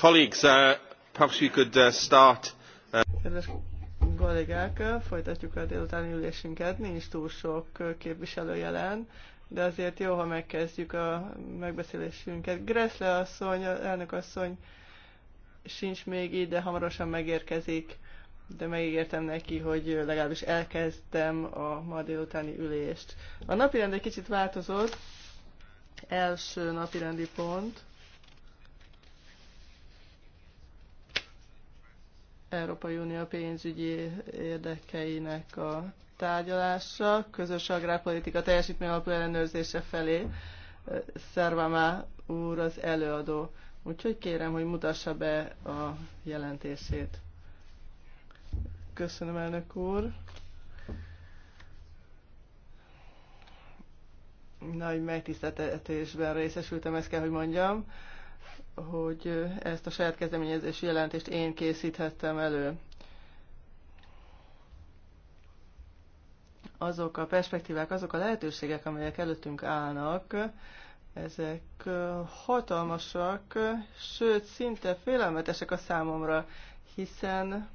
Uh, uh, uh, Kedves kollégák, folytatjuk a délutáni ülésünket. Nincs túl sok képviselő jelen, de azért jó, ha megkezdjük a megbeszélésünket. Gressle asszony, elnök asszony sincs még így, de hamarosan megérkezik. De megígértem neki, hogy legalábbis elkezdtem a ma délutáni ülést. A napirend egy kicsit változott. Első napirendi pont Európai Unió pénzügyi érdekeinek a tárgyalása, közös agrárpolitika teljesítmény alapú ellenőrzése felé. Szervamá úr az előadó. Úgyhogy kérem, hogy mutassa be a jelentését. Köszönöm, elnök úr. Nagy megtiszteltetésben részesültem, ezt kell, hogy mondjam hogy ezt a saját kezdeményezési jelentést én készíthettem elő. Azok a perspektívák, azok a lehetőségek, amelyek előttünk állnak, ezek hatalmasak, sőt, szinte félelmetesek a számomra, hiszen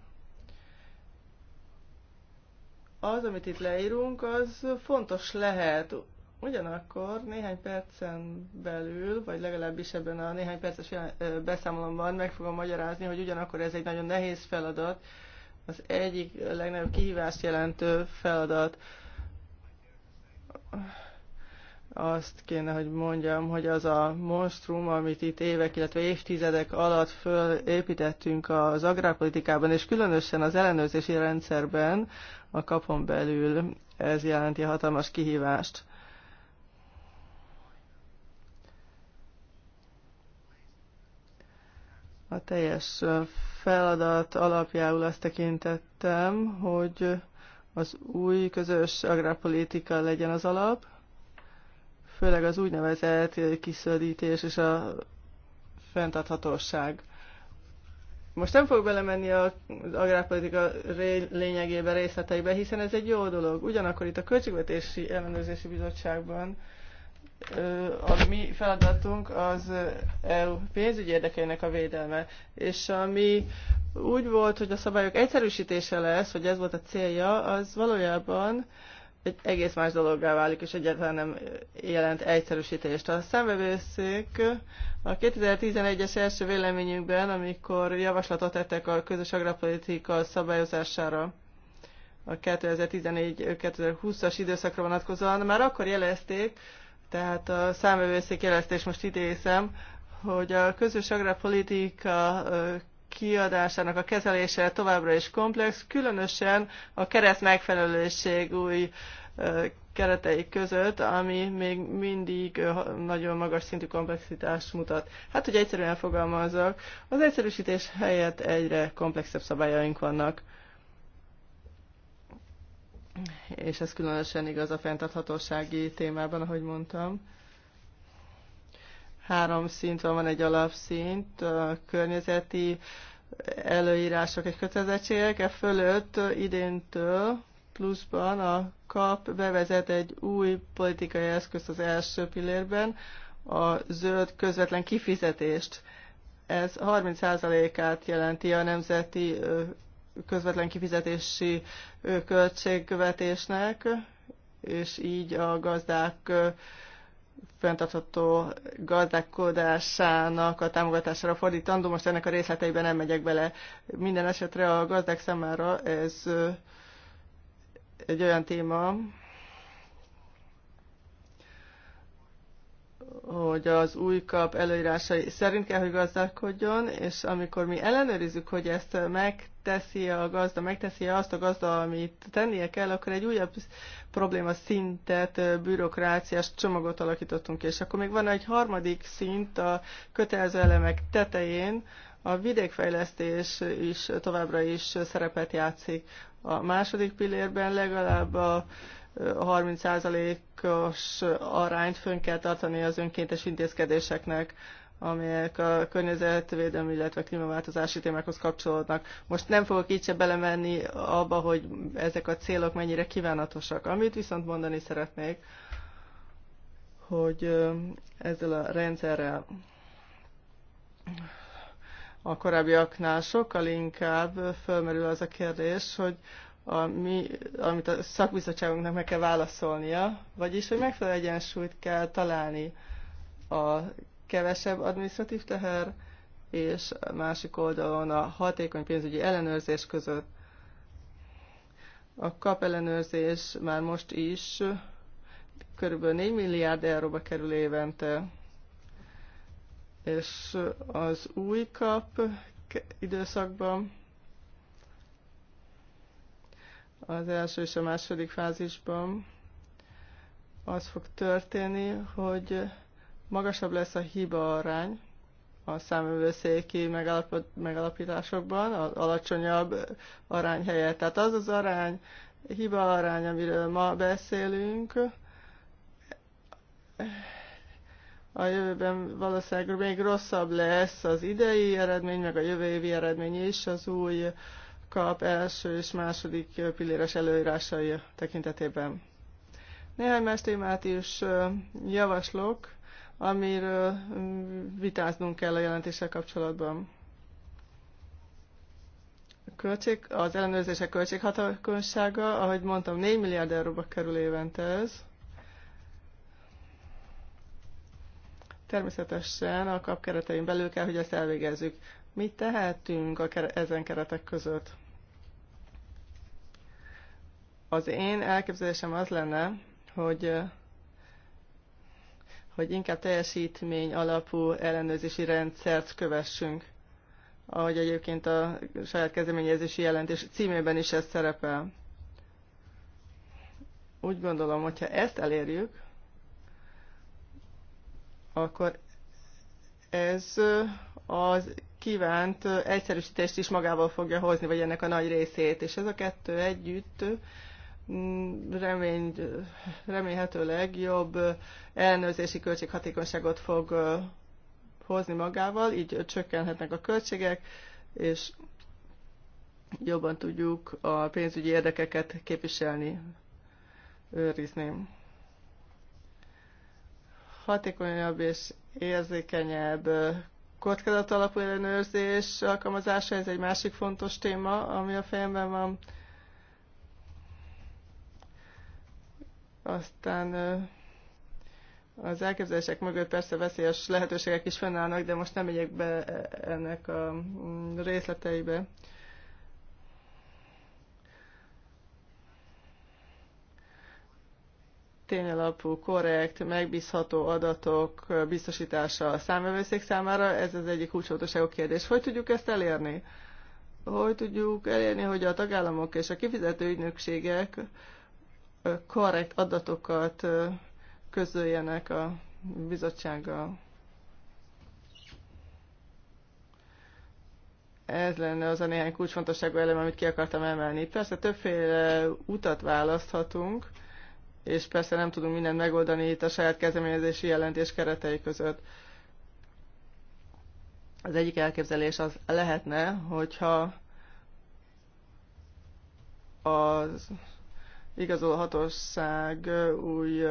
az, amit itt leírunk, az fontos lehet Ugyanakkor néhány percen belül, vagy legalábbis ebben a néhány perces beszámolomban meg fogom magyarázni, hogy ugyanakkor ez egy nagyon nehéz feladat, az egyik legnagyobb kihívást jelentő feladat. Azt kéne, hogy mondjam, hogy az a monstrum, amit itt évek, illetve évtizedek alatt fölépítettünk az agrárpolitikában, és különösen az ellenőrzési rendszerben, a kapon belül, ez jelenti hatalmas kihívást a teljes feladat alapjául azt tekintettem, hogy az új közös agrárpolitika legyen az alap, főleg az úgynevezett kiszöldítés és a fenntarthatóság. Most nem fog belemenni az agrárpolitika lényegébe, részleteibe, hiszen ez egy jó dolog. Ugyanakkor itt a Költségvetési Ellenőrzési Bizottságban a mi feladatunk az EU pénzügyi érdekeinek a védelme. És ami úgy volt, hogy a szabályok egyszerűsítése lesz, hogy ez volt a célja, az valójában egy egész más dologgá válik, és egyáltalán nem jelent egyszerűsítést. A szemvevőszék a 2011-es első véleményünkben, amikor javaslatot tettek a közös agrárpolitika szabályozására, a 2014-2020-as időszakra vonatkozóan, már akkor jelezték, tehát a számövőszék jelesztés most idézem, hogy a közös agrárpolitika kiadásának a kezelése továbbra is komplex, különösen a kereszt megfelelőség új keretei között, ami még mindig nagyon magas szintű komplexitást mutat. Hát, hogy egyszerűen fogalmazzak, az egyszerűsítés helyett egyre komplexebb szabályaink vannak és ez különösen igaz a fenntarthatósági témában, ahogy mondtam. Három szint van, van egy alapszint, a környezeti előírások, egy kötelezettségek, e fölött idéntől pluszban a KAP bevezet egy új politikai eszközt az első pillérben, a zöld közvetlen kifizetést. Ez 30%-át jelenti a nemzeti közvetlen kifizetési költségkövetésnek, és így a gazdák fenntartható gazdálkodásának a támogatására fordítandó. Most ennek a részleteiben nem megyek bele. Minden esetre a gazdák számára ez egy olyan téma, hogy az új kap előírásai szerint kell, hogy gazdálkodjon, és amikor mi ellenőrizzük, hogy ezt meg megteszi a gazda, megteszi azt a gazda, amit tennie kell, akkor egy újabb probléma szintet, bürokráciás csomagot alakítottunk, és akkor még van egy harmadik szint a kötelező elemek tetején, a vidékfejlesztés is továbbra is szerepet játszik. A második pillérben legalább a 30%-os arányt fönn kell tartani az önkéntes intézkedéseknek amelyek a környezetvédelmi, illetve klímaváltozási témákhoz kapcsolódnak. Most nem fogok így se belemenni abba, hogy ezek a célok mennyire kívánatosak. Amit viszont mondani szeretnék, hogy ezzel a rendszerrel a korábbiaknál sokkal inkább fölmerül az a kérdés, hogy a mi, amit a szakbizottságunknak meg kell válaszolnia, vagyis, hogy megfelelő egyensúlyt kell találni a kevesebb administratív teher, és másik oldalon a hatékony pénzügyi ellenőrzés között. A kap ellenőrzés már most is kb. 4 milliárd euróba kerül évente, és az új kap időszakban az első és a második fázisban az fog történni, hogy magasabb lesz a hiba arány a számövőszéki megalapításokban, az alacsonyabb arány helyett. Tehát az az arány, hiba arány, amiről ma beszélünk, a jövőben valószínűleg még rosszabb lesz az idei eredmény, meg a jövő évi eredmény is az új kap első és második pilléres előírásai tekintetében. Néhány más témát is javaslok, amiről mm, vitáznunk kell a jelentéssel kapcsolatban. A költség, az ellenőrzések költséghatalkonsága, ahogy mondtam, 4 milliárd euróba kerül évente ez. Természetesen a kap keretein belül kell, hogy ezt elvégezzük. Mit tehetünk a kere- ezen keretek között? Az én elképzelésem az lenne, hogy hogy inkább teljesítmény alapú ellenőrzési rendszert kövessünk, ahogy egyébként a saját kezdeményezési jelentés címében is ez szerepel. Úgy gondolom, hogyha ezt elérjük, akkor ez az kívánt egyszerűsítést is magával fogja hozni, vagy ennek a nagy részét, és ez a kettő együtt remény, remélhetőleg jobb ellenőrzési költséghatékonyságot fog hozni magával, így csökkenhetnek a költségek, és jobban tudjuk a pénzügyi érdekeket képviselni, őrizni. Hatékonyabb és érzékenyebb kockázat alapú ellenőrzés alkalmazása, ez egy másik fontos téma, ami a fejemben van. Aztán az elképzelések mögött persze veszélyes lehetőségek is fennállnak, de most nem megyek be e, ennek a mm, részleteibe. tényalapú, korrekt, megbízható adatok biztosítása a számvevőszék számára, ez az egyik kulcsfontosságú kérdés. Hogy tudjuk ezt elérni? Hogy tudjuk elérni, hogy a tagállamok és a kifizető ügynökségek korrekt adatokat közöljenek a bizottsággal. Ez lenne az a néhány kulcsfontosságú elem, amit ki akartam emelni. Persze többféle utat választhatunk, és persze nem tudunk mindent megoldani itt a saját kezdeményezési jelentés keretei között. Az egyik elképzelés az lehetne, hogyha az igazolhatóság új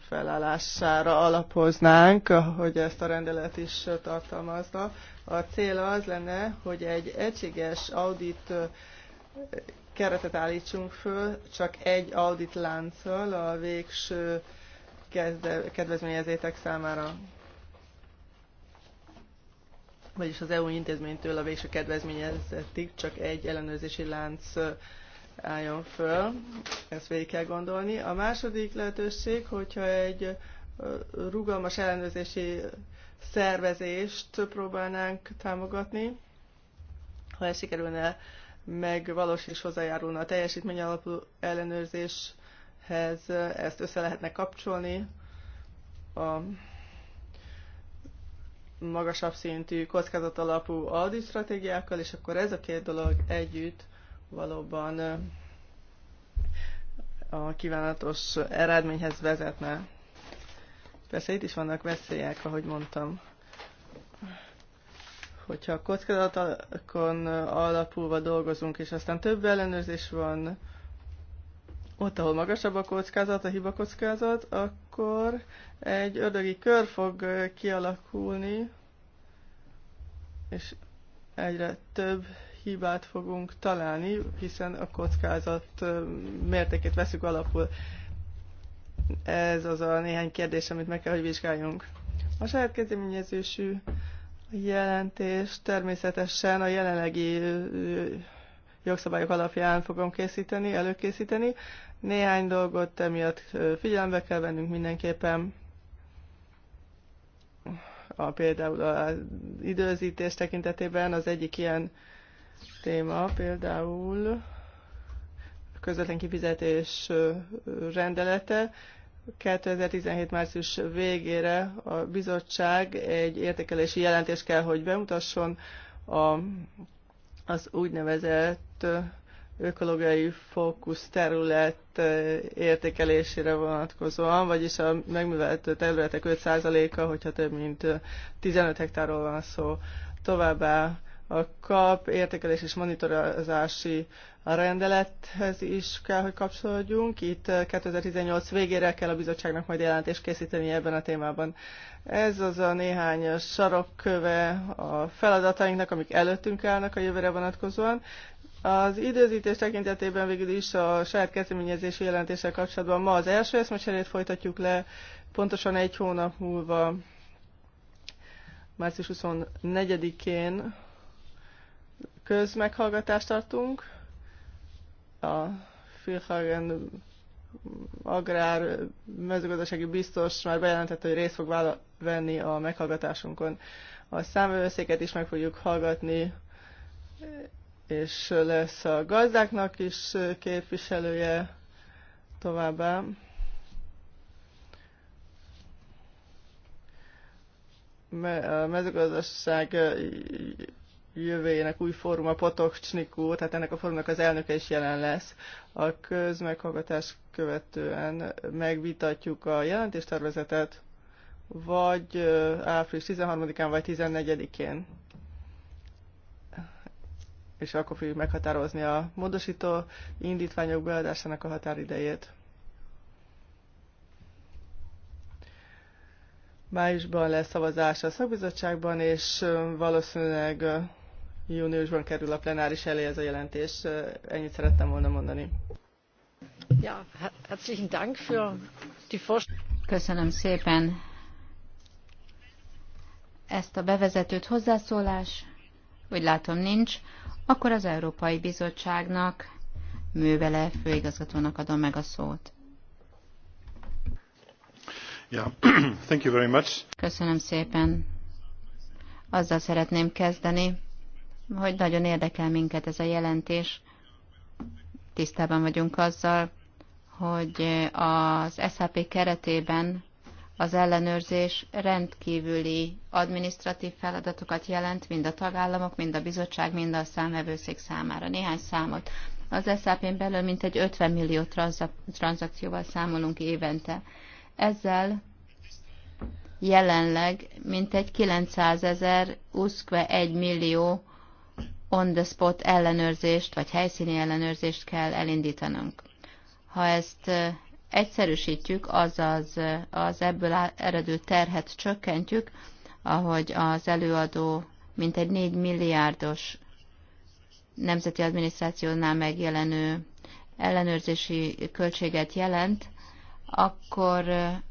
felállására alapoznánk, hogy ezt a rendelet is tartalmazza. A cél az lenne, hogy egy egységes audit keretet állítsunk föl, csak egy audit lánccal a végső kedvezményezétek számára. Vagyis az EU intézménytől a végső kedvezményezettig csak egy ellenőrzési lánc álljon föl. Ezt végig kell gondolni. A második lehetőség, hogyha egy rugalmas ellenőrzési szervezést próbálnánk támogatni, ha ez sikerülne valós és hozzájárulna a teljesítmény alapú ellenőrzéshez, ezt össze lehetne kapcsolni a magasabb szintű kockázat alapú audit stratégiákkal, és akkor ez a két dolog együtt valóban a kívánatos eredményhez vezetne. Persze itt is vannak veszélyek, ahogy mondtam. Hogyha a kockázatokon alapulva dolgozunk, és aztán több ellenőrzés van, ott, ahol magasabb a kockázat, a hiba kockázat, akkor egy ördögi kör fog kialakulni, és egyre több hibát fogunk találni, hiszen a kockázat mértékét veszük alapul. Ez az a néhány kérdés, amit meg kell, hogy vizsgáljunk. A saját kezdeményezősű jelentés természetesen a jelenlegi jogszabályok alapján fogom készíteni, előkészíteni. Néhány dolgot emiatt figyelembe kell vennünk mindenképpen. A, például az időzítés tekintetében az egyik ilyen téma, például a közvetlen kifizetés rendelete. 2017. március végére a bizottság egy értékelési jelentést kell, hogy bemutasson a, az úgynevezett ökológiai fókusz terület értékelésére vonatkozóan, vagyis a megművelt területek 5%-a, hogyha több mint 15 hektáról van szó. Továbbá a kap értékelés és monitorozási rendelethez is kell, hogy kapcsolódjunk. Itt 2018 végére kell a bizottságnak majd jelentést készíteni ebben a témában. Ez az a néhány sarokköve a feladatainknak, amik előttünk állnak a jövőre vonatkozóan. Az időzítés tekintetében végül is a saját kezdeményezési jelentéssel kapcsolatban ma az első eszmecserét folytatjuk le, pontosan egy hónap múlva, március 24-én közmeghallgatást tartunk a Filhagen agrár mezőgazdasági biztos már bejelentette, hogy részt fog venni a meghallgatásunkon. A számvevőszéket is meg fogjuk hallgatni, és lesz a gazdáknak is képviselője továbbá. A mezőgazdaság jövőjének új fórum a Potocsnik úr, tehát ennek a fórumnak az elnöke is jelen lesz. A közmeghallgatás követően megvitatjuk a jelentéstervezetet, vagy április 13-án, vagy 14-én. És akkor fogjuk meghatározni a módosító indítványok beadásának a határidejét. májusban lesz szavazás a szakbizottságban, és valószínűleg júniusban kerül a plenáris elé ez a jelentés. Ennyit szerettem volna mondani. Ja, herzlichen Dank für die Köszönöm szépen ezt a bevezetőt hozzászólás. Úgy látom nincs. Akkor az Európai Bizottságnak, művele főigazgatónak adom meg a szót. Yeah. Thank you very much. Köszönöm szépen. Azzal szeretném kezdeni, hogy nagyon érdekel minket ez a jelentés. Tisztában vagyunk azzal, hogy az SHP keretében az ellenőrzés rendkívüli adminisztratív feladatokat jelent mind a tagállamok, mind a bizottság, mind a számvevőszék számára. Néhány számot. Az SZAP-n belül mintegy 50 millió tranzakcióval számolunk évente. Ezzel jelenleg mintegy 900 ezer, 21 millió on the spot ellenőrzést, vagy helyszíni ellenőrzést kell elindítanunk. Ha ezt egyszerűsítjük, azaz az ebből eredő terhet csökkentjük, ahogy az előadó mintegy 4 milliárdos nemzeti adminisztrációnál megjelenő ellenőrzési költséget jelent, akkor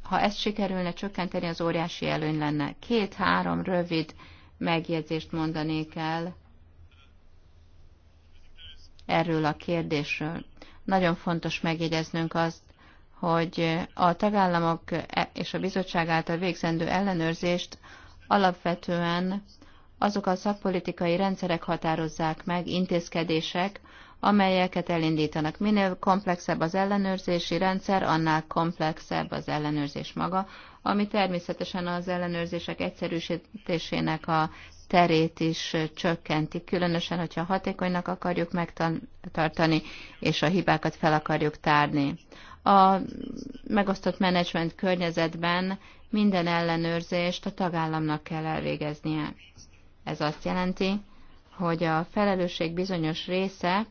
ha ezt sikerülne csökkenteni, az óriási előny lenne. Két-három rövid megjegyzést mondanék el erről a kérdésről. Nagyon fontos megjegyeznünk azt, hogy a tagállamok e- és a bizottság által végzendő ellenőrzést alapvetően azok a szakpolitikai rendszerek határozzák meg, intézkedések, amelyeket elindítanak. Minél komplexebb az ellenőrzési rendszer, annál komplexebb az ellenőrzés maga, ami természetesen az ellenőrzések egyszerűsítésének a terét is csökkenti, különösen, hogyha hatékonynak akarjuk megtartani, és a hibákat fel akarjuk tárni. A megosztott menedzsment környezetben minden ellenőrzést a tagállamnak kell elvégeznie. Ez azt jelenti, hogy a felelősség bizonyos része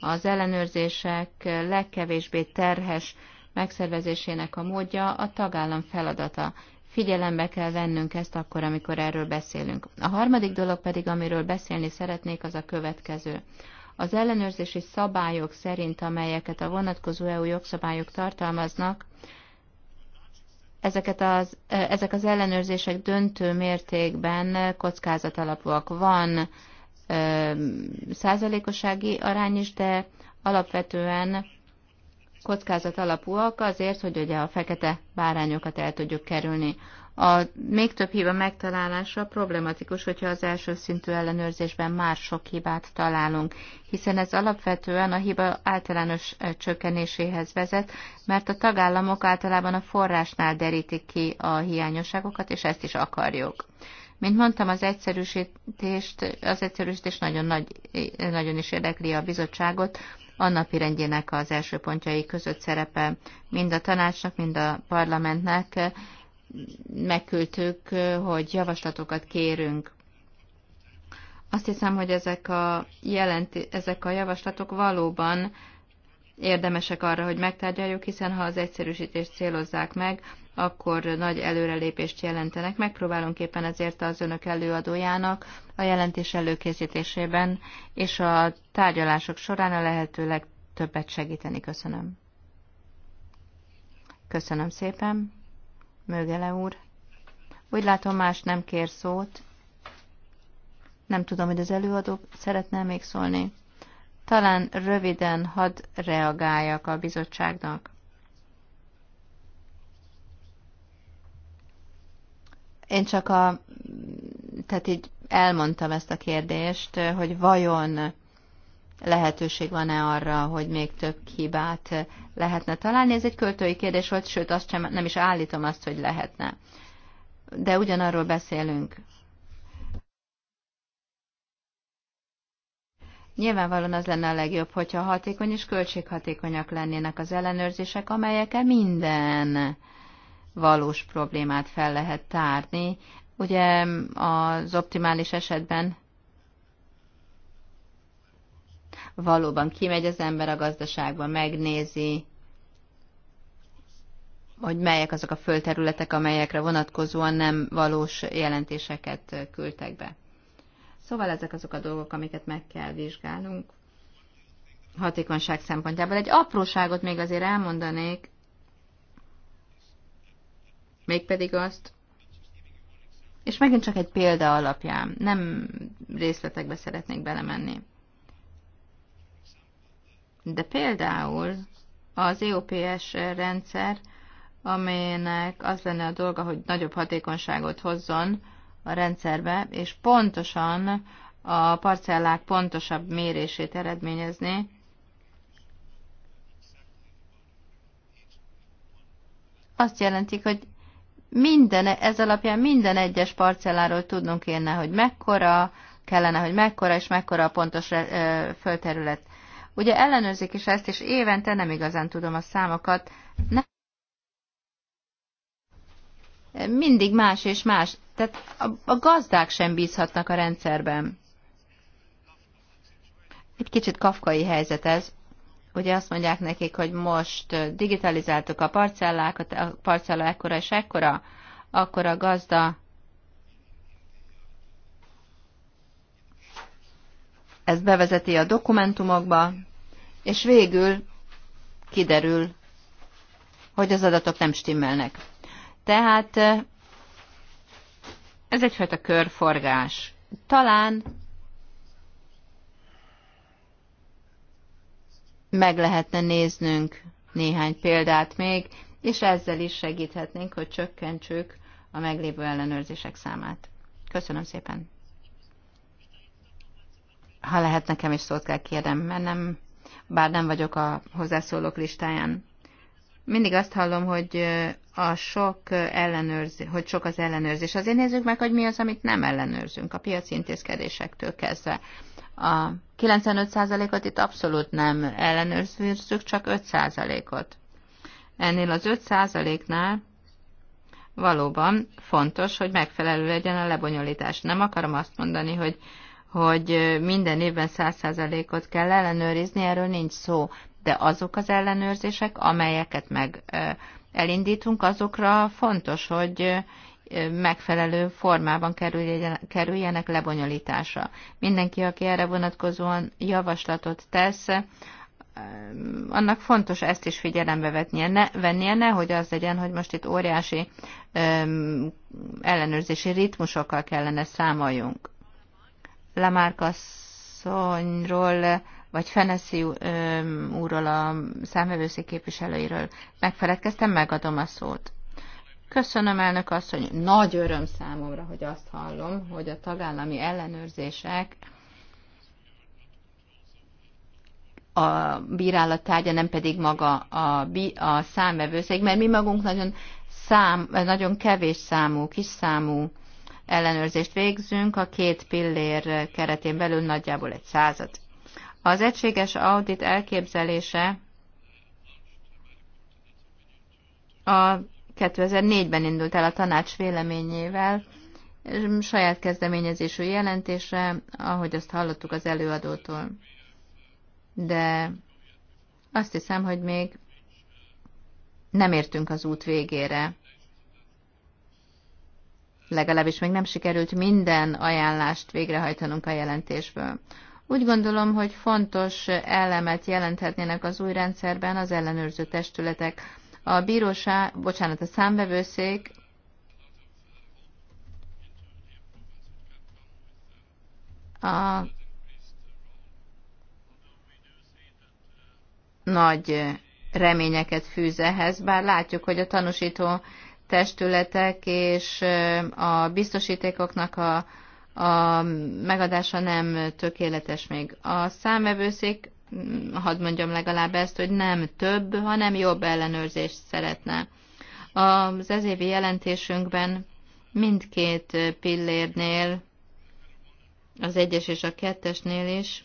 az ellenőrzések legkevésbé terhes megszervezésének a módja a tagállam feladata, Figyelembe kell vennünk ezt akkor, amikor erről beszélünk. A harmadik dolog pedig, amiről beszélni szeretnék, az a következő. Az ellenőrzési szabályok szerint, amelyeket a vonatkozó EU jogszabályok tartalmaznak, ezeket az, e, ezek az ellenőrzések döntő mértékben kockázatalapúak. Van e, százalékossági arány is, de alapvetően kockázat alapúak azért, hogy ugye a fekete bárányokat el tudjuk kerülni. A még több hiba megtalálása problematikus, hogyha az első szintű ellenőrzésben már sok hibát találunk, hiszen ez alapvetően a hiba általános eh, csökkenéséhez vezet, mert a tagállamok általában a forrásnál derítik ki a hiányosságokat, és ezt is akarjuk. Mint mondtam, az egyszerűsítést, az egyszerűsítés nagyon, nagy, eh, nagyon is érdekli a bizottságot, a napi rendjének az első pontjai között szerepel mind a tanácsnak, mind a parlamentnek. Megküldtük, hogy javaslatokat kérünk. Azt hiszem, hogy ezek a, jelenti, ezek a javaslatok valóban érdemesek arra, hogy megtárgyaljuk, hiszen ha az egyszerűsítést célozzák meg, akkor nagy előrelépést jelentenek. Megpróbálunk éppen ezért az önök előadójának a jelentés előkészítésében és a tárgyalások során a lehető legtöbbet segíteni. Köszönöm. Köszönöm szépen. Mögele úr. Úgy látom, más nem kér szót. Nem tudom, hogy az előadó szeretne még szólni. Talán röviden hadd reagáljak a bizottságnak. Én csak a, tehát így elmondtam ezt a kérdést, hogy vajon lehetőség van-e arra, hogy még több hibát lehetne találni. Ez egy költői kérdés volt, sőt azt sem, nem is állítom azt, hogy lehetne. De ugyanarról beszélünk. Nyilvánvalóan az lenne a legjobb, hogyha hatékony és költséghatékonyak lennének az ellenőrzések, amelyekkel minden valós problémát fel lehet tárni. Ugye az optimális esetben valóban kimegy az ember a gazdaságba, megnézi, hogy melyek azok a földterületek, amelyekre vonatkozóan nem valós jelentéseket küldtek be. Szóval ezek azok a dolgok, amiket meg kell vizsgálnunk hatékonyság szempontjából. Egy apróságot még azért elmondanék, Mégpedig azt, és megint csak egy példa alapján, nem részletekbe szeretnék belemenni. De például az EOPS rendszer, amelynek az lenne a dolga, hogy nagyobb hatékonyságot hozzon a rendszerbe, és pontosan a parcellák pontosabb mérését eredményezni, azt jelenti, hogy minden, ez alapján minden egyes parcelláról tudnunk kéne, hogy mekkora, kellene, hogy mekkora és mekkora a pontos földterület. Ugye ellenőrzik is ezt, és évente nem igazán tudom a számokat. Nem. Mindig más és más. Tehát a, a gazdák sem bízhatnak a rendszerben. Egy kicsit kafkai helyzet ez. Ugye azt mondják nekik, hogy most digitalizáltuk a parcellákat, a parcella ekkora és ekkora, akkor a gazda ezt bevezeti a dokumentumokba, és végül kiderül, hogy az adatok nem stimmelnek. Tehát ez egyfajta körforgás. Talán meg lehetne néznünk néhány példát még, és ezzel is segíthetnénk, hogy csökkentsük a meglévő ellenőrzések számát. Köszönöm szépen. Ha lehet, nekem is szót kell kérem, mert nem, bár nem vagyok a hozzászólók listáján. Mindig azt hallom, hogy a sok ellenőrzés, hogy sok az ellenőrzés. Azért nézzük meg, hogy mi az, amit nem ellenőrzünk a piaci intézkedésektől kezdve. A 95%-ot itt abszolút nem ellenőrzünk, csak 5%-ot. Ennél az 5%-nál valóban fontos, hogy megfelelő legyen a lebonyolítás. Nem akarom azt mondani, hogy, hogy minden évben 100%-ot kell ellenőrizni, erről nincs szó, de azok az ellenőrzések, amelyeket meg elindítunk, azokra fontos, hogy megfelelő formában kerüljenek lebonyolításra. Mindenki, aki erre vonatkozóan javaslatot tesz, annak fontos ezt is figyelembe vetnie, ne, vennie, hogy az legyen, hogy most itt óriási öm, ellenőrzési ritmusokkal kellene számoljunk. Lamárkasszonyról, vagy Feneszi öm, úrról, a számvevőszék képviselőiről megfeledkeztem, megadom a szót. Köszönöm, elnök asszony, nagy öröm számomra, hogy azt hallom, hogy a tagállami ellenőrzések a bírálat tárgya, nem pedig maga a, bí, a számvevőszék, mert mi magunk nagyon, szám, nagyon kevés számú, kis számú ellenőrzést végzünk, a két pillér keretén belül nagyjából egy század. Az egységes audit elképzelése a 2004-ben indult el a tanács véleményével, saját kezdeményezésű jelentése, ahogy azt hallottuk az előadótól. De azt hiszem, hogy még nem értünk az út végére. Legalábbis még nem sikerült minden ajánlást végrehajtanunk a jelentésből. Úgy gondolom, hogy fontos elemet jelenthetnének az új rendszerben az ellenőrző testületek, a bíróság, bocsánat, a számvevőszék a nagy reményeket fűz ehhez, bár látjuk, hogy a tanúsító testületek és a biztosítékoknak a, a megadása nem tökéletes még. A számvevőszék hadd mondjam legalább ezt, hogy nem több, hanem jobb ellenőrzést szeretne. Az ezévi jelentésünkben mindkét pillérnél, az egyes és a kettesnél is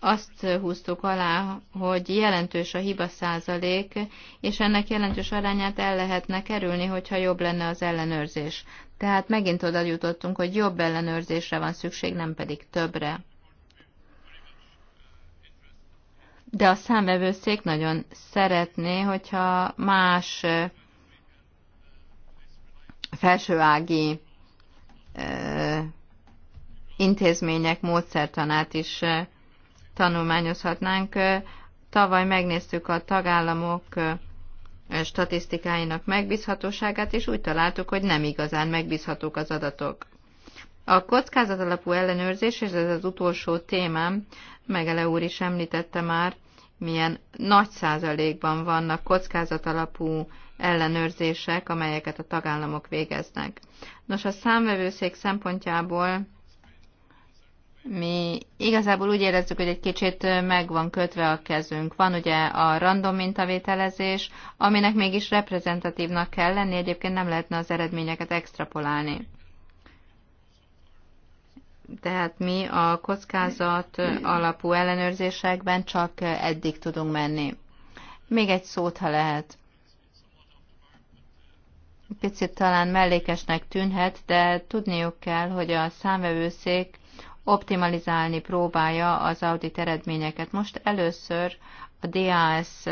azt húztuk alá, hogy jelentős a hiba százalék, és ennek jelentős arányát el lehetne kerülni, hogyha jobb lenne az ellenőrzés. Tehát megint oda jutottunk, hogy jobb ellenőrzésre van szükség, nem pedig többre. de a számvevőszék nagyon szeretné, hogyha más felsőági intézmények módszertanát is tanulmányozhatnánk. Tavaly megnéztük a tagállamok statisztikáinak megbízhatóságát, és úgy találtuk, hogy nem igazán megbízhatók az adatok. A alapú ellenőrzés, és ez az utolsó témám, Megele úr is említette már, milyen nagy százalékban vannak kockázatalapú ellenőrzések, amelyeket a tagállamok végeznek. Nos, a számvevőszék szempontjából mi igazából úgy érezzük, hogy egy kicsit meg van kötve a kezünk. Van ugye a random mintavételezés, aminek mégis reprezentatívnak kell lenni, egyébként nem lehetne az eredményeket extrapolálni tehát mi a kockázat alapú ellenőrzésekben csak eddig tudunk menni. Még egy szót, ha lehet. Picit talán mellékesnek tűnhet, de tudniuk kell, hogy a számvevőszék optimalizálni próbálja az audit eredményeket. Most először a DAS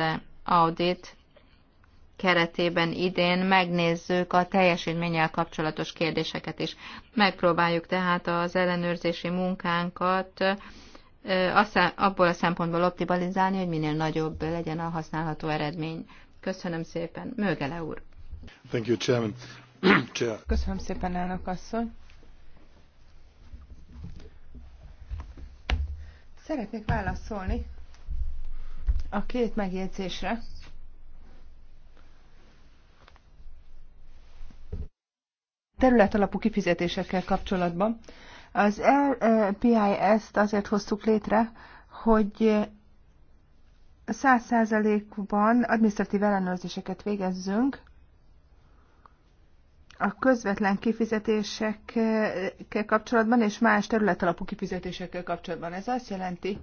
audit keretében idén megnézzük a teljesítménnyel kapcsolatos kérdéseket is. Megpróbáljuk tehát az ellenőrzési munkánkat abból a szempontból optimalizálni, hogy minél nagyobb legyen a használható eredmény. Köszönöm szépen. Mögele úr. Thank you, Chairman. Köszönöm szépen, elnök asszony. Szeretnék válaszolni a két megjegyzésre. területalapú kifizetésekkel kapcsolatban. Az RPIS-t azért hoztuk létre, hogy száz százalékban administratív ellenőrzéseket végezzünk, a közvetlen kifizetésekkel kapcsolatban és más területalapú kifizetésekkel kapcsolatban. Ez azt jelenti,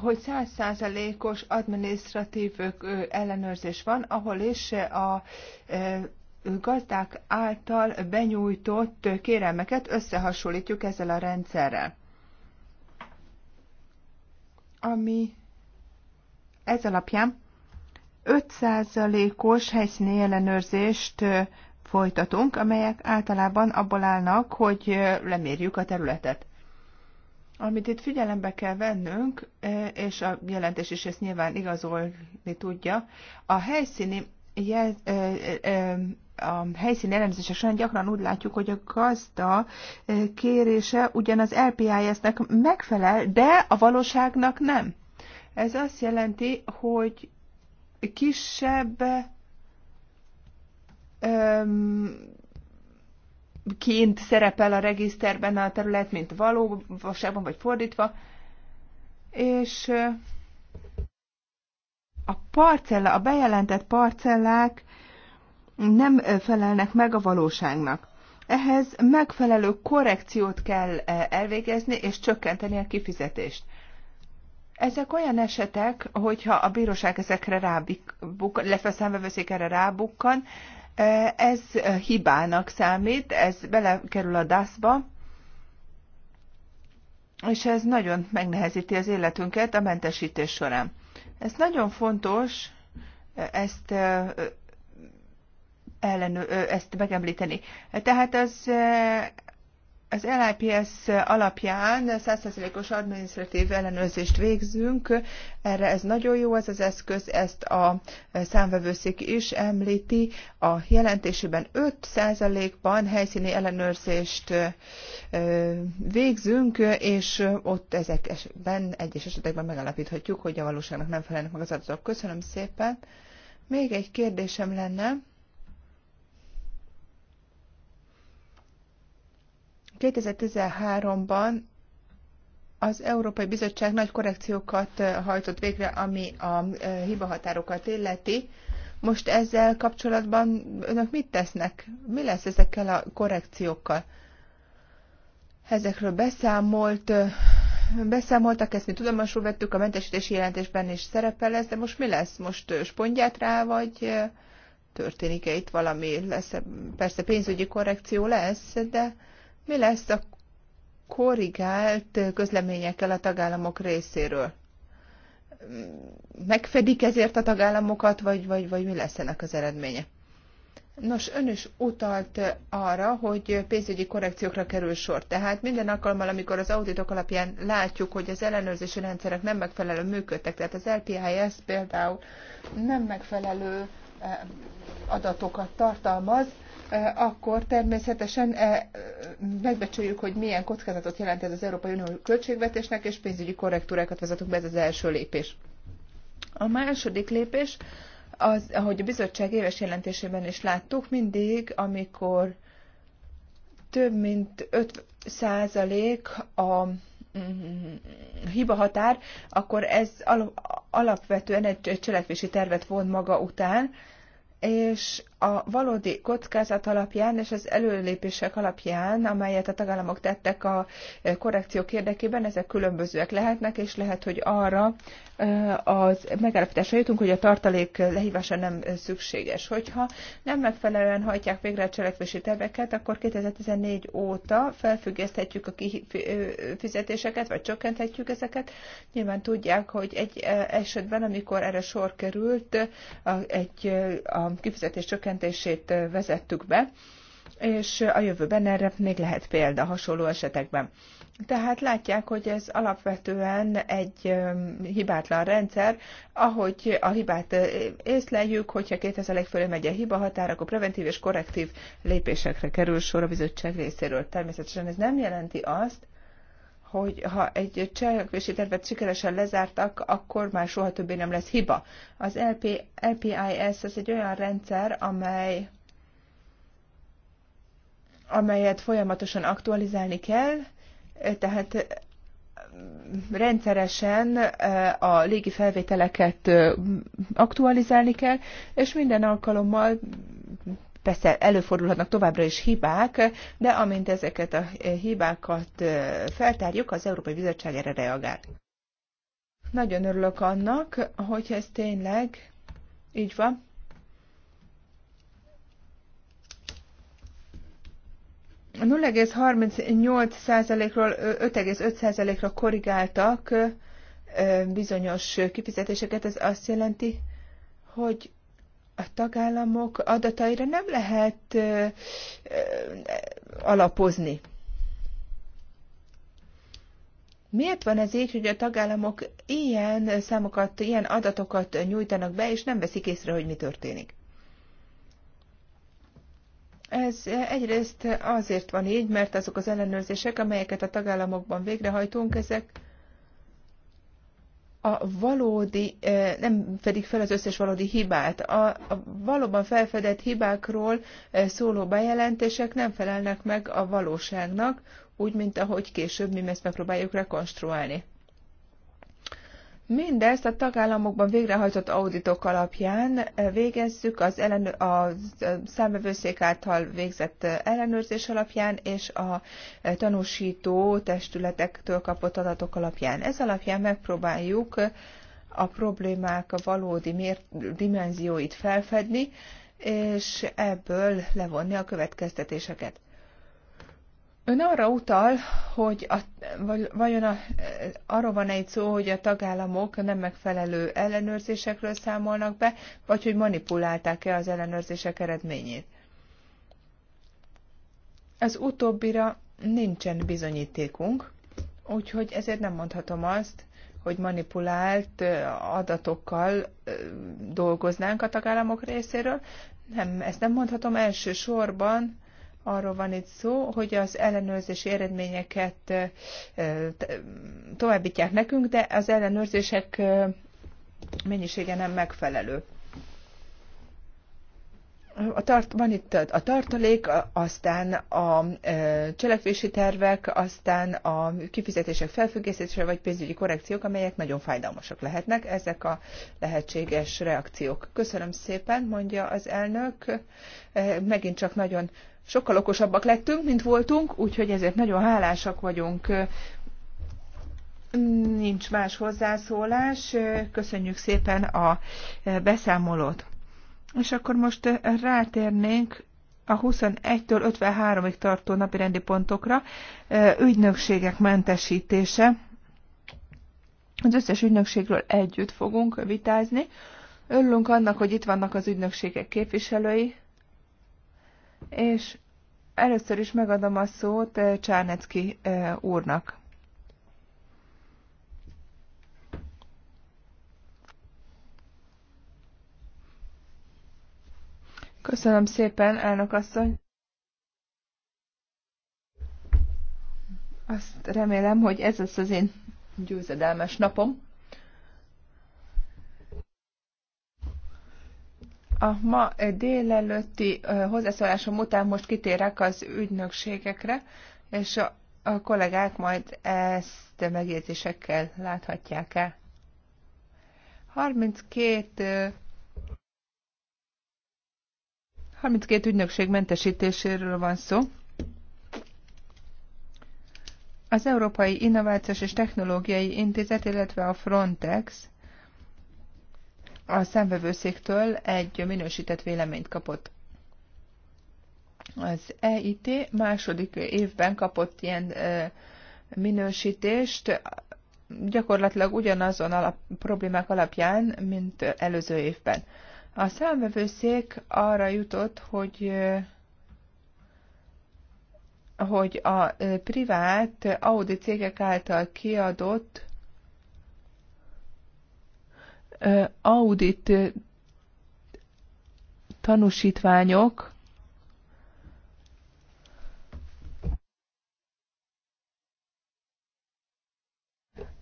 hogy százszázalékos administratív ellenőrzés van, ahol is a gazdák által benyújtott kérelmeket összehasonlítjuk ezzel a rendszerrel. Ami ez alapján 5%-os helyszíni ellenőrzést folytatunk, amelyek általában abból állnak, hogy lemérjük a területet. Amit itt figyelembe kell vennünk, és a jelentés is ezt nyilván igazolni tudja, a helyszíni jel, a helyszín elemzése során gyakran úgy látjuk, hogy a gazda eh, kérése ugyan az LPIS-nek megfelel, de a valóságnak nem. Ez azt jelenti, hogy kisebb öm, ként szerepel a regiszterben a terület, mint valóságban, vagy fordítva, és eh, a parcella, a bejelentett parcellák nem felelnek meg a valóságnak. Ehhez megfelelő korrekciót kell elvégezni és csökkenteni a kifizetést. Ezek olyan esetek, hogyha a bíróság ezekre rábukkan, illetve a erre rábukkan, ez hibának számít, ez belekerül a DASZ-ba, és ez nagyon megnehezíti az életünket a mentesítés során. Ez nagyon fontos, ezt ellenő, ezt megemlíteni. Tehát az az LIPS alapján 100%-os adminisztratív ellenőrzést végzünk. Erre ez nagyon jó, ez az eszköz, ezt a számvevőszék is említi. A jelentésében 5%-ban helyszíni ellenőrzést végzünk, és ott ezek esetben, egyes esetekben megalapíthatjuk, hogy a valóságnak nem felelnek meg az adatok. Köszönöm szépen. Még egy kérdésem lenne 2013-ban az Európai Bizottság nagy korrekciókat hajtott végre, ami a hibahatárokat illeti. Most ezzel kapcsolatban önök mit tesznek? Mi lesz ezekkel a korrekciókkal? Ezekről beszámolt, beszámoltak, ezt mi tudomásul vettük, a mentesítési jelentésben is szerepel ez, de most mi lesz? Most spondját rá, vagy történik-e itt valami? Lesz, persze pénzügyi korrekció lesz, de mi lesz a korrigált közleményekkel a tagállamok részéről? Megfedik ezért a tagállamokat, vagy, vagy, vagy mi lesz ennek az eredménye? Nos, ön is utalt arra, hogy pénzügyi korrekciókra kerül sor. Tehát minden alkalommal, amikor az auditok alapján látjuk, hogy az ellenőrzési rendszerek nem megfelelő működtek, tehát az LPIS például nem megfelelő eh, adatokat tartalmaz, Eh, akkor természetesen eh, eh, megbecsüljük, hogy milyen kockázatot jelent ez az Európai Unió költségvetésnek, és pénzügyi korrektúrákat vezetünk be, ez az első lépés. A második lépés, az, ahogy a bizottság éves jelentésében is láttuk, mindig, amikor több mint 5 százalék a mm, hiba határ, akkor ez alapvetően egy cselekvési tervet von maga után, és a valódi kockázat alapján és az előlépések alapján, amelyet a tagállamok tettek a eh, korrekciók érdekében, ezek különbözőek lehetnek, és lehet, hogy arra eh, az megállapításra jutunk, hogy a tartalék lehívása nem eh, szükséges. Hogyha nem megfelelően hajtják végre a cselekvési terveket, akkor 2014 óta felfüggeszthetjük a fizetéseket, vagy csökkenthetjük ezeket. Nyilván tudják, hogy egy esetben, amikor erre sor került, egy, a kifizetés csökkentés csökkentését vezettük be, és a jövőben erre még lehet példa hasonló esetekben. Tehát látják, hogy ez alapvetően egy hibátlan rendszer, ahogy a hibát észleljük, hogyha 2000 fölé megy a hiba határ, akkor preventív és korrektív lépésekre kerül sor a bizottság részéről. Természetesen ez nem jelenti azt, hogy ha egy cselekvési tervet sikeresen lezártak, akkor már soha többé nem lesz hiba. Az LP, LPIS ez egy olyan rendszer, amely amelyet folyamatosan aktualizálni kell, tehát mm, rendszeresen eh, a légi felvételeket eh, aktualizálni kell, és minden alkalommal Persze előfordulhatnak továbbra is hibák, de amint ezeket a hibákat feltárjuk, az Európai Bizottság erre reagál. Nagyon örülök annak, hogy ez tényleg így van. A 0,38%-ról 5,5%-ra korrigáltak bizonyos kifizetéseket. Ez azt jelenti, hogy a tagállamok adataira nem lehet alapozni. Miért van ez így, hogy a tagállamok ilyen számokat, ilyen adatokat nyújtanak be, és nem veszik észre, hogy mi történik? Ez egyrészt azért van így, mert azok az ellenőrzések, amelyeket a tagállamokban végrehajtunk, ezek a valódi, nem fedik fel az összes valódi hibát. A, a valóban felfedett hibákról szóló bejelentések nem felelnek meg a valóságnak, úgy, mint ahogy később mi ezt megpróbáljuk rekonstruálni. Mindezt a tagállamokban végrehajtott auditok alapján eh, végezzük az, ellenő, a számvevőszék által végzett eh, ellenőrzés alapján és a eh, tanúsító testületektől kapott adatok alapján. Ez alapján megpróbáljuk a problémák valódi mér- dimenzióit felfedni, és ebből levonni a következtetéseket. Ön arra utal, hogy a, vagy, vajon a, arról van egy szó, hogy a tagállamok nem megfelelő ellenőrzésekről számolnak be, vagy hogy manipulálták-e az ellenőrzések eredményét? Az utóbbira nincsen bizonyítékunk, úgyhogy ezért nem mondhatom azt, hogy manipulált adatokkal dolgoznánk a tagállamok részéről. Nem, ezt nem mondhatom elsősorban, arról van itt szó, hogy az ellenőrzési eredményeket továbbítják nekünk, de az ellenőrzések mennyisége nem megfelelő. A tart, van itt a tartalék, aztán a cselekvési tervek, aztán a kifizetések felfüggesztése vagy pénzügyi korrekciók, amelyek nagyon fájdalmasak lehetnek. Ezek a lehetséges reakciók. Köszönöm szépen, mondja az elnök. Megint csak nagyon sokkal okosabbak lettünk, mint voltunk, úgyhogy ezért nagyon hálásak vagyunk. Nincs más hozzászólás. Köszönjük szépen a beszámolót. És akkor most rátérnénk a 21-től 53-ig tartó rendi pontokra ügynökségek mentesítése. Az összes ügynökségről együtt fogunk vitázni. Örülünk annak, hogy itt vannak az ügynökségek képviselői, és először is megadom a szót eh, Csárnecki eh, úrnak. Köszönöm szépen, elnök asszony. Azt remélem, hogy ez lesz az én győzedelmes napom. A ma délelőtti hozzászólásom után most kitérek az ügynökségekre, és a, a kollégák majd ezt megjegyzésekkel láthatják el. 32 32 ügynökség mentesítéséről van szó. Az Európai Innovációs és Technológiai Intézet, illetve a Frontex a szemvevőszéktől egy minősített véleményt kapott. Az EIT második évben kapott ilyen minősítést, gyakorlatilag ugyanazon alap, problémák alapján, mint előző évben. A számvevőszék arra jutott, hogy hogy a privát audi cégek által kiadott audit tanúsítványok,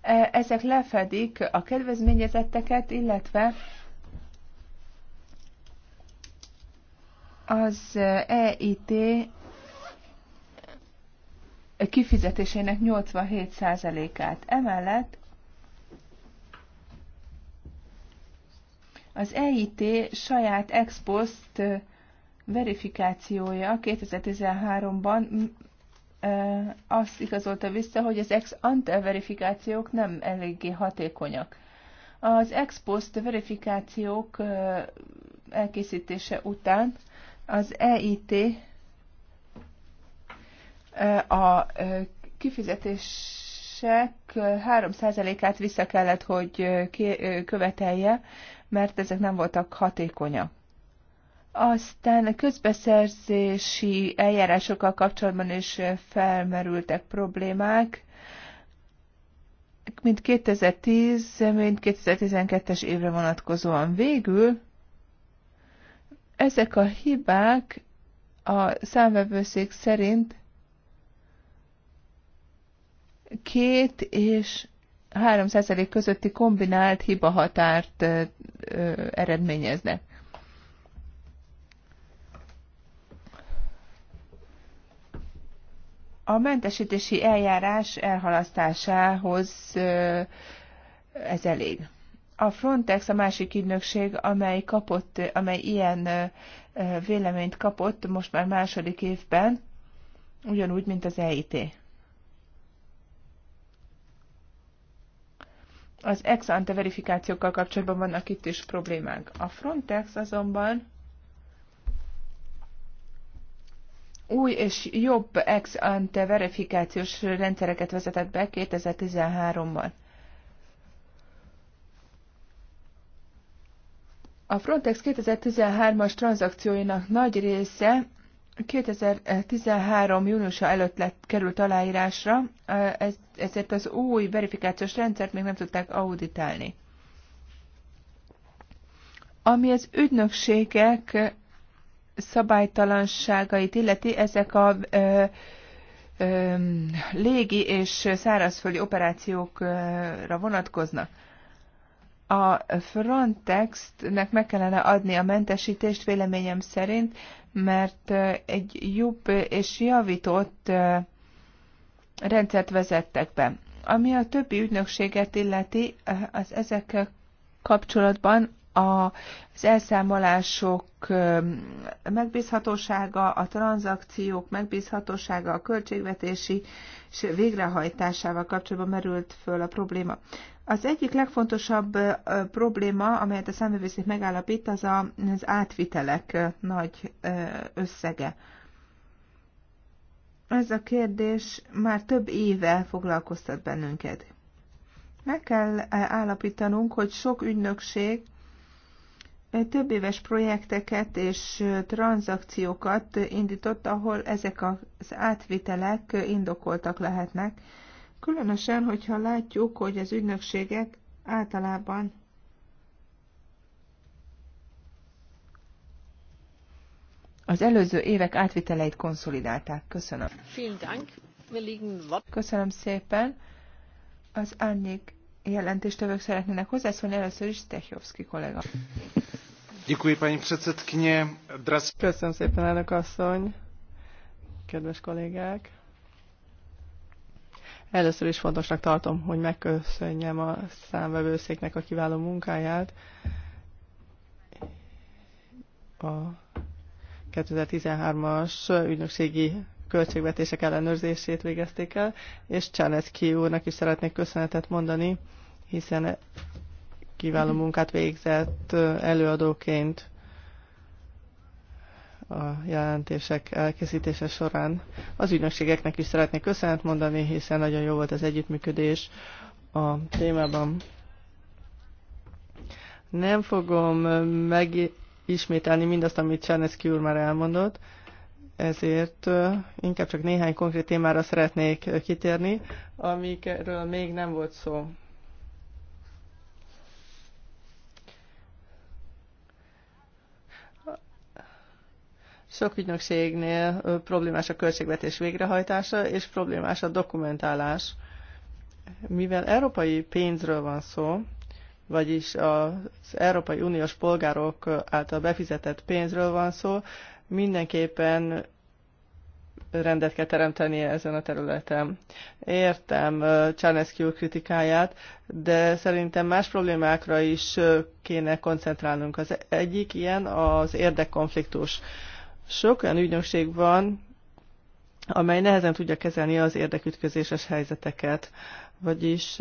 e, ezek lefedik a kedvezményezetteket, illetve az EIT kifizetésének 87%-át. Emellett Az EIT saját ex post verifikációja 2013-ban azt igazolta vissza, hogy az ex ante verifikációk nem eléggé hatékonyak. Az ex post verifikációk elkészítése után az EIT a kifizetések 3%-át vissza kellett, hogy követelje mert ezek nem voltak hatékonyak. Aztán a közbeszerzési eljárásokkal kapcsolatban is felmerültek problémák, mint 2010, mint 2012-es évre vonatkozóan. Végül ezek a hibák a számvevőszék szerint két és 3% közötti kombinált hibahatárt eredményeznek. A mentesítési eljárás elhalasztásához ez elég. A Frontex a másik ügynökség, amely, kapott, amely ilyen véleményt kapott most már második évben, ugyanúgy, mint az EIT. az ex ante verifikációkkal kapcsolatban vannak itt is problémák. A Frontex azonban új és jobb ex ante verifikációs rendszereket vezetett be 2013-ban. A Frontex 2013-as tranzakcióinak nagy része 2013. júniusa előtt lett, került aláírásra, ez, ezért az új verifikációs rendszert még nem tudták auditálni. Ami az ügynökségek szabálytalanságait illeti, ezek a ö, ö, légi és szárazföldi operációkra vonatkoznak a Frontexnek meg kellene adni a mentesítést véleményem szerint, mert egy jobb és javított rendszert vezettek be. Ami a többi ügynökséget illeti, az ezekkel kapcsolatban az elszámolások megbízhatósága, a tranzakciók megbízhatósága, a költségvetési és végrehajtásával kapcsolatban merült föl a probléma. Az egyik legfontosabb probléma, amelyet a számövőszék megállapít, az az átvitelek nagy összege. Ez a kérdés már több éve foglalkoztat bennünket. Meg kell állapítanunk, hogy sok ügynökség több éves projekteket és tranzakciókat indított, ahol ezek az átvitelek indokoltak lehetnek. Különösen, hogyha látjuk, hogy az ügynökségek általában az előző évek átviteleit konszolidálták. Köszönöm. Köszönöm szépen. Az árnyék jelentéstevők szeretnének hozzászólni először is Stechowski kollega. Köszönöm szépen, elnök asszony, kedves kollégák. Először is fontosnak tartom, hogy megköszönjem a számvevőszéknek a kiváló munkáját. A 2013-as ügynökségi költségvetések ellenőrzését végezték el, és Csánecki úrnak is szeretnék köszönetet mondani, hiszen kiváló munkát végzett előadóként a jelentések elkészítése során. Az ügynökségeknek is szeretnék köszönet mondani, hiszen nagyon jó volt az együttműködés a témában. Nem fogom megismételni mindazt, amit Cserneszki úr már elmondott, ezért inkább csak néhány konkrét témára szeretnék kitérni, amikről még nem volt szó. Sok ügynökségnél problémás a költségvetés végrehajtása, és problémás a dokumentálás. Mivel európai pénzről van szó, vagyis az Európai Uniós polgárok által befizetett pénzről van szó, mindenképpen rendet kell teremteni ezen a területen. Értem Csáneszki úr kritikáját, de szerintem más problémákra is kéne koncentrálnunk. Az egyik ilyen az érdekkonfliktus. Sok olyan ügynökség van, amely nehezen tudja kezelni az érdekütközéses helyzeteket, vagyis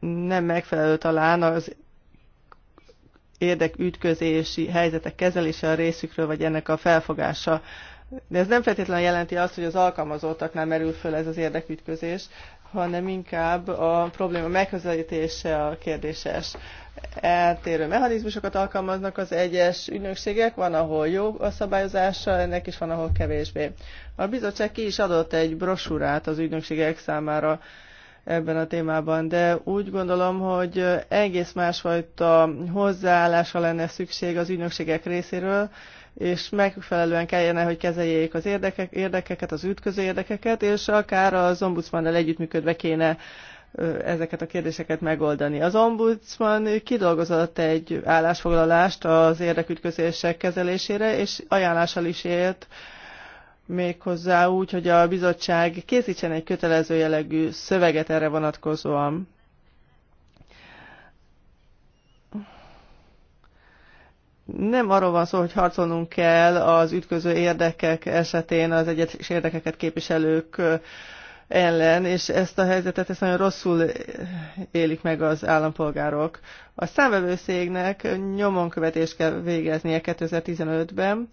nem megfelelő talán az érdekütközési helyzetek kezelése a részükről, vagy ennek a felfogása. De ez nem feltétlenül jelenti azt, hogy az alkalmazottaknál merül föl ez az érdekütközés hanem inkább a probléma megközelítése a kérdéses. Eltérő mechanizmusokat alkalmaznak az egyes ügynökségek, van, ahol jó a szabályozása, ennek is van, ahol kevésbé. A bizottság ki is adott egy brosúrát az ügynökségek számára ebben a témában, de úgy gondolom, hogy egész másfajta hozzáállása lenne szükség az ügynökségek részéről, és megfelelően kellene, hogy kezeljék az érdekek, érdekeket, az ütköző érdekeket, és akár az ombudsmannal együttműködve kéne ezeket a kérdéseket megoldani. Az ombudsman kidolgozott egy állásfoglalást az érdekütközések kezelésére, és ajánlással is élt méghozzá úgy, hogy a bizottság készítsen egy kötelező jellegű szöveget erre vonatkozóan. nem arról van szó, hogy harcolnunk kell az ütköző érdekek esetén az egyes érdekeket képviselők ellen, és ezt a helyzetet ezt nagyon rosszul élik meg az állampolgárok. A számvevőszégnek nyomon követést kell végeznie 2015-ben,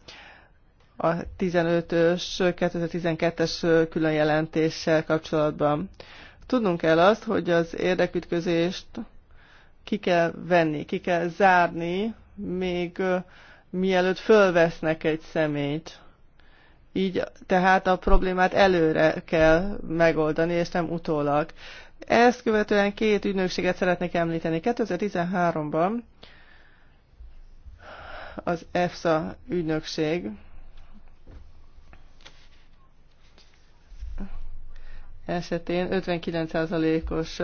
a 15-ös 2012-es külön jelentéssel kapcsolatban. Tudnunk kell azt, hogy az érdekütközést ki kell venni, ki kell zárni még mielőtt fölvesznek egy szemét. Így tehát a problémát előre kell megoldani, és nem utólag. Ezt követően két ügynökséget szeretnék említeni. 2013-ban az EFSA ügynökség esetén 59%-os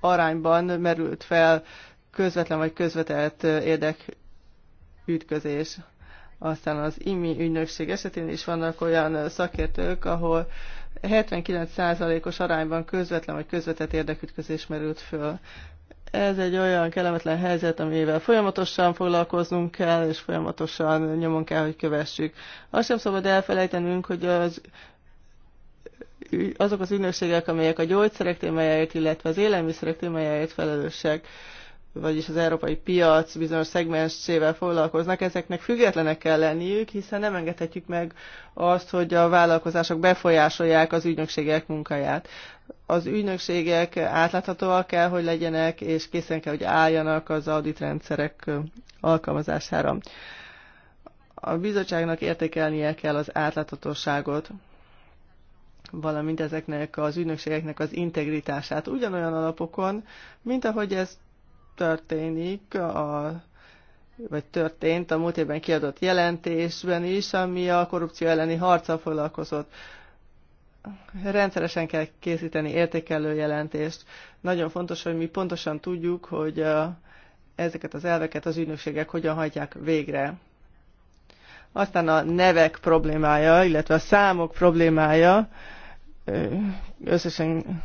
arányban merült fel közvetlen vagy közvetett érdekütközés. Aztán az IMI ügynökség esetén is vannak olyan szakértők, ahol 79%-os arányban közvetlen vagy közvetett érdekütközés merült föl. Ez egy olyan kellemetlen helyzet, amivel folyamatosan foglalkoznunk kell, és folyamatosan nyomon kell, hogy kövessük. Azt sem szabad elfelejtenünk, hogy az azok az ügynökségek, amelyek a gyógyszerek témájáért, illetve az élelmiszerek témájáért felelősek, vagyis az európai piac bizonyos szegmensével foglalkoznak, ezeknek függetlenek kell lenniük, hiszen nem engedhetjük meg azt, hogy a vállalkozások befolyásolják az ügynökségek munkáját. Az ügynökségek átláthatóak kell, hogy legyenek, és készen kell, hogy álljanak az auditrendszerek alkalmazására. A bizottságnak értékelnie kell az átláthatóságot valamint ezeknek az ügynökségeknek az integritását ugyanolyan alapokon, mint ahogy ezt történik a vagy történt a múlt évben kiadott jelentésben is, ami a korrupció elleni harca foglalkozott. Rendszeresen kell készíteni értékelő jelentést. Nagyon fontos, hogy mi pontosan tudjuk, hogy ezeket az elveket az ügynökségek hogyan hajtják végre. Aztán a nevek problémája, illetve a számok problémája. Összesen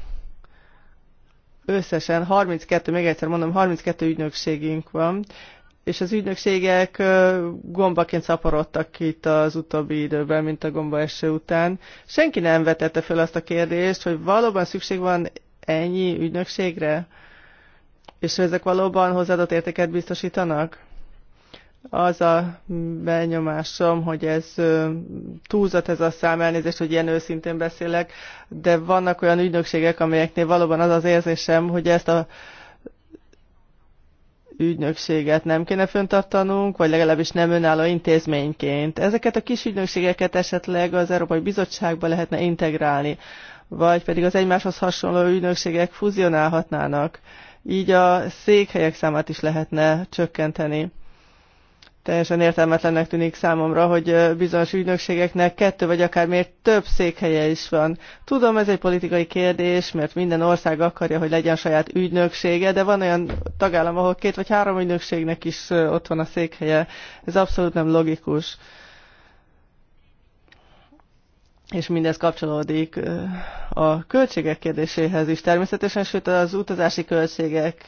Összesen 32, még egyszer mondom, 32 ügynökségünk van, és az ügynökségek gombaként szaporodtak itt az utóbbi időben, mint a gomba eső után. Senki nem vetette fel azt a kérdést, hogy valóban szükség van ennyi ügynökségre? És ezek valóban hozzáadott értéket biztosítanak? az a benyomásom, hogy ez túlzat ez a szám, elnézést, hogy ilyen őszintén beszélek, de vannak olyan ügynökségek, amelyeknél valóban az az érzésem, hogy ezt a ügynökséget nem kéne föntartanunk, vagy legalábbis nem önálló intézményként. Ezeket a kis ügynökségeket esetleg az Európai Bizottságba lehetne integrálni, vagy pedig az egymáshoz hasonló ügynökségek fuzionálhatnának. Így a székhelyek számát is lehetne csökkenteni teljesen értelmetlennek tűnik számomra, hogy bizonyos ügynökségeknek kettő vagy akár még több székhelye is van. Tudom, ez egy politikai kérdés, mert minden ország akarja, hogy legyen saját ügynöksége, de van olyan tagállam, ahol két vagy három ügynökségnek is ott van a székhelye. Ez abszolút nem logikus. És mindez kapcsolódik a költségek kérdéséhez is természetesen, sőt az utazási költségek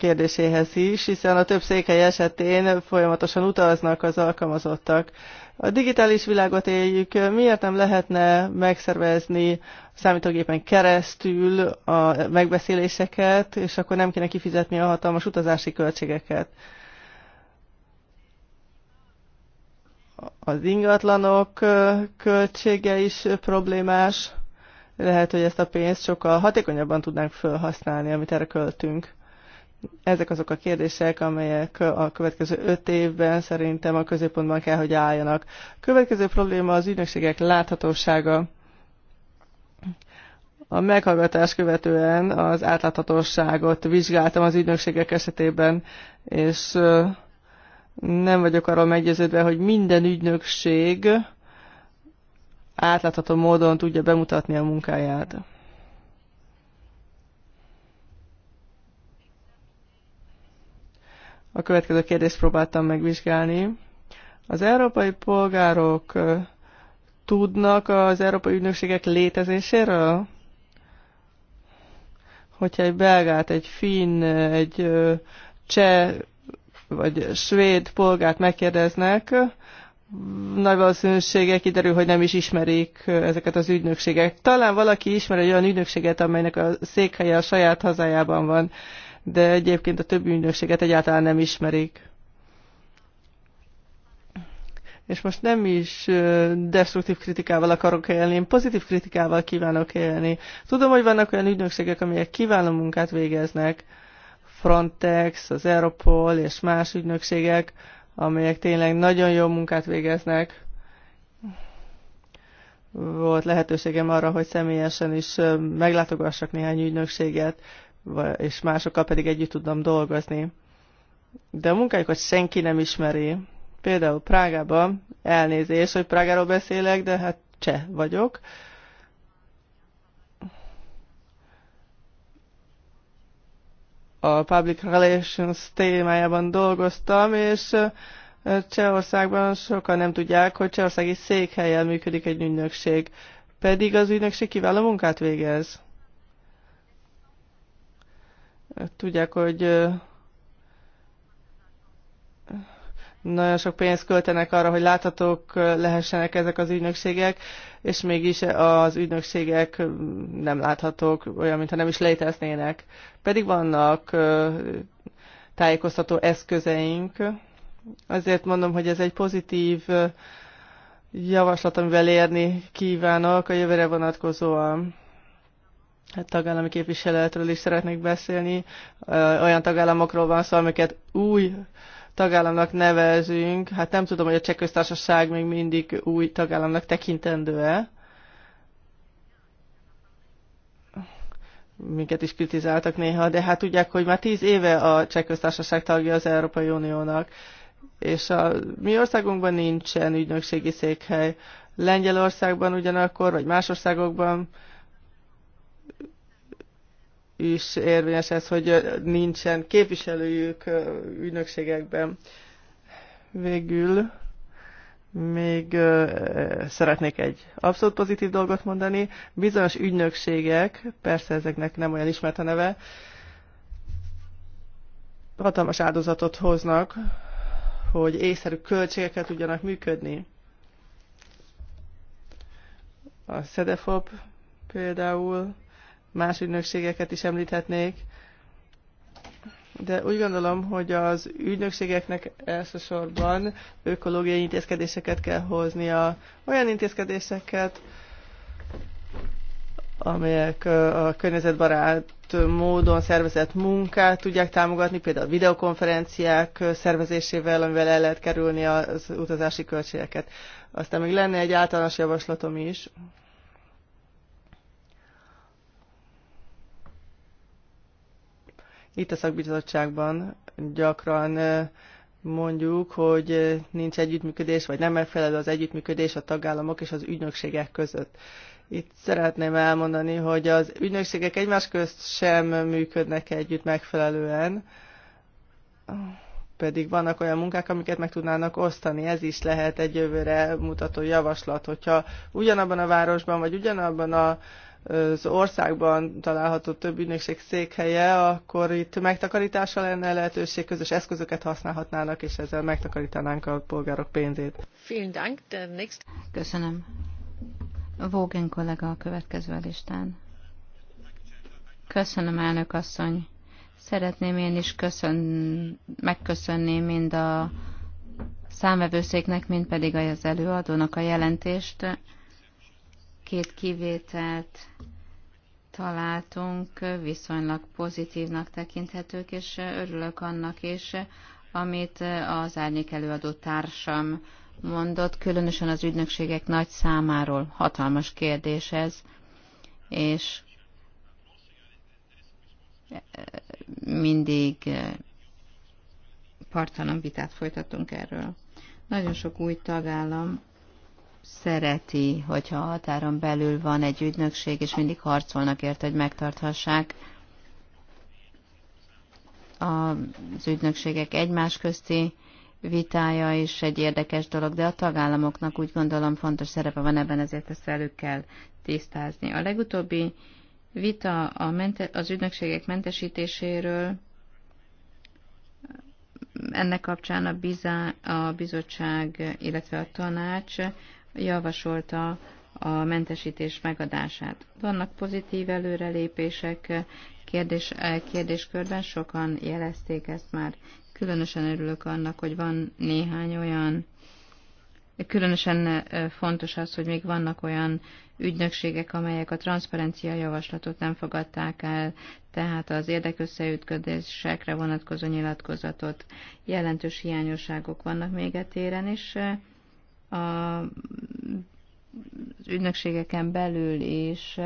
kérdéséhez is, hiszen a több székely esetén folyamatosan utaznak az alkalmazottak. A digitális világot éljük, miért nem lehetne megszervezni számítógépen keresztül a megbeszéléseket, és akkor nem kéne kifizetni a hatalmas utazási költségeket. Az ingatlanok költsége is problémás lehet, hogy ezt a pénzt sokkal hatékonyabban tudnánk felhasználni, amit erre költünk. Ezek azok a kérdések, amelyek a következő öt évben szerintem a középpontban kell, hogy álljanak. Következő probléma az ügynökségek láthatósága. A meghallgatás követően az átláthatóságot vizsgáltam az ügynökségek esetében, és nem vagyok arról meggyőződve, hogy minden ügynökség átlátható módon tudja bemutatni a munkáját. a következő kérdést próbáltam megvizsgálni. Az európai polgárok tudnak az európai ügynökségek létezéséről? Hogyha egy belgát, egy finn, egy cseh vagy svéd polgárt megkérdeznek, nagy valószínűséggel kiderül, hogy nem is ismerik ezeket az ügynökségek. Talán valaki ismer egy olyan ügynökséget, amelynek a székhelye a saját hazájában van de egyébként a többi ügynökséget egyáltalán nem ismerik. És most nem is destruktív kritikával akarok élni, én pozitív kritikával kívánok élni. Tudom, hogy vannak olyan ügynökségek, amelyek kiváló munkát végeznek, Frontex, az Europol és más ügynökségek, amelyek tényleg nagyon jó munkát végeznek. Volt lehetőségem arra, hogy személyesen is meglátogassak néhány ügynökséget, és másokkal pedig együtt tudnom dolgozni. De a munkájukat senki nem ismeri. Például Prágában, elnézés, hogy Prágáról beszélek, de hát cseh vagyok. A public relations témájában dolgoztam, és Csehországban sokan nem tudják, hogy csehországi székhelyen működik egy ügynökség. Pedig az ügynökség kiváló munkát végez Tudják, hogy nagyon sok pénzt költenek arra, hogy láthatók lehessenek ezek az ügynökségek, és mégis az ügynökségek nem láthatók, olyan, mintha nem is léteznének. Pedig vannak tájékoztató eszközeink, azért mondom, hogy ez egy pozitív javaslat, amivel érni kívánok a jövőre vonatkozóan. Hát tagállami képviseletről is szeretnék beszélni. Olyan tagállamokról van szó, amiket új tagállamnak nevezünk. Hát nem tudom, hogy a Cseh még mindig új tagállamnak tekintendő-e. minket is kritizáltak néha, de hát tudják, hogy már tíz éve a Cseh tagja az Európai Uniónak, és a mi országunkban nincsen ügynökségi székhely. Lengyelországban ugyanakkor, vagy más országokban is érvényes ez, hogy nincsen képviselőjük ügynökségekben. Végül még szeretnék egy abszolút pozitív dolgot mondani. Bizonyos ügynökségek, persze ezeknek nem olyan ismert a neve, hatalmas áldozatot hoznak, hogy észszerű költségeket tudjanak működni. A SEDEFOP például más ügynökségeket is említhetnék, de úgy gondolom, hogy az ügynökségeknek elsősorban ökológiai intézkedéseket kell hoznia, olyan intézkedéseket, amelyek a környezetbarát módon szervezett munkát tudják támogatni, például videokonferenciák szervezésével, amivel el lehet kerülni az utazási költségeket. Aztán még lenne egy általános javaslatom is, Itt a szakbizottságban gyakran mondjuk, hogy nincs együttműködés, vagy nem megfelelő az együttműködés a tagállamok és az ügynökségek között. Itt szeretném elmondani, hogy az ügynökségek egymás közt sem működnek együtt megfelelően, pedig vannak olyan munkák, amiket meg tudnának osztani. Ez is lehet egy jövőre mutató javaslat, hogyha ugyanabban a városban, vagy ugyanabban a az országban található több ügynökség székhelye, akkor itt megtakarítása lenne lehetőség, közös eszközöket használhatnának, és ezzel megtakarítanánk a polgárok pénzét. Köszönöm. Vógen kollega a következő listán. Köszönöm, elnök asszony. Szeretném én is köszön, megköszönni mind a számvevőszéknek, mind pedig az előadónak a jelentést két kivételt találtunk, viszonylag pozitívnak tekinthetők, és örülök annak is, amit az árnyék előadó társam mondott, különösen az ügynökségek nagy számáról. Hatalmas kérdés ez, és mindig partalan vitát folytatunk erről. Nagyon sok új tagállam szereti, hogyha a határon belül van egy ügynökség, és mindig harcolnak érte, hogy megtarthassák az ügynökségek egymás közti vitája is egy érdekes dolog, de a tagállamoknak úgy gondolom fontos szerepe van ebben, ezért ezt velük kell tisztázni. A legutóbbi vita a mente, az ügynökségek mentesítéséről ennek kapcsán a, bizá, a bizottság, illetve a tanács javasolta a mentesítés megadását. Vannak pozitív előrelépések, kérdés, e, kérdéskörben sokan jelezték ezt már. Különösen örülök annak, hogy van néhány olyan, különösen e, fontos az, hogy még vannak olyan ügynökségek, amelyek a transzparencia javaslatot nem fogadták el, tehát az érdekösszeütködésekre vonatkozó nyilatkozatot jelentős hiányosságok vannak még etéren, és a ügynökségeken belül is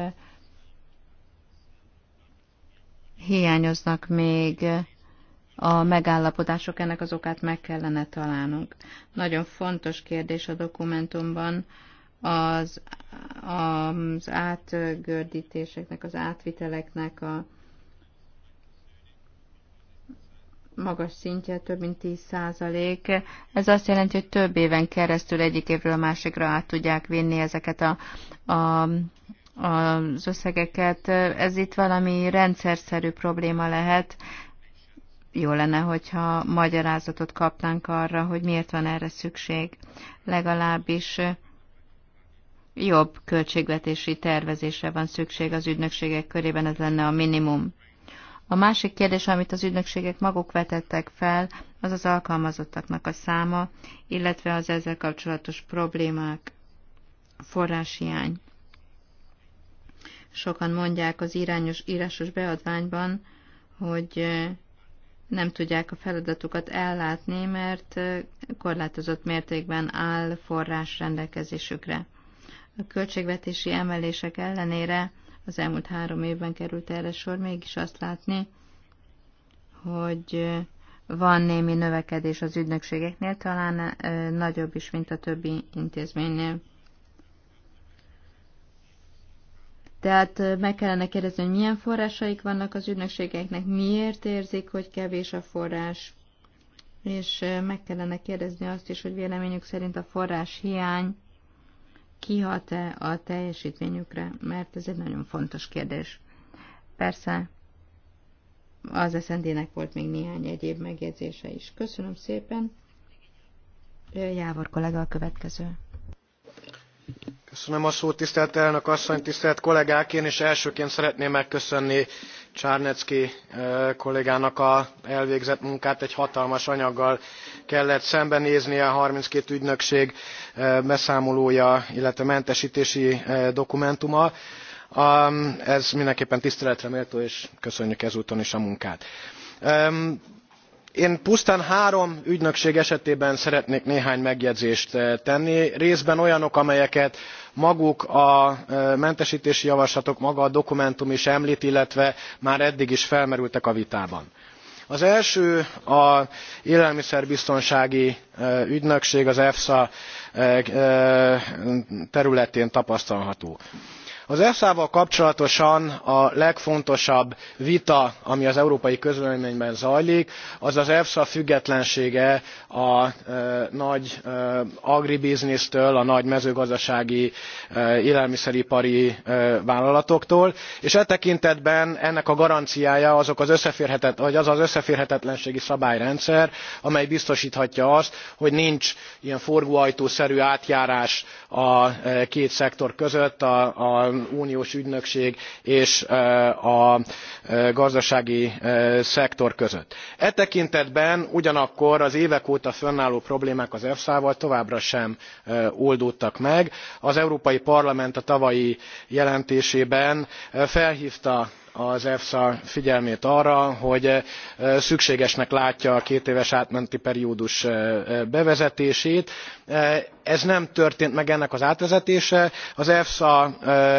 hiányoznak még a megállapodások, ennek az okát meg kellene találnunk. Nagyon fontos kérdés a dokumentumban az, az átgördítéseknek, az átviteleknek a magas szintje, több mint 10 százalék. Ez azt jelenti, hogy több éven keresztül egyik évről a másikra át tudják vinni ezeket a, a az összegeket. Ez itt valami rendszerszerű probléma lehet. Jó lenne, hogyha magyarázatot kapnánk arra, hogy miért van erre szükség. Legalábbis jobb költségvetési tervezésre van szükség az ügynökségek körében, ez lenne a minimum. A másik kérdés, amit az ügynökségek maguk vetettek fel, az az alkalmazottaknak a száma, illetve az ezzel kapcsolatos problémák, forráshiány. Sokan mondják az irányos, írásos beadványban, hogy eh, nem tudják a feladatukat ellátni, mert eh, korlátozott mértékben áll forrás rendelkezésükre. A költségvetési emelések ellenére az elmúlt három évben került erre sor, mégis azt látni, hogy van némi növekedés az ügynökségeknél, talán nagyobb is, mint a többi intézménynél. Tehát meg kellene kérdezni, hogy milyen forrásaik vannak az ügynökségeknek, miért érzik, hogy kevés a forrás, és meg kellene kérdezni azt is, hogy véleményük szerint a forrás hiány kihat-e a teljesítményükre, mert ez egy nagyon fontos kérdés. Persze az sznd volt még néhány egyéb megjegyzése is. Köszönöm szépen. Jávor kollega a következő. Köszönöm a szót, tisztelt elnök asszony, tisztelt kollégák! Én is elsőként szeretném megköszönni czarnecki eh, kollégának a elvégzett munkát egy hatalmas anyaggal kellett szembenéznie a thirty two ügynökség eh, beszámolója illetve mentestési eh, dokumentuma ez mindenképpen tiszteletre méltó és köszönjük ezúton is a munkát én pusztán három ügynökség esetében szeretnék néhány megjegyzést eh, tenni részben olyanok amelyeket maguk a eh, mentestési javaslatok maga a dokumentum is emlt illetve már eddig is felmerültek a vitában. az első az élelmiszerbiztonsági eh, ügynökség az efsa területén tapasztalható az esza val kapcsolatosan a legfontosabb vita ami az európai közvéleményben zajlik az az efsa függetlensége a e, nagy e, agribiznisztől a nagy mezőgazdasági e, élelmiszeripari vállalatoktól és e tekintetben ennek a garanciája azok az az az összeférhetetlenségi szabályrendszer amely biztosthatja azt hogy nincs ilyen forgóajtószerű átjárás a két szektor között a uniós ügynökség és e, a e, gazdasági e, szektor között. e tekintetben ugyanakkor az évek óta fönnálló problémák az efsa val továbbra sem oldódtak meg. az európai parlament a tavalyi jelentésében felhvta az efsa figyelmét arra hogy eh, szükségesnek látja a kétéves átmeneti periódus eh, bevezetését. Eh, ez nem történt meg ennek az átvezetése az efsa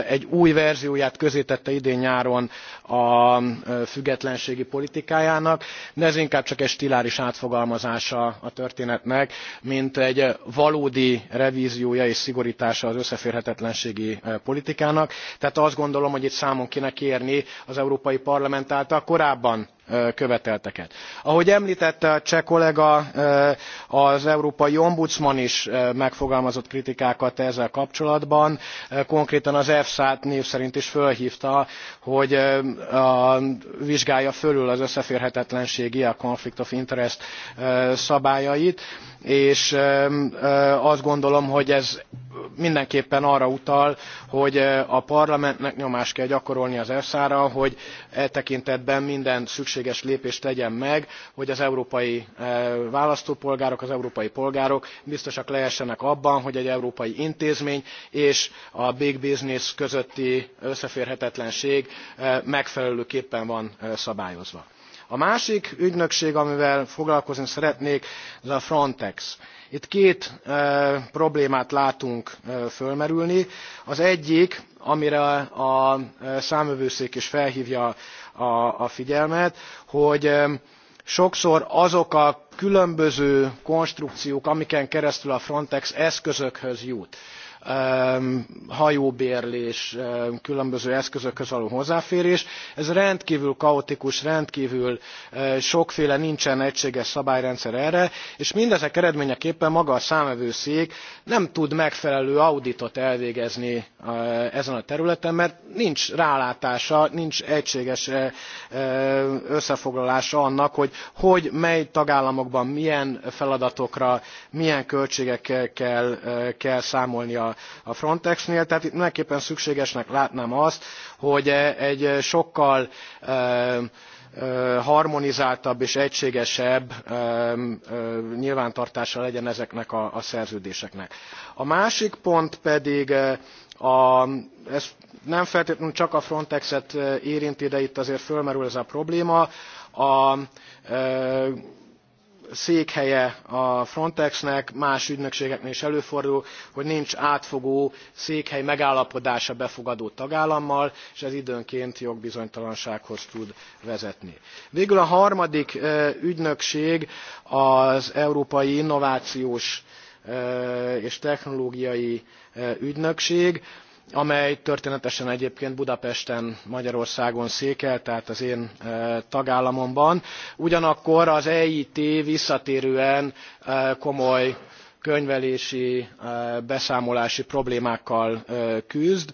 egy új verzióját közzétette idén nyáron a függetlenségi politikájának de ez inkább csak egy stiláris átfogalmazása a történetnek mint egy valódi revziója és szigortása az összeférhetetlenségi politikának tehát azt gondolom hogy itt számon kéne kérni az európai parlament által korábban követelteket. ahogy emltette a cseh kollega az európai ombudsman is megfogalmazott kritikákat ezzel kapcsolatban konkrétan az efsa t név szerint is fölhvta hogy vizsgálja fölül az összeférhetetlenségi a conflict of interest szabályait és azt gondolom hogy ez mindenképpen arra utal hogy a parlamentnek nyomást kell gyakorolnia az efsa ra hogy e tekintetben minden szükséges szükséges lépést tegyen meg hogy az európai eh, választópolgárok az európai polgárok biztosak lehessenek abban hogy egy európai intézmény és a big business közötti összeférhetetlenség eh, megfelelőképpen van eh, szabályozva. a másik ügynökség amivel foglalkozni szeretnék az a frontex. itt két problémát látunk fölmerülni az egyik amire a számvevőszék is felhvja a, figyelmet, hogy sokszor azok a különböző konstrukciók, amiken keresztül a Frontex eszközökhöz jut hajóbérlés, különböző eszközökhöz való hozzáférés. Ez rendkívül kaotikus, rendkívül e, sokféle, nincsen egységes szabályrendszer erre, és mindezek eredményeképpen maga a számvevőszék nem tud megfelelő auditot elvégezni e, ezen a területen, mert nincs rálátása, nincs egységes e, összefoglalása annak, hogy hogy mely tagállamokban milyen feladatokra, milyen költségekkel kell számolnia a Frontexnél. Tehát itt mindenképpen szükségesnek látnám azt, hogy e, egy sokkal e, e, harmonizáltabb és egységesebb nyilvántartása legyen ezeknek a szerződéseknek. A másik pont pedig a, ez nem feltétlenül csak a Frontexet érinti, de itt azért fölmerül ez a probléma, a székhelye a Frontexnek, más ügynökségeknél is előfordul, hogy nincs átfogó székhely megállapodása befogadó tagállammal, és ez időnként jogbizonytalansághoz tud vezetni. Végül a harmadik ügynökség az Európai Innovációs és Technológiai Ügynökség amely történetesen egyébként budapesten magyarországon székel tehát az én e, tagállamomban ugyanakkor az eit visszatérően e, komoly könyvelési, beszámolási problémákkal küzd.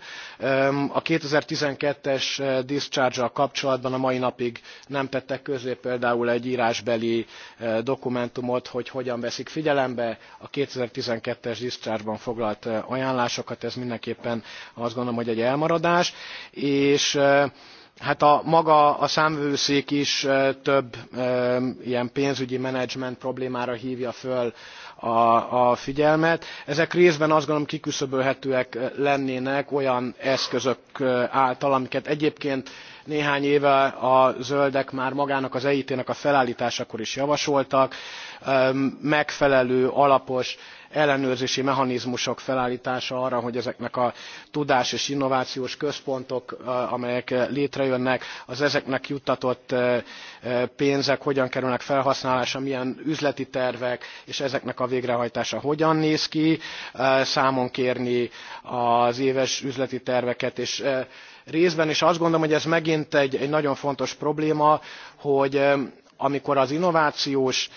A 2012-es discharge -al kapcsolatban a mai napig nem tettek közzé például egy írásbeli dokumentumot, hogy hogyan veszik figyelembe a 2012-es discharge-ban foglalt ajánlásokat. Ez mindenképpen azt gondolom, hogy egy elmaradás. És hát a maga a számvevőszék is több ilyen pénzügyi menedzsment problémára hívja föl a, a figyelmet. Ezek részben azt gondolom kiküszöbölhetőek lennének olyan eszközök által, amiket egyébként néhány éve a zöldek már magának az EIT-nek a felállításakor is javasoltak, megfelelő, alapos ellenőrzési mechanizmusok felálltása arra hogy ezeknek a tudás és innovációs központok amelyek létrejönnek az ezeknek juttatott pénzek hogyan kerülnek felhasználásra milyen üzleti tervek és ezeknek a végrehajtása hogyan néz ki számon kérni az éves üzleti terveket és részben is azt gondolom hogy ez megint egy, egy nagyon fontos probléma hogy amikor az innovációs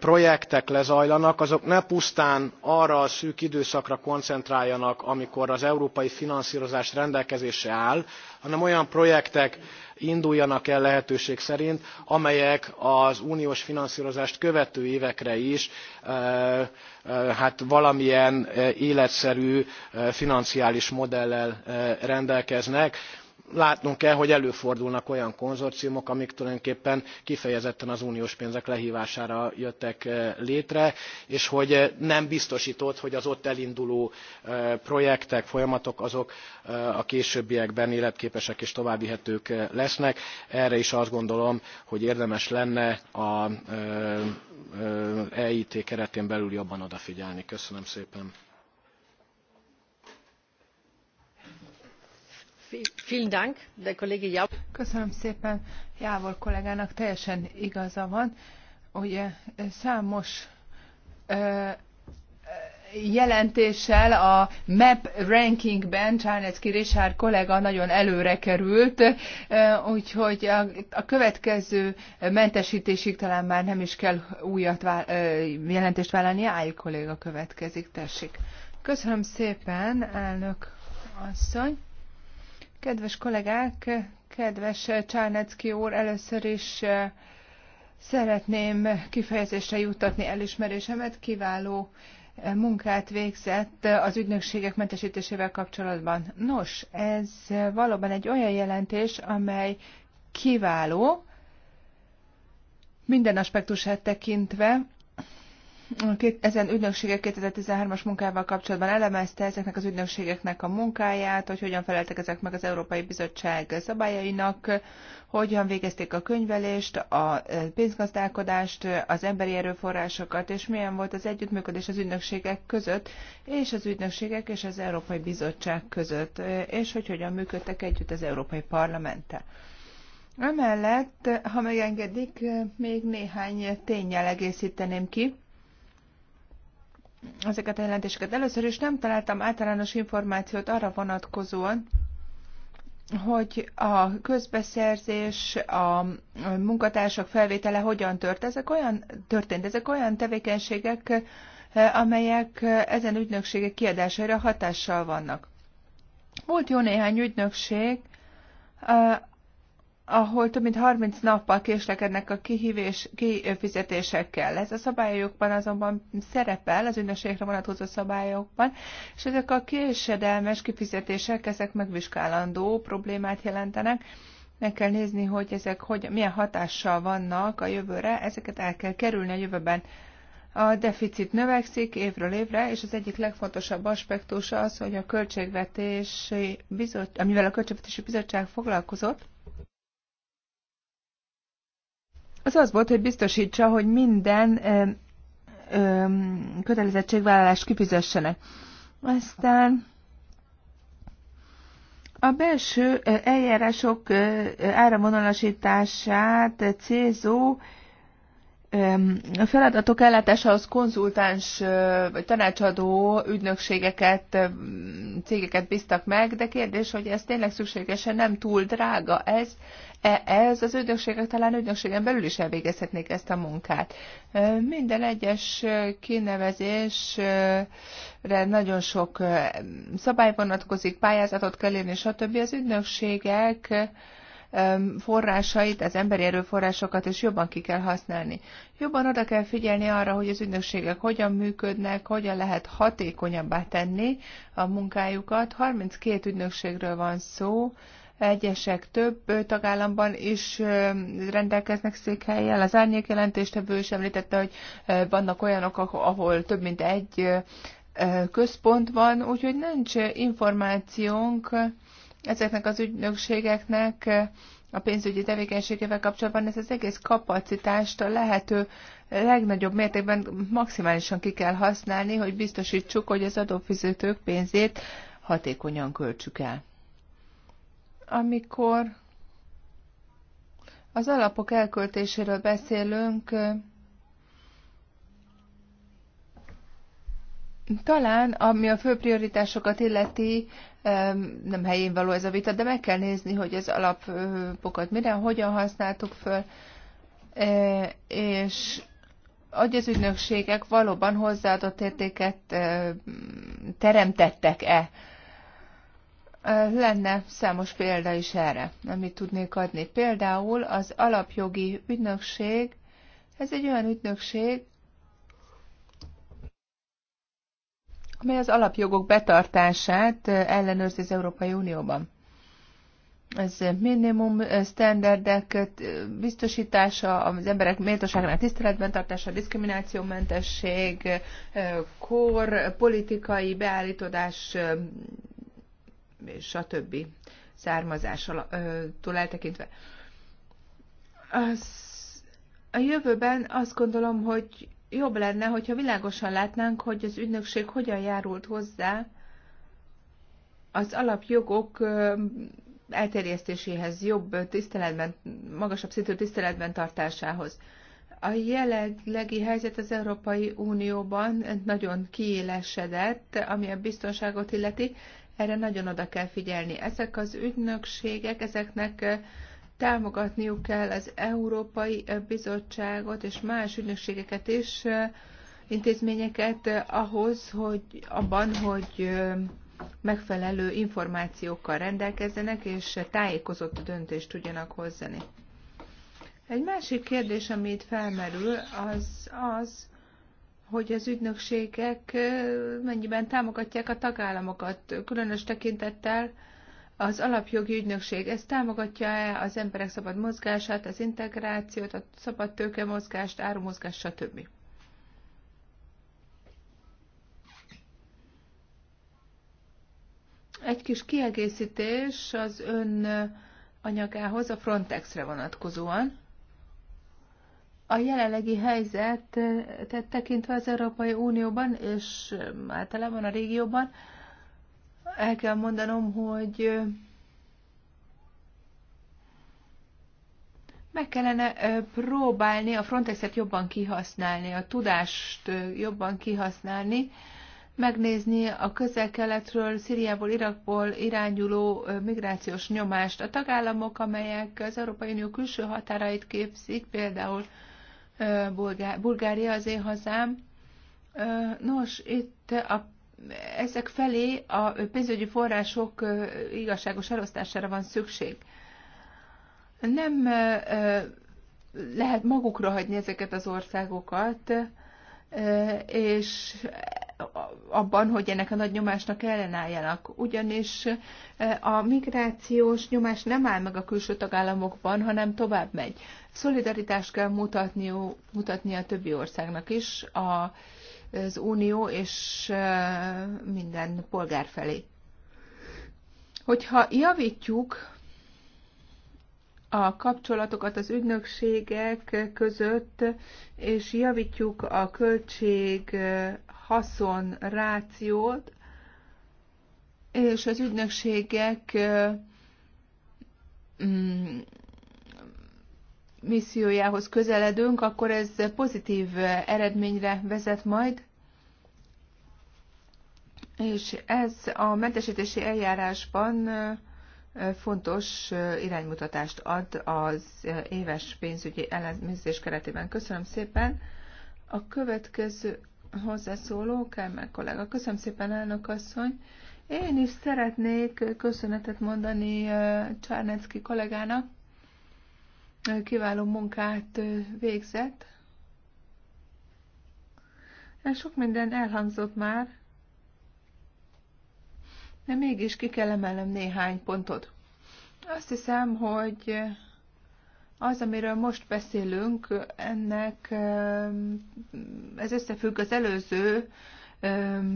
projektek lezajlanak azok ne pusztán arra a szűk időszakra koncentráljanak amikor az európai finanszrozás rendelkezésre áll hanem olyan projektek induljanak el lehetőség szerint amelyek az uniós finanszrozást követő évekre is hát valamilyen életszerű financiális modellel rendelkeznek látnunk kell hogy előfordulnak olyan konzorciumok amik tulajdonképpen kifejezetten az uniós pénzek lehvására jöttek eh, létre és hogy eh, nem biztostott hogy az ott elinduló eh, projektek folyamatok azok a későbbiekben életképesek és továbbvihetők lesznek. erre is azt gondolom hogy érdemes lenne az eit e keretén belül jobban odafigyelni. köszönöm szépen! Köszönöm szépen Jávor kollégának, teljesen igaza van. Ugye számos jelentéssel a MAP rankingben czarnecki Richard kollega nagyon előre került, úgyhogy a, következő mentesítésig talán már nem is kell újat jelentést vállalni. Áj kolléga következik, tessék. Köszönöm szépen, elnök asszony. Kedves kollégák, kedves Csárnecki úr, először is eh, szeretném kifejezésre juttatni elismerésemet, kiváló eh, munkát végzett eh, az ügynökségek mentesítésével kapcsolatban. Nos, ez valóban egy olyan jelentés, amely kiváló, minden aspektusát tekintve, ezen ügynökségek 2013-as munkával kapcsolatban elemezte ezeknek az ügynökségeknek a munkáját, hogy hogyan feleltek ezek meg az Európai Bizottság szabályainak, hogyan végezték a könyvelést, a e, pénzgazdálkodást, az emberi erőforrásokat, és milyen volt az együttműködés az ügynökségek között, és az ügynökségek és az Európai Bizottság között, e, és hogy hogyan működtek együtt az Európai Parlamenttel. Emellett, ha megengedik, e, még néhány tényel egészíteném ki ezeket a jelentéseket. Először is nem találtam általános információt arra vonatkozóan, hogy a közbeszerzés, a munkatársak felvétele hogyan tört. Ezek olyan, történt. Ezek olyan tevékenységek, amelyek ezen ügynökségek kiadásaira hatással vannak. Volt jó néhány ügynökség, ahol több mint 30 nappal késlekednek a kihívés, kifizetésekkel. Ez a szabályokban azonban szerepel, az ünnepségre vonatkozó szabályokban, és ezek a késedelmes kifizetések, ezek megvizsgálandó problémát jelentenek. Meg kell nézni, hogy ezek hogy, milyen hatással vannak a jövőre, ezeket el kell kerülni a jövőben. A deficit növekszik évről évre, és az egyik legfontosabb aspektusa az, hogy a költségvetési bizottság, amivel a költségvetési bizottság foglalkozott, az az volt, hogy biztosítsa, hogy minden ö, ö, kötelezettségvállalást kifizessenek. Aztán a belső eljárások áramvonalasítását célzó a feladatok az konzultáns vagy tanácsadó ügynökségeket, cégeket bíztak meg, de kérdés, hogy ez tényleg szükségesen nem túl drága ez, e, ez az ügynökségek talán ügynökségen belül is elvégezhetnék ezt a munkát. Minden egyes kinevezésre nagyon sok szabály vonatkozik, pályázatot kell írni, stb. Az ügynökségek forrásait, az emberi erőforrásokat is jobban ki kell használni. Jobban oda kell figyelni arra, hogy az ügynökségek hogyan működnek, hogyan lehet hatékonyabbá tenni a munkájukat. 32 ügynökségről van szó, egyesek több tagállamban is rendelkeznek székhelyjel. Az árnyék jelentéstevő is említette, hogy vannak olyanok, ahol több mint egy központ van, úgyhogy nincs információnk ezeknek az ügynökségeknek eh, a pénzügyi tevékenységével kapcsolatban ez az egész kapacitást a lehető legnagyobb mértékben maximálisan ki kell használni, hogy biztosítsuk, hogy az adófizetők pénzét hatékonyan költsük el. Amikor az alapok elköltéséről beszélünk, eh, Talán, ami a fő prioritásokat illeti, nem helyén való ez a vita, de meg kell nézni, hogy az alapokat mire, hogyan használtuk föl, e, és hogy az ügynökségek valóban hozzáadott értéket e, teremtettek-e. E, lenne számos példa is erre, amit tudnék adni. Például az alapjogi ügynökség, ez egy olyan ügynökség, amely az alapjogok betartását ellenőrzi az Európai Unióban. Ez minimum standardek biztosítása, az emberek méltóságának tiszteletben tartása, diszkriminációmentesség, kor, politikai beállítodás, stb. származástól eltekintve. Az, a jövőben azt gondolom, hogy jobb lenne, hogyha világosan látnánk, hogy az ügynökség hogyan járult hozzá az alapjogok elterjesztéséhez, jobb tiszteletben, magasabb szintű tiszteletben tartásához. A jelenlegi helyzet az Európai Unióban nagyon kiélesedett, ami a biztonságot illeti, erre nagyon oda kell figyelni. Ezek az ügynökségek, ezeknek támogatniuk kell az Európai Bizottságot és más ügynökségeket is, intézményeket ahhoz, hogy abban, hogy megfelelő információkkal rendelkezzenek, és tájékozott döntést tudjanak hozzani. Egy másik kérdés, ami itt felmerül, az az, hogy az ügynökségek mennyiben támogatják a tagállamokat, különös tekintettel az alapjogi ügynökség ezt támogatja-e az emberek szabad mozgását, az integrációt, a szabad tőke mozgást, árumozgást, stb. Egy kis kiegészítés az ön anyagához a Frontexre vonatkozóan. A jelenlegi helyzet tekintve az Európai Unióban és általában a régióban el kell mondanom, hogy meg kellene próbálni a Frontexet jobban kihasználni, a tudást jobban kihasználni, megnézni a közel-keletről, Szíriából, Irakból irányuló migrációs nyomást. A tagállamok, amelyek az Európai Unió külső határait képzik, például Bulgária az én hazám, Nos, itt a ezek felé a pénzügyi források igazságos elosztására van szükség. Nem lehet magukra hagyni ezeket az országokat, és abban, hogy ennek a nagy nyomásnak ellenálljanak. Ugyanis a migrációs nyomás nem áll meg a külső tagállamokban, hanem tovább megy. Szolidaritást kell mutatni, mutatni a többi országnak is. A az Unió és minden polgár felé. Hogyha javítjuk a kapcsolatokat az ügynökségek között, és javítjuk a költség haszon rációt, és az ügynökségek mm, missziójához közeledünk, akkor ez pozitív eredményre vezet majd, és ez a mentesítési eljárásban fontos iránymutatást ad az éves pénzügyi ellenőrzés keretében. Köszönöm szépen. A következő hozzászóló, Kármán kollega. Köszönöm szépen, elnök asszony. Én is szeretnék köszönetet mondani Csárnecki kollégának kiváló munkát végzett. Sok minden elhangzott már, de mégis ki kell emelnem néhány pontot. Azt hiszem, hogy az, amiről most beszélünk, ennek ez összefügg az előző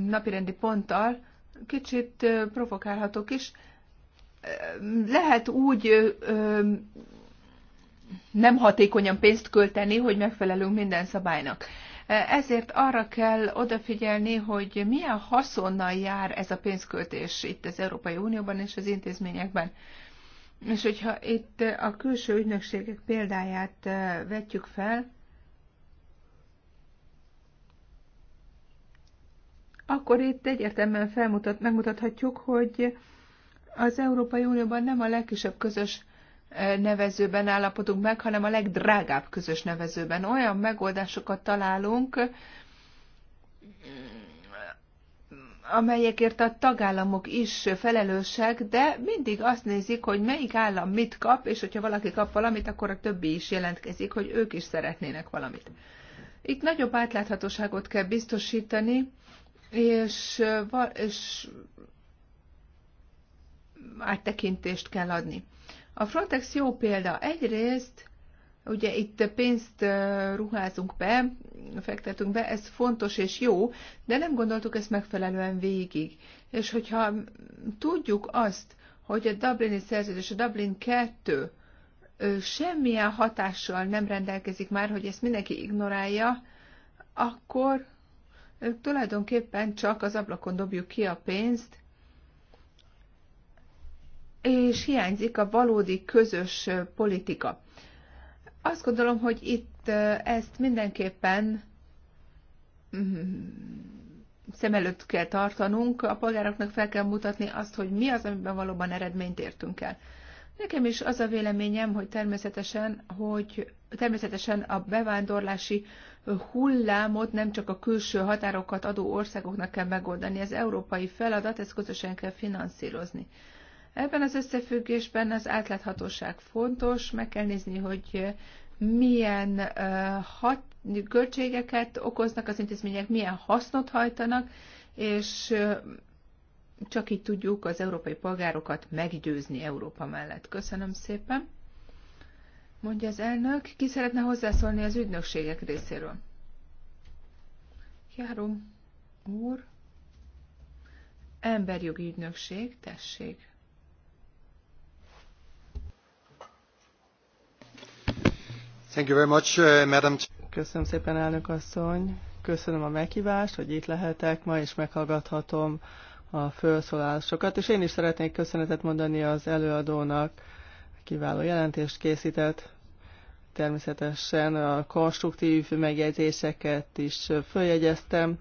napirendi ponttal, kicsit provokálhatok is. Lehet úgy nem hatékonyan pénzt költeni, hogy megfelelünk minden szabálynak. E, ezért arra kell odafigyelni, hogy milyen haszonnal jár ez a pénzköltés itt az Európai Unióban és az intézményekben. És hogyha itt a külső ügynökségek példáját e, vetjük fel, akkor itt egyértelműen felmutat, megmutathatjuk, hogy az Európai Unióban nem a legkisebb közös nevezőben állapodunk meg, hanem a legdrágább közös nevezőben. Olyan megoldásokat találunk, amelyekért a tagállamok is felelősek, de mindig azt nézik, hogy melyik állam mit kap, és hogyha valaki kap valamit, akkor a többi is jelentkezik, hogy ők is szeretnének valamit. Itt nagyobb átláthatóságot kell biztosítani, és, és áttekintést kell adni. A Frontex jó példa. Egyrészt Ugye itt pénzt ruházunk be, fektetünk be, ez fontos és jó, de nem gondoltuk ezt megfelelően végig. És hogyha tudjuk azt, hogy a Dublini szerződés, a Dublin 2 semmilyen hatással nem rendelkezik már, hogy ezt mindenki ignorálja, akkor tulajdonképpen csak az ablakon dobjuk ki a pénzt, és hiányzik a valódi közös politika. Azt gondolom, hogy itt ezt mindenképpen mm, szem előtt kell tartanunk, a polgároknak fel kell mutatni azt, hogy mi az, amiben valóban eredményt értünk el. Nekem is az a véleményem, hogy természetesen, hogy természetesen a bevándorlási hullámot nem csak a külső határokat adó országoknak kell megoldani, ez európai feladat, ezt közösen kell finanszírozni. Ebben az összefüggésben az átláthatóság fontos, meg kell nézni, hogy milyen hat, költségeket okoznak az intézmények, milyen hasznot hajtanak, és csak így tudjuk az európai polgárokat meggyőzni Európa mellett. Köszönöm szépen. Mondja az elnök, ki szeretne hozzászólni az ügynökségek részéről? Járom úr. Emberjogi ügynökség, tessék. Uh, Köszönöm szépen, elnök asszony. Köszönöm a meghívást, hogy itt lehetek ma, és meghallgathatom a felszólásokat, és én is szeretnék köszönetet mondani az előadónak, kiváló jelentést készített, természetesen a konstruktív megjegyzéseket is följegyeztem.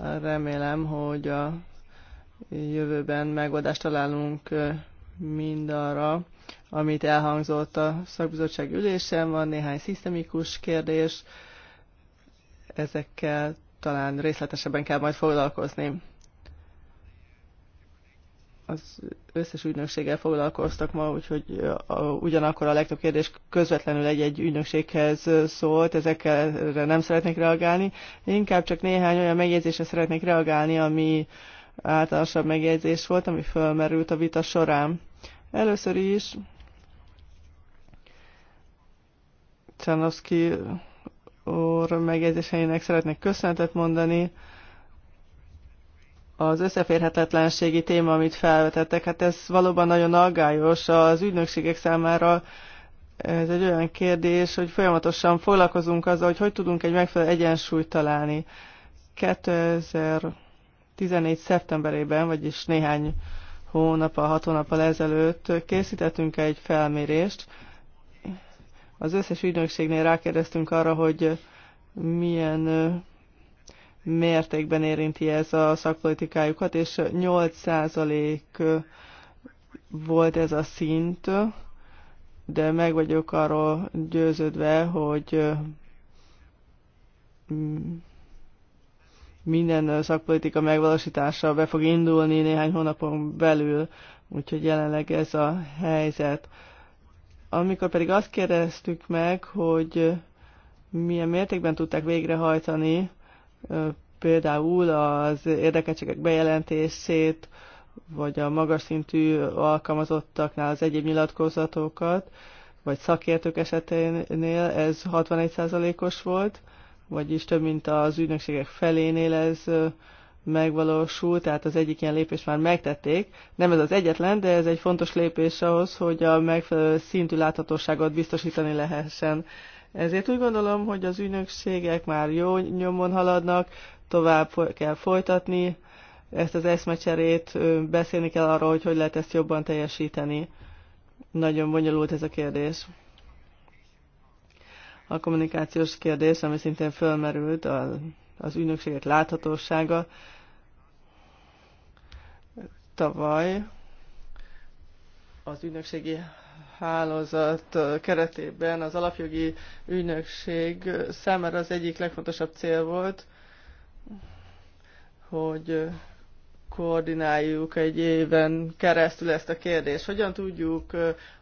Remélem, hogy a jövőben megoldást találunk mindarra, amit elhangzott a szakbizottság ülésen. Van néhány szisztemikus kérdés, ezekkel talán részletesebben kell majd foglalkozni. Az összes ügynökséggel foglalkoztak ma, úgyhogy ugyanakkor a legtöbb kérdés közvetlenül egy-egy ügynökséghez szólt, ezekre nem szeretnék reagálni. Inkább csak néhány olyan megjegyzésre szeretnék reagálni, ami uh, általánosabb megjegyzés volt, ami fölmerült a vita során. Először is Csanovszki úr megjegyzéseinek szeretnék köszönetet mondani. Az összeférhetetlenségi téma, amit felvetettek, hát ez valóban nagyon aggályos az ügynökségek számára. Ez egy olyan kérdés, hogy folyamatosan foglalkozunk azzal, hogy hogy tudunk egy megfelelő egyensúlyt találni. 2000 2014. szeptemberében, vagyis néhány hónap a hat hónap ezelőtt készítettünk egy felmérést. Az összes ügynökségnél rákérdeztünk arra, hogy milyen mértékben érinti ez a szakpolitikájukat, és 8% volt ez a szint, de meg vagyok arról győződve, hogy minden szakpolitika megvalósítása be fog indulni néhány hónapon belül, úgyhogy jelenleg ez a helyzet. Amikor pedig azt kérdeztük meg, hogy milyen mértékben tudták végrehajtani például az érdekeltségek bejelentését, vagy a magas szintű alkalmazottaknál az egyéb nyilatkozatokat, vagy szakértők eseténél ez 61%-os volt, vagyis több mint az ügynökségek felénél ez megvalósul, tehát az egyik ilyen lépést már megtették. Nem ez az egyetlen, de ez egy fontos lépés ahhoz, hogy a megfelelő szintű láthatóságot biztosítani lehessen. Ezért úgy gondolom, hogy az ügynökségek már jó nyomon haladnak, tovább kell folytatni ezt az eszmecserét, beszélni kell arról, hogy hogy lehet ezt jobban teljesíteni. Nagyon bonyolult ez a kérdés a kommunikációs kérdés, ami szintén fölmerült, a, az ügynökségek láthatósága. Tavaly az ügynökségi hálózat keretében az alapjogi ügynökség számára az egyik legfontosabb cél volt, hogy koordináljuk egy éven keresztül ezt a kérdést. Hogyan tudjuk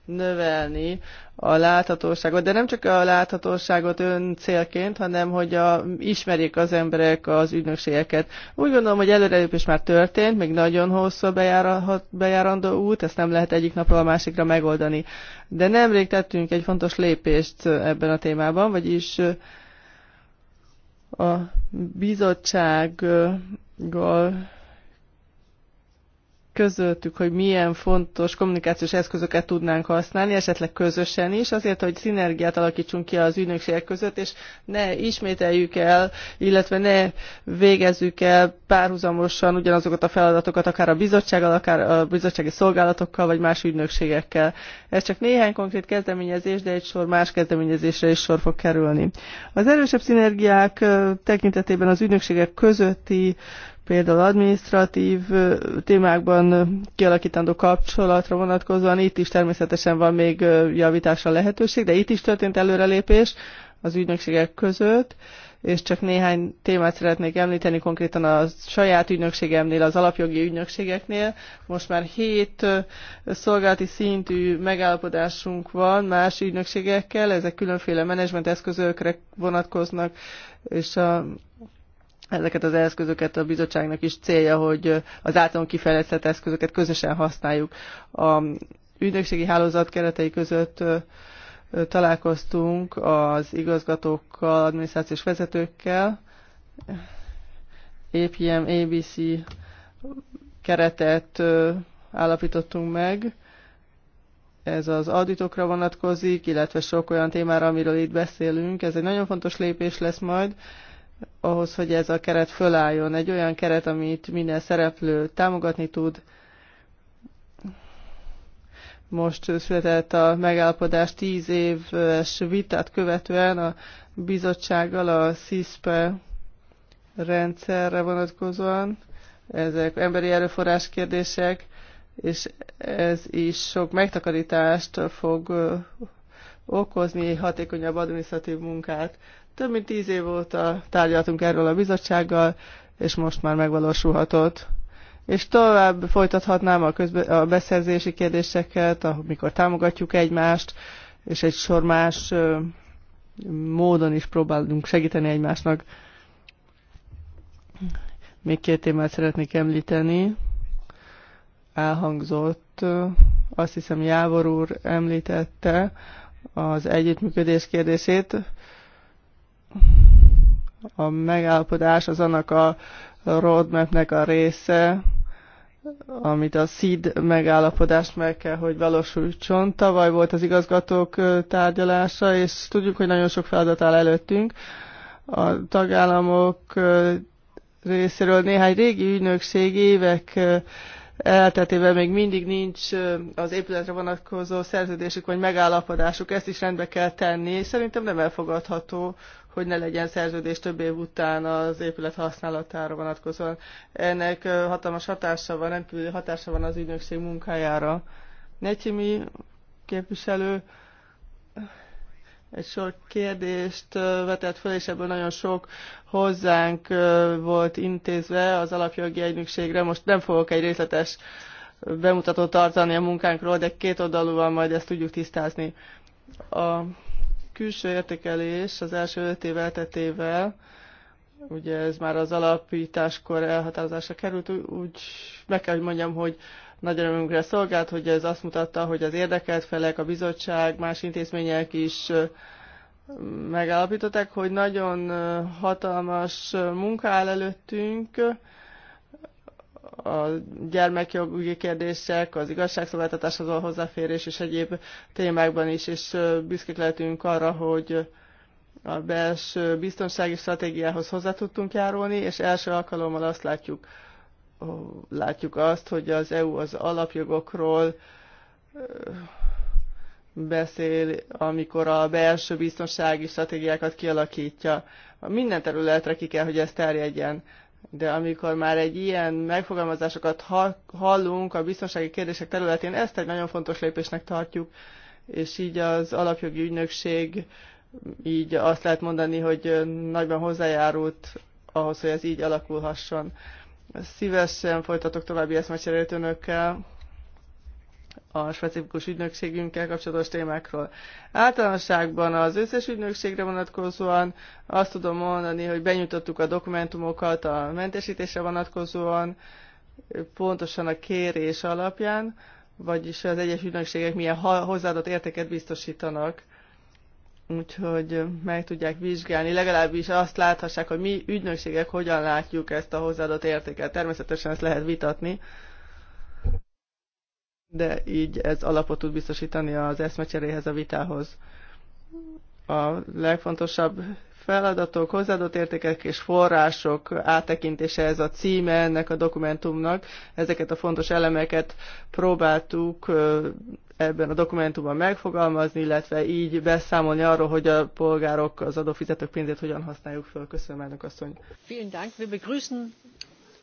növelni a láthatóságot, de nem csak a láthatóságot ön célként, hanem hogy a, ismerjék az emberek az ügynökségeket. Úgy gondolom, hogy előrelépés már történt, még nagyon hosszú bejára, bejárandó út, ezt nem lehet egyik napról a másikra megoldani. De nemrég tettünk egy fontos lépést ebben a témában, vagyis a bizottsággal közöttük, hogy milyen fontos kommunikációs eszközöket tudnánk használni, esetleg közösen is, azért, hogy szinergiát alakítsunk ki az ügynökségek között, és ne ismételjük el, illetve ne végezzük el párhuzamosan ugyanazokat a feladatokat, akár a bizottsággal, akár a bizottsági szolgálatokkal, vagy más ügynökségekkel. Ez csak néhány konkrét kezdeményezés, de egy sor más kezdeményezésre is sor fog kerülni. Az erősebb szinergiák tekintetében az ügynökségek közötti például adminisztratív témákban kialakítandó kapcsolatra vonatkozóan itt is természetesen van még javításra lehetőség, de itt is történt előrelépés az ügynökségek között, és csak néhány témát szeretnék említeni, konkrétan a saját ügynökségemnél, az alapjogi ügynökségeknél. Most már hét szolgálati szintű megállapodásunk van más ügynökségekkel, ezek különféle menedzsment eszközökre vonatkoznak, és a ezeket az eszközöket a bizottságnak is célja, hogy az általunk kifejlesztett eszközöket közösen használjuk. A ügynökségi hálózat keretei között találkoztunk az igazgatókkal, adminisztrációs vezetőkkel, APM, ABC keretet állapítottunk meg. Ez az auditokra vonatkozik, illetve sok olyan témára, amiről itt beszélünk. Ez egy nagyon fontos lépés lesz majd, ahhoz, hogy ez a keret fölálljon. Egy olyan keret, amit minden szereplő támogatni tud. Most született a megállapodás tíz éves vitát követően a bizottsággal a CISPE rendszerre vonatkozóan. Ezek emberi erőforrás kérdések, és ez is sok megtakarítást fog okozni, hatékonyabb adminisztratív munkát. Több mint tíz év óta tárgyaltunk erről a bizottsággal, és most már megvalósulhatott. És tovább folytathatnám a, közbe, a beszerzési kérdéseket, amikor támogatjuk egymást, és egy sor más módon is próbálunk segíteni egymásnak. Még két témát szeretnék említeni. Elhangzott, azt hiszem Jávor úr említette az együttműködés kérdését a megállapodás az annak a roadmapnek a része, amit a SZID megállapodást meg kell, hogy valósuljon. Tavaly volt az igazgatók tárgyalása, és tudjuk, hogy nagyon sok feladat áll előttünk. A tagállamok részéről néhány régi ügynökség évek elteltével még mindig nincs az épületre vonatkozó szerződésük vagy megállapodásuk, ezt is rendbe kell tenni, és szerintem nem elfogadható, hogy ne legyen szerződés több év után az épület használatára vonatkozóan. Ennek hatalmas hatása van, rendkívüli hatása van az ügynökség munkájára. Necsimi képviselő egy sor kérdést vetett fel, és ebből nagyon sok hozzánk volt intézve az alapjogi egynökségre. Most nem fogok egy részletes bemutatót tartani a munkánkról, de két oldalúan majd ezt tudjuk tisztázni. A külső értékelés az első öt év eltetével, ugye ez már az alapításkor elhatározásra került, úgy meg kell, hogy mondjam, hogy nagy örömünkre szolgált, hogy ez azt mutatta, hogy az érdekelt felek, a bizottság, más intézmények is megállapították, hogy nagyon hatalmas munka áll előttünk, a gyermekjogi kérdések, az igazságszolgáltatáshoz a hozzáférés és egyéb témákban is, és büszkék lehetünk arra, hogy a belső biztonsági stratégiához hozzá tudtunk járulni, és első alkalommal azt látjuk, látjuk azt, hogy az EU az alapjogokról beszél, amikor a belső biztonsági stratégiákat kialakítja. Minden területre ki kell, hogy ez terjedjen. De amikor már egy ilyen megfogalmazásokat hallunk a biztonsági kérdések területén, ezt egy nagyon fontos lépésnek tartjuk, és így az alapjogi ügynökség így azt lehet mondani, hogy nagyban hozzájárult ahhoz, hogy ez így alakulhasson. Szívesen folytatok további eszmecserélt önökkel a specifikus ügynökségünkkel kapcsolatos témákról. Általánosságban az összes ügynökségre vonatkozóan azt tudom mondani, hogy benyújtottuk a dokumentumokat a mentesítésre vonatkozóan, pontosan a kérés alapján, vagyis az egyes ügynökségek milyen hozzáadott értéket biztosítanak úgyhogy meg tudják vizsgálni, legalábbis azt láthassák, hogy mi ügynökségek hogyan látjuk ezt a hozzáadott értéket. Természetesen ezt lehet vitatni, de így ez alapot tud biztosítani az eszmecseréhez, a vitához a legfontosabb feladatok, hozzáadott értékek és források áttekintése ez a címe ennek a dokumentumnak. Ezeket a fontos elemeket próbáltuk ebben a dokumentumban megfogalmazni, illetve így beszámolni arról, hogy a polgárok az adófizetők pénzét hogyan használjuk fel Köszönöm, elnök asszony.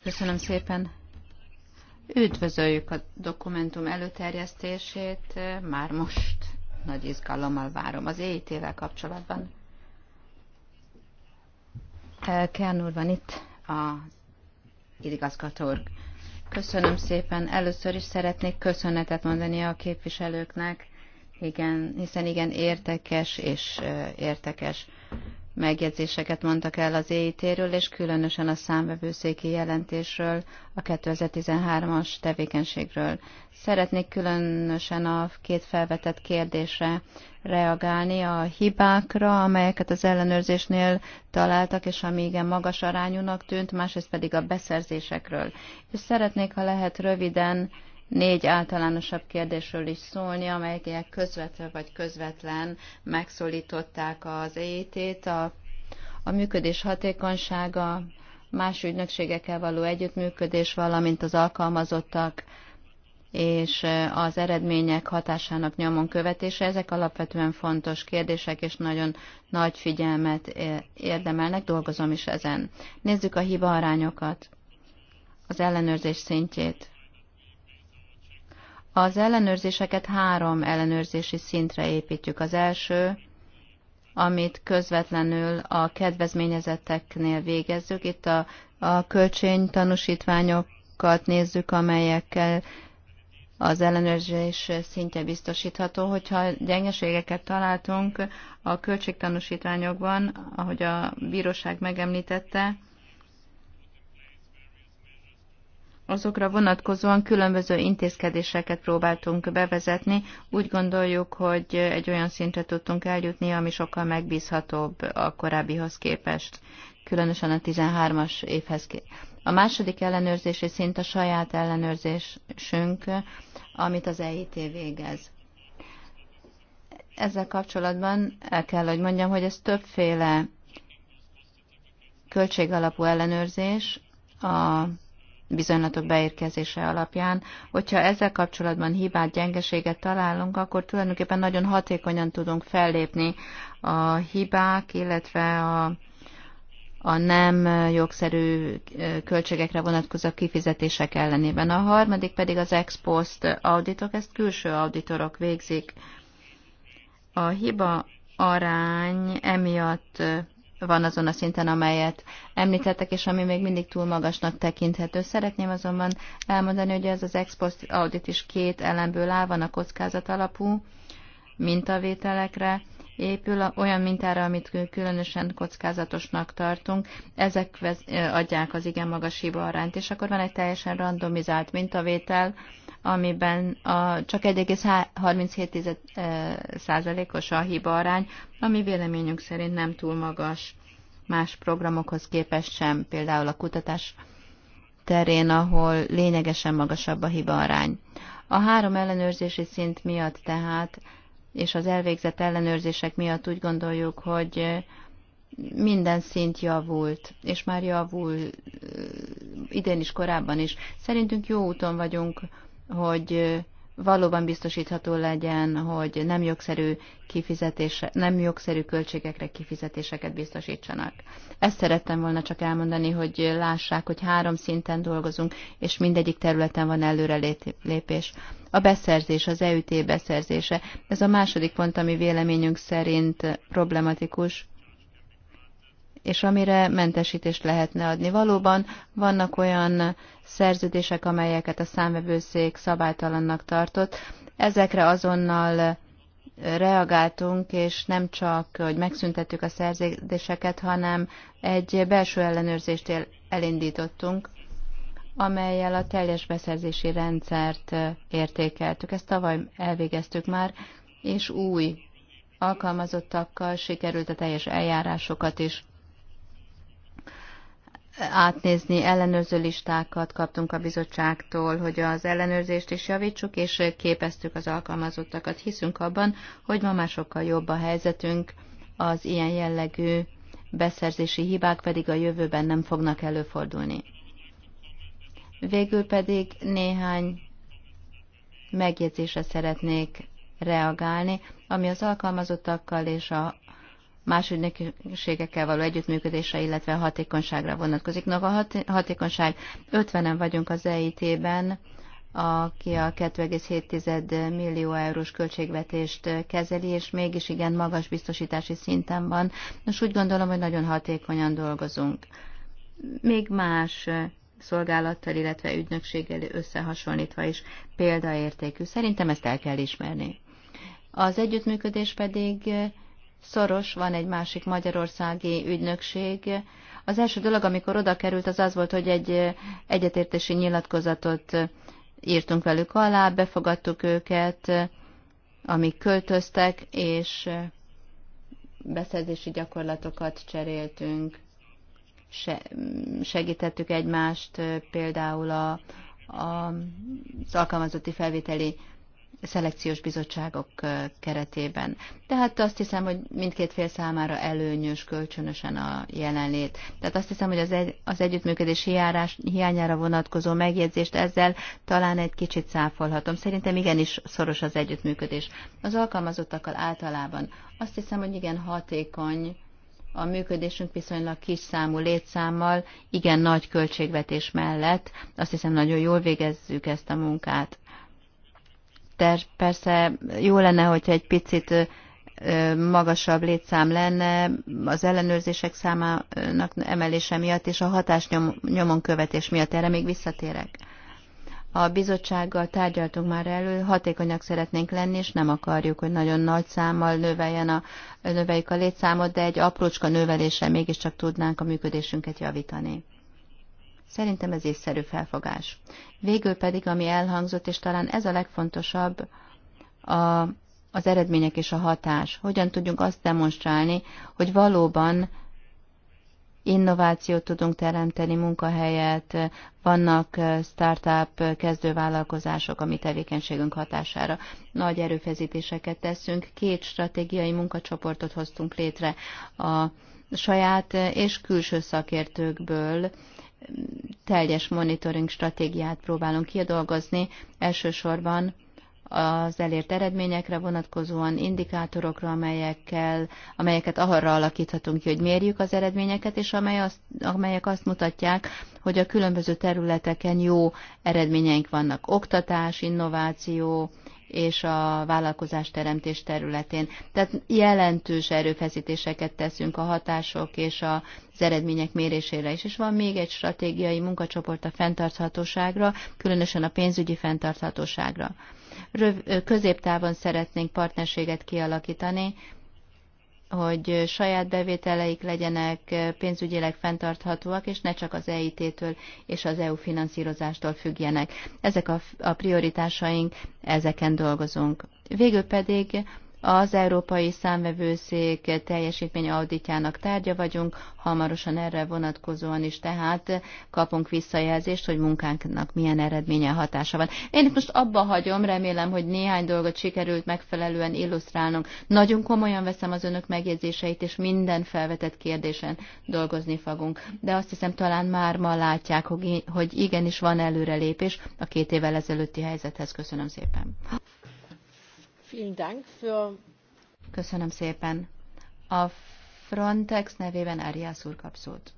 Köszönöm szépen. Üdvözöljük a dokumentum előterjesztését már most nagy izgalommal várom. Az EIT-vel kapcsolatban Kern úr van itt, a igazgató Köszönöm szépen. Először is szeretnék köszönetet mondani a képviselőknek, igen, hiszen igen, értekes és értekes megjegyzéseket mondtak el az eit és különösen a számvevőszéki jelentésről, a 2013-as tevékenységről. Szeretnék különösen a két felvetett kérdésre reagálni a hibákra, amelyeket az ellenőrzésnél találtak, és ami igen magas arányúnak tűnt, másrészt pedig a beszerzésekről. És szeretnék, ha lehet röviden négy általánosabb kérdésről is szólni, amelyek közvetve vagy közvetlen megszólították az EIT-t, a, a működés hatékonysága, más ügynökségekkel való együttműködés, valamint az alkalmazottak és az eredmények hatásának nyomon követése, ezek alapvetően fontos kérdések, és nagyon nagy figyelmet érdemelnek, dolgozom is ezen. Nézzük a hiba arányokat, az ellenőrzés szintjét. Az ellenőrzéseket három ellenőrzési szintre építjük. Az első, amit közvetlenül a kedvezményezetteknél végezzük. Itt a, a költségtanúsítványokat nézzük, amelyekkel az ellenőrzés szintje biztosítható. Hogyha gyengeségeket találtunk a költségtanúsítványokban, ahogy a bíróság megemlítette, azokra vonatkozóan különböző intézkedéseket próbáltunk bevezetni. Úgy gondoljuk, hogy egy olyan szintre tudtunk eljutni, ami sokkal megbízhatóbb a korábbihoz képest, különösen a 13-as évhez képest. A második ellenőrzési szint a saját ellenőrzésünk, amit az EIT végez. Ezzel kapcsolatban el kell, hogy mondjam, hogy ez többféle költségalapú ellenőrzés, a bizonylatok beérkezése alapján. Hogyha ezzel kapcsolatban hibát, gyengeséget találunk, akkor tulajdonképpen nagyon hatékonyan tudunk fellépni a hibák, illetve a, a nem jogszerű költségekre vonatkozó kifizetések ellenében. A harmadik pedig az ex post auditok, ezt külső auditorok végzik. A hiba arány emiatt van azon a szinten, amelyet említettek, és ami még mindig túl magasnak tekinthető. Szeretném azonban elmondani, hogy ez az ex post audit is két elemből áll, van a kockázat alapú mintavételekre, épül olyan mintára, amit különösen kockázatosnak tartunk. Ezek adják az igen magas hiba arányt, és akkor van egy teljesen randomizált mintavétel, amiben a csak 1,37%-os a hiba arány, ami véleményünk szerint nem túl magas más programokhoz képest sem, például a kutatás terén, ahol lényegesen magasabb a hiba arány. A három ellenőrzési szint miatt tehát, és az elvégzett ellenőrzések miatt úgy gondoljuk, hogy minden szint javult, és már javul idén is, korábban is. Szerintünk jó úton vagyunk hogy valóban biztosítható legyen, hogy nem jogszerű, kifizetése, nem jogszerű költségekre kifizetéseket biztosítsanak. Ezt szerettem volna csak elmondani, hogy lássák, hogy három szinten dolgozunk, és mindegyik területen van előrelépés. A beszerzés, az EUT beszerzése, ez a második pont, ami véleményünk szerint problematikus, és amire mentesítést lehetne adni. Valóban vannak olyan szerződések, amelyeket a számvevőszék szabálytalannak tartott. Ezekre azonnal reagáltunk, és nem csak, hogy megszüntettük a szerződéseket, hanem egy belső ellenőrzést elindítottunk, amelyel a teljes beszerzési rendszert értékeltük. Ezt tavaly elvégeztük már, és új alkalmazottakkal sikerült a teljes eljárásokat is átnézni ellenőrző listákat kaptunk a bizottságtól, hogy az ellenőrzést is javítsuk, és képeztük az alkalmazottakat. Hiszünk abban, hogy ma már sokkal jobb a helyzetünk, az ilyen jellegű beszerzési hibák pedig a jövőben nem fognak előfordulni. Végül pedig néhány megjegyzésre szeretnék reagálni, ami az alkalmazottakkal és a más ügynökségekkel való együttműködésre, illetve a hatékonyságra vonatkozik. No, a hat, hatékonyság 50-en vagyunk az EIT-ben, aki a 2,7 millió eurós költségvetést kezeli, és mégis igen magas biztosítási szinten van. Nos, úgy gondolom, hogy nagyon hatékonyan dolgozunk. Még más szolgálattal, illetve ügynökséggel összehasonlítva is példaértékű. Szerintem ezt el kell ismerni. Az együttműködés pedig szoros, van egy másik magyarországi ügynökség. Az első dolog, amikor oda került, az az volt, hogy egy egyetértési nyilatkozatot írtunk velük alá, befogadtuk őket, amik költöztek, és beszerzési gyakorlatokat cseréltünk, Se, segítettük egymást például a, a, az alkalmazotti felvételi szelekciós bizottságok keretében. Tehát azt hiszem, hogy mindkét fél számára előnyös kölcsönösen a jelenlét. Tehát azt hiszem, hogy az, egy, az együttműködés hiárás, hiányára vonatkozó megjegyzést ezzel talán egy kicsit száfolhatom. Szerintem igenis szoros az együttműködés. Az alkalmazottakkal általában azt hiszem, hogy igen hatékony a működésünk viszonylag kis számú létszámmal, igen nagy költségvetés mellett. Azt hiszem, nagyon jól végezzük ezt a munkát terv. Persze jó lenne, hogyha egy picit magasabb létszám lenne az ellenőrzések számának emelése miatt és a hatásnyomon követés miatt. Erre még visszatérek. A bizottsággal tárgyaltunk már elő, hatékonyak szeretnénk lenni, és nem akarjuk, hogy nagyon nagy számmal növeljen a, növeljük a létszámot, de egy aprócska növelése mégiscsak tudnánk a működésünket javítani. Szerintem ez észszerű felfogás. Végül pedig, ami elhangzott, és talán ez a legfontosabb, a, az eredmények és a hatás. Hogyan tudjunk azt demonstrálni, hogy valóban innovációt tudunk teremteni, munkahelyet, vannak startup kezdővállalkozások a mi tevékenységünk hatására. Nagy erőfeszítéseket teszünk, két stratégiai munkacsoportot hoztunk létre a saját és külső szakértőkből, teljes monitoring stratégiát próbálunk kidolgozni, elsősorban az elért eredményekre vonatkozóan indikátorokra, amelyekkel, amelyeket arra alakíthatunk ki, hogy mérjük az eredményeket, és amely azt, amelyek azt mutatják, hogy a különböző területeken jó eredményeink vannak. Oktatás, innováció, és a vállalkozás teremtés területén. Tehát jelentős erőfeszítéseket teszünk a hatások és az eredmények mérésére is. És van még egy stratégiai munkacsoport a fenntarthatóságra, különösen a pénzügyi fenntarthatóságra. Röv, középtávon szeretnénk partnerséget kialakítani, hogy saját bevételeik legyenek pénzügyileg fenntarthatóak, és ne csak az EIT-től és az EU finanszírozástól függjenek. Ezek a, a prioritásaink, ezeken dolgozunk. Végül pedig az Európai Számvevőszék teljesítmény auditjának tárgya vagyunk, hamarosan erre vonatkozóan is tehát kapunk visszajelzést, hogy munkánknak milyen eredménye hatása van. Én itt most abba hagyom, remélem, hogy néhány dolgot sikerült megfelelően illusztrálnunk. Nagyon komolyan veszem az önök megjegyzéseit, és minden felvetett kérdésen dolgozni fogunk. De azt hiszem, talán már ma látják, hogy igenis van előrelépés a két évvel ezelőtti helyzethez. Köszönöm szépen. Köszönöm szépen. A Frontex nevében Arias úr kap szót.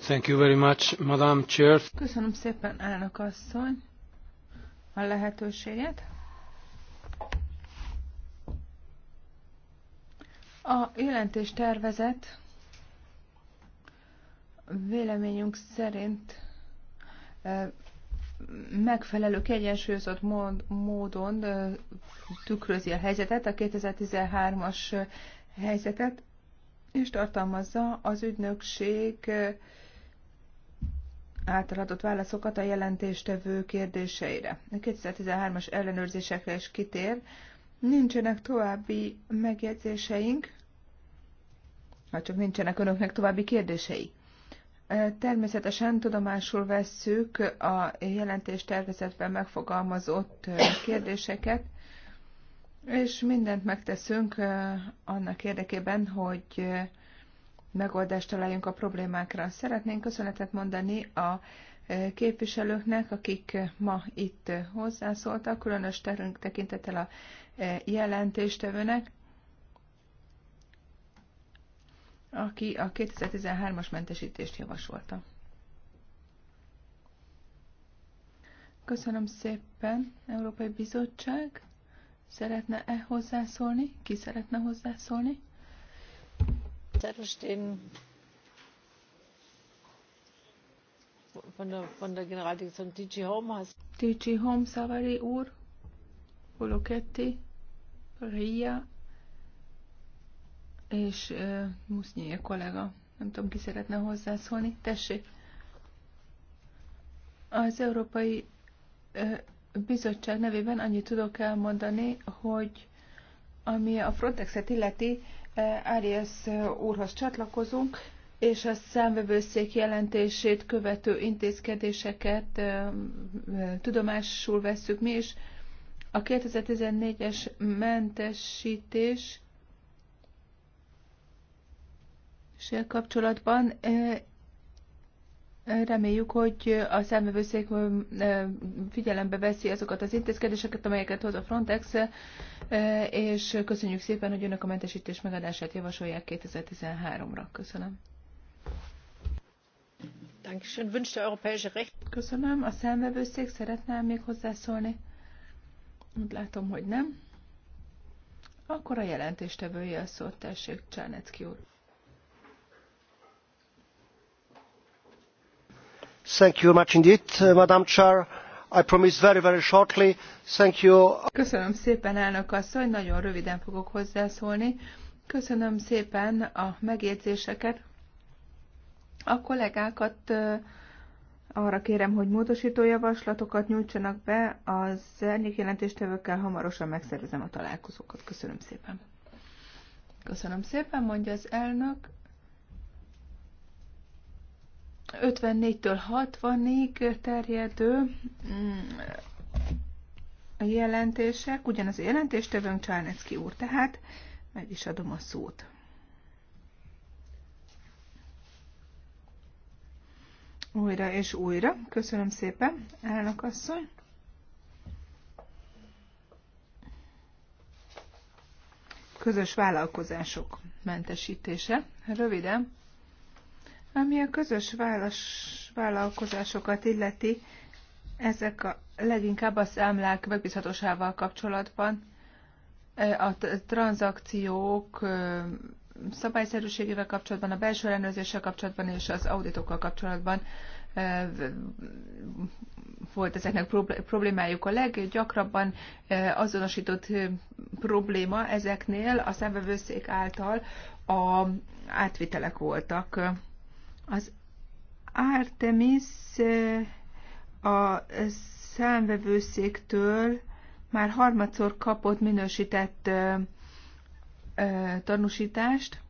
Thank you very much, Madam Chair. Köszönöm szépen, elnök asszony, a lehetőséget. A jelentés tervezet véleményünk szerint eh, megfelelő, kiegyensúlyozott mód, módon tükrözi a helyzetet, a 2013-as helyzetet, és tartalmazza az ügynökség által adott válaszokat a jelentéstevő kérdéseire. A 2013-as ellenőrzésekre is kitér. Nincsenek további megjegyzéseink, ha csak nincsenek önöknek további kérdései. Természetesen tudomásul vesszük a jelentés tervezetben megfogalmazott kérdéseket, és mindent megteszünk annak érdekében, hogy megoldást találjunk a problémákra. Szeretnénk köszönetet mondani a képviselőknek, akik ma itt hozzászóltak, különös tekintettel a jelentéstevőnek. aki a 2013-as mentesítést javasolta. Köszönöm szépen, Európai Bizottság. Szeretne-e hozzászólni? Ki szeretne hozzászólni? Von der, von der Generaldirektion DG Home has... DG Home, úr, Poloketti, Ria és uh, Musznyé kollega. Nem tudom, ki szeretne hozzászólni. Tessék! Az Európai uh, Bizottság nevében annyit tudok elmondani, hogy ami a Frontexet illeti, uh, Arias úrhoz csatlakozunk, és a számvevőszék jelentését követő intézkedéseket tudomásul veszük mi is. A 2014-es mentesítés sel kapcsolatban. Reméljük, hogy a számövőszék figyelembe veszi azokat az intézkedéseket, amelyeket hoz a Frontex, és köszönjük szépen, hogy önök a mentesítés megadását javasolják 2013-ra. Köszönöm. Köszönöm. A számvevőszék szeretne még hozzászólni? Úgy látom, hogy nem. Akkor a jelentéstevője a szót, tessék, Csánecki úr. Köszönöm szépen, elnök asszony, nagyon röviden fogok hozzászólni. Köszönöm szépen a megjegyzéseket. A kollégákat arra kérem, hogy módosító javaslatokat nyújtsanak be, az elnyék jelentéstevőkkel hamarosan megszervezem a találkozókat. Köszönöm szépen. Köszönöm szépen, mondja az elnök. 54-től 60-ig terjedő mm, jelentések, ugyanaz a tevünk Csálnecki úr, tehát meg is adom a szót. Újra és újra. Köszönöm szépen, elnök asszony. Közös vállalkozások mentesítése. Röviden ami a közös válasz, vállalkozásokat illeti, ezek a leginkább a számlák megbízhatósával kapcsolatban, e, a tranzakciók szabályszerűségével kapcsolatban, a belső ellenőrzéssel kapcsolatban és az auditokkal kapcsolatban e, volt ezeknek problémájuk. A leggyakrabban e, azonosított probléma ezeknél a szembevőszék által a átvitelek voltak. Az Artemis a számvevőszéktől már harmadszor kapott minősített tanúsítást.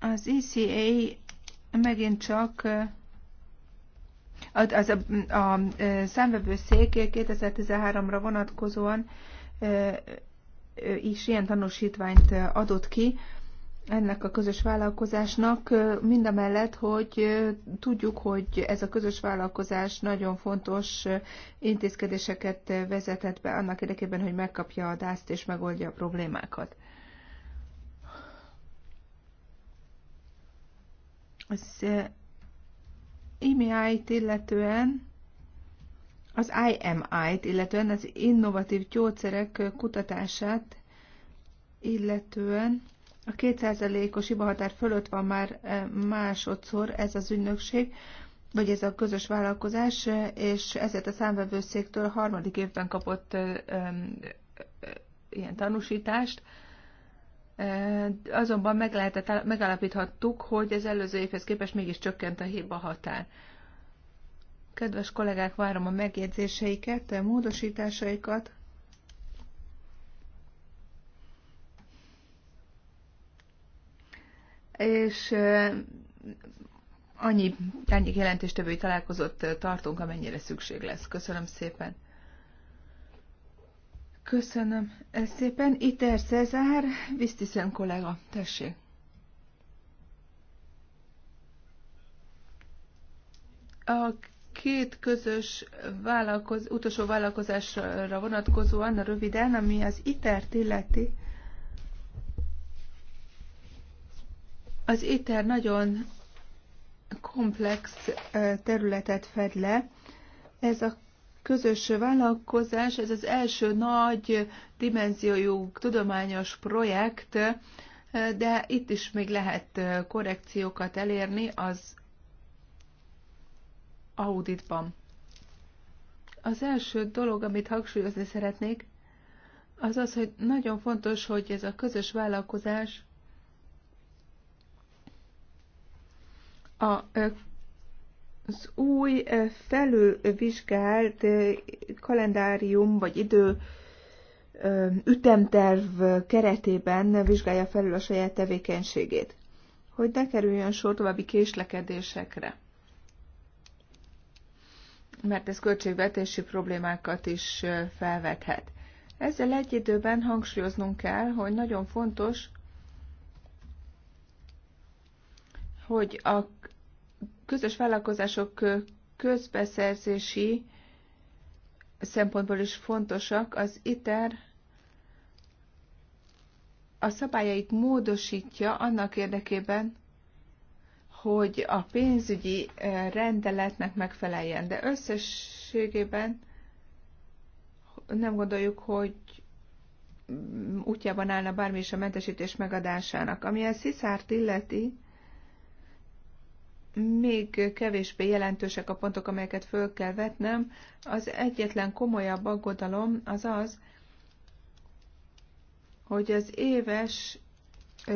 Az ECA megint csak az a, a számvevőszék 2013-ra vonatkozóan is ilyen tanúsítványt adott ki ennek a közös vállalkozásnak, mindamellett, hogy tudjuk, hogy ez a közös vállalkozás nagyon fontos intézkedéseket vezetett be annak érdekében, hogy megkapja a dászt és megoldja a problémákat. Az e IMI-t illetően, az IMI-t illetően az innovatív gyógyszerek kutatását illetően a kétszerzelékos ibahatár fölött van már e, másodszor ez az ügynökség, vagy ez a közös vállalkozás, e, és ezért a számvevőszéktől harmadik évben kapott e, ilyen tanúsítást. Azonban meg lehetett, megállapíthattuk, hogy az előző évhez képest mégis csökkent a hiba határ. Kedves kollégák, várom a megjegyzéseiket, módosításaikat. és annyi, annyi jelentéstevői találkozott tartunk, amennyire szükség lesz. Köszönöm szépen. Köszönöm szépen. Iter Cezár, Visztiszen kollega, tessék. A két közös vállalkoz, utolsó vállalkozásra vonatkozóan, röviden, ami az ITER-t illeti, Az éter nagyon komplex területet fed le. Ez a közös vállalkozás, ez az első nagy dimenziójú tudományos projekt, de itt is még lehet korrekciókat elérni az auditban. Az első dolog, amit hangsúlyozni szeretnék, az az, hogy nagyon fontos, hogy ez a közös vállalkozás A, az új felülvizsgált kalendárium vagy idő ütemterv keretében vizsgálja felül a saját tevékenységét, hogy ne kerüljön sor további késlekedésekre. Mert ez költségvetési problémákat is felvethet. Ezzel egy időben hangsúlyoznunk kell, hogy nagyon fontos, hogy a közös vállalkozások közbeszerzési szempontból is fontosak. Az ITER a szabályait módosítja annak érdekében, hogy a pénzügyi eh, rendeletnek megfeleljen. De összességében nem gondoljuk, hogy útjában állna bármi is a mentesítés megadásának. Ami a sziszárt illeti, még kevésbé jelentősek a pontok, amelyeket föl kell vetnem. Az egyetlen komolyabb aggodalom az az, hogy az éves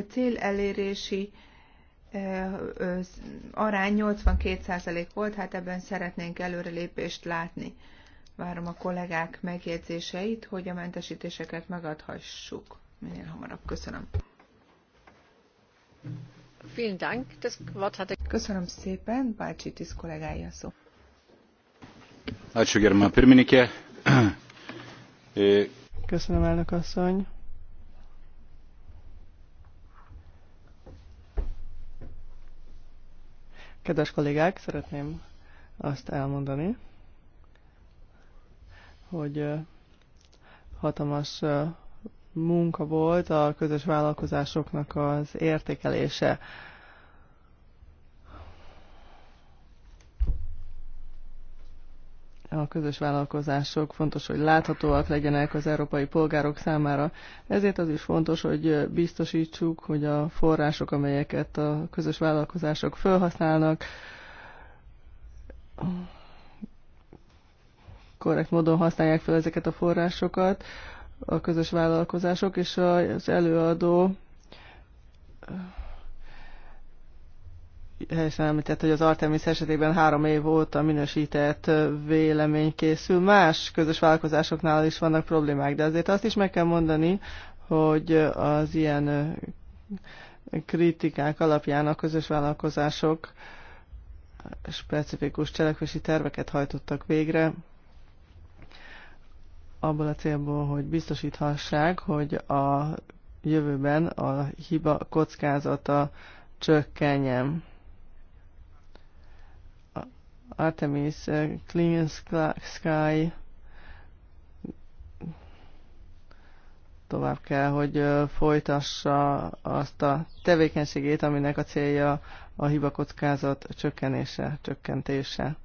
célelérési eh, eh, arány 82% volt, hát ebben szeretnénk előrelépést látni. Várom a kollégák megjegyzéseit, hogy a mentesítéseket megadhassuk minél hamarabb. Köszönöm. Köszönöm szépen, Bácsi tiszt kollégája szó. Köszönöm, elnök asszony. Kedves kollégák, szeretném azt elmondani, hogy hatalmas munka volt a közös vállalkozásoknak az értékelése. a közös vállalkozások, fontos, hogy láthatóak legyenek az európai polgárok számára. Ezért az is fontos, hogy biztosítsuk, hogy a források, amelyeket a közös vállalkozások felhasználnak, korrekt módon használják fel ezeket a forrásokat a közös vállalkozások, és az előadó eh, helyesen említett, hogy az Artemis esetében három év óta minősített eh, vélemény készül. Más közös vállalkozásoknál is vannak problémák, de azért azt is meg kell mondani, hogy az ilyen eh, kritikák alapján a közös vállalkozások specifikus cselekvési terveket hajtottak végre, abból a célból, hogy biztosíthassák, hogy a jövőben a hiba kockázata csökkenjen. Artemis Clean Sky tovább kell, hogy folytassa azt a tevékenységét, aminek a célja a hibakockázat csökkenése, csökkentése.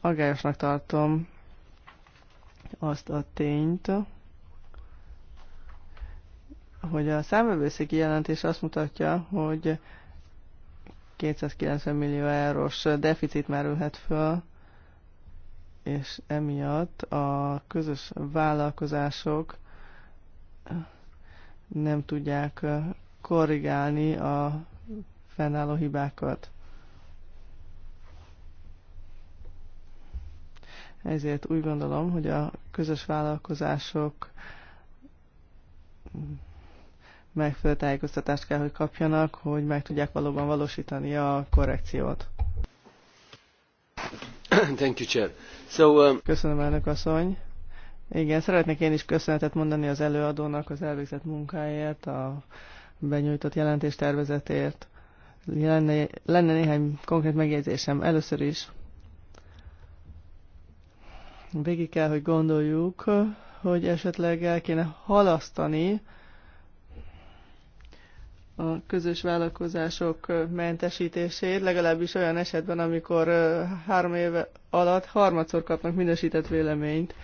aggályosnak tartom azt a tényt, hogy a számvevőszéki jelentés azt mutatja, hogy 290 millió eurós deficit merülhet föl, és emiatt a közös vállalkozások nem tudják korrigálni a fennálló hibákat. Ezért úgy gondolom, hogy a közös vállalkozások megfelelő tájékoztatást kell, hogy kapjanak, hogy meg tudják valóban valósítani a korrekciót. Thank you, Chair. So, um... Köszönöm, elnök asszony. Igen, szeretnék én is köszönetet mondani az előadónak az elvégzett munkáért, a benyújtott jelentéstervezetért. Lenne, lenne néhány konkrét megjegyzésem. Először is végig kell, hogy gondoljuk, hogy esetleg el kéne halasztani a közös vállalkozások mentesítését, legalábbis olyan esetben, amikor három éve alatt harmadszor kapnak minősített véleményt.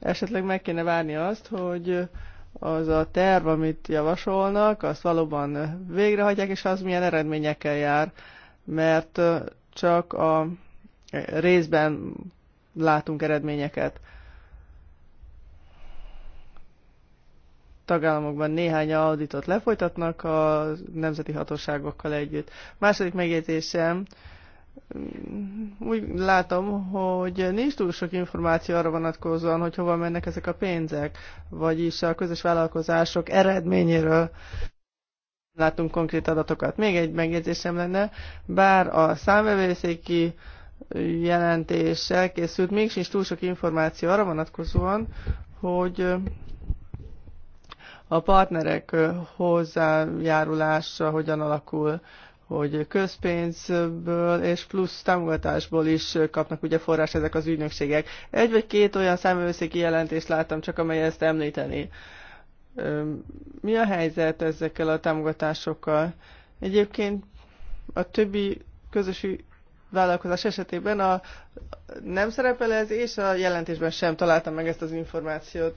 Esetleg meg kéne várni azt, hogy az a terv, amit javasolnak, azt valóban végrehajtják, és az milyen eredményekkel jár, mert csak a részben látunk eredményeket. tagállamokban néhány auditot lefolytatnak a nemzeti hatóságokkal együtt. Második megjegyzésem, mm, úgy látom, hogy nincs túl sok információ arra vonatkozóan, hogy hova mennek ezek a pénzek, vagyis a közös vállalkozások eredményéről látunk konkrét adatokat. Még egy megjegyzésem lenne, bár a számvevőszéki jelentés elkészült, még sincs túl sok információ arra vonatkozóan, hogy a partnerek hozzájárulása hogyan alakul, hogy közpénzből és plusz támogatásból is kapnak ugye forrás ezek az ügynökségek. Egy vagy két olyan számövőszéki jelentést láttam csak, amely ezt említeni. Mi a helyzet ezekkel a támogatásokkal? Egyébként a többi közösi vállalkozás esetében a, nem szerepel ez, és a jelentésben sem találtam meg ezt az információt.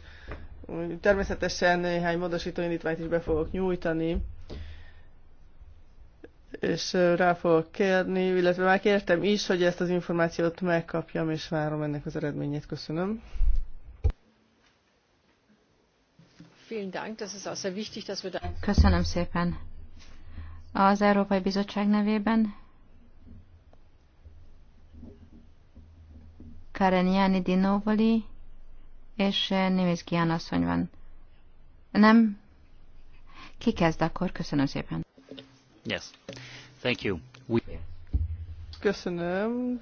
Természetesen néhány módosító indítványt is be fogok nyújtani, és rá fogok kérni, illetve már kértem is, hogy ezt az információt megkapjam, és várom ennek az eredményét. Köszönöm. Köszönöm szépen. Az Európai Bizottság nevében Karen Jani Dinovoli és eh, Nimitzki Gian asszony van. Nem? Ki kezd akkor? Köszönöm szépen. Yes. Thank you. We... Köszönöm.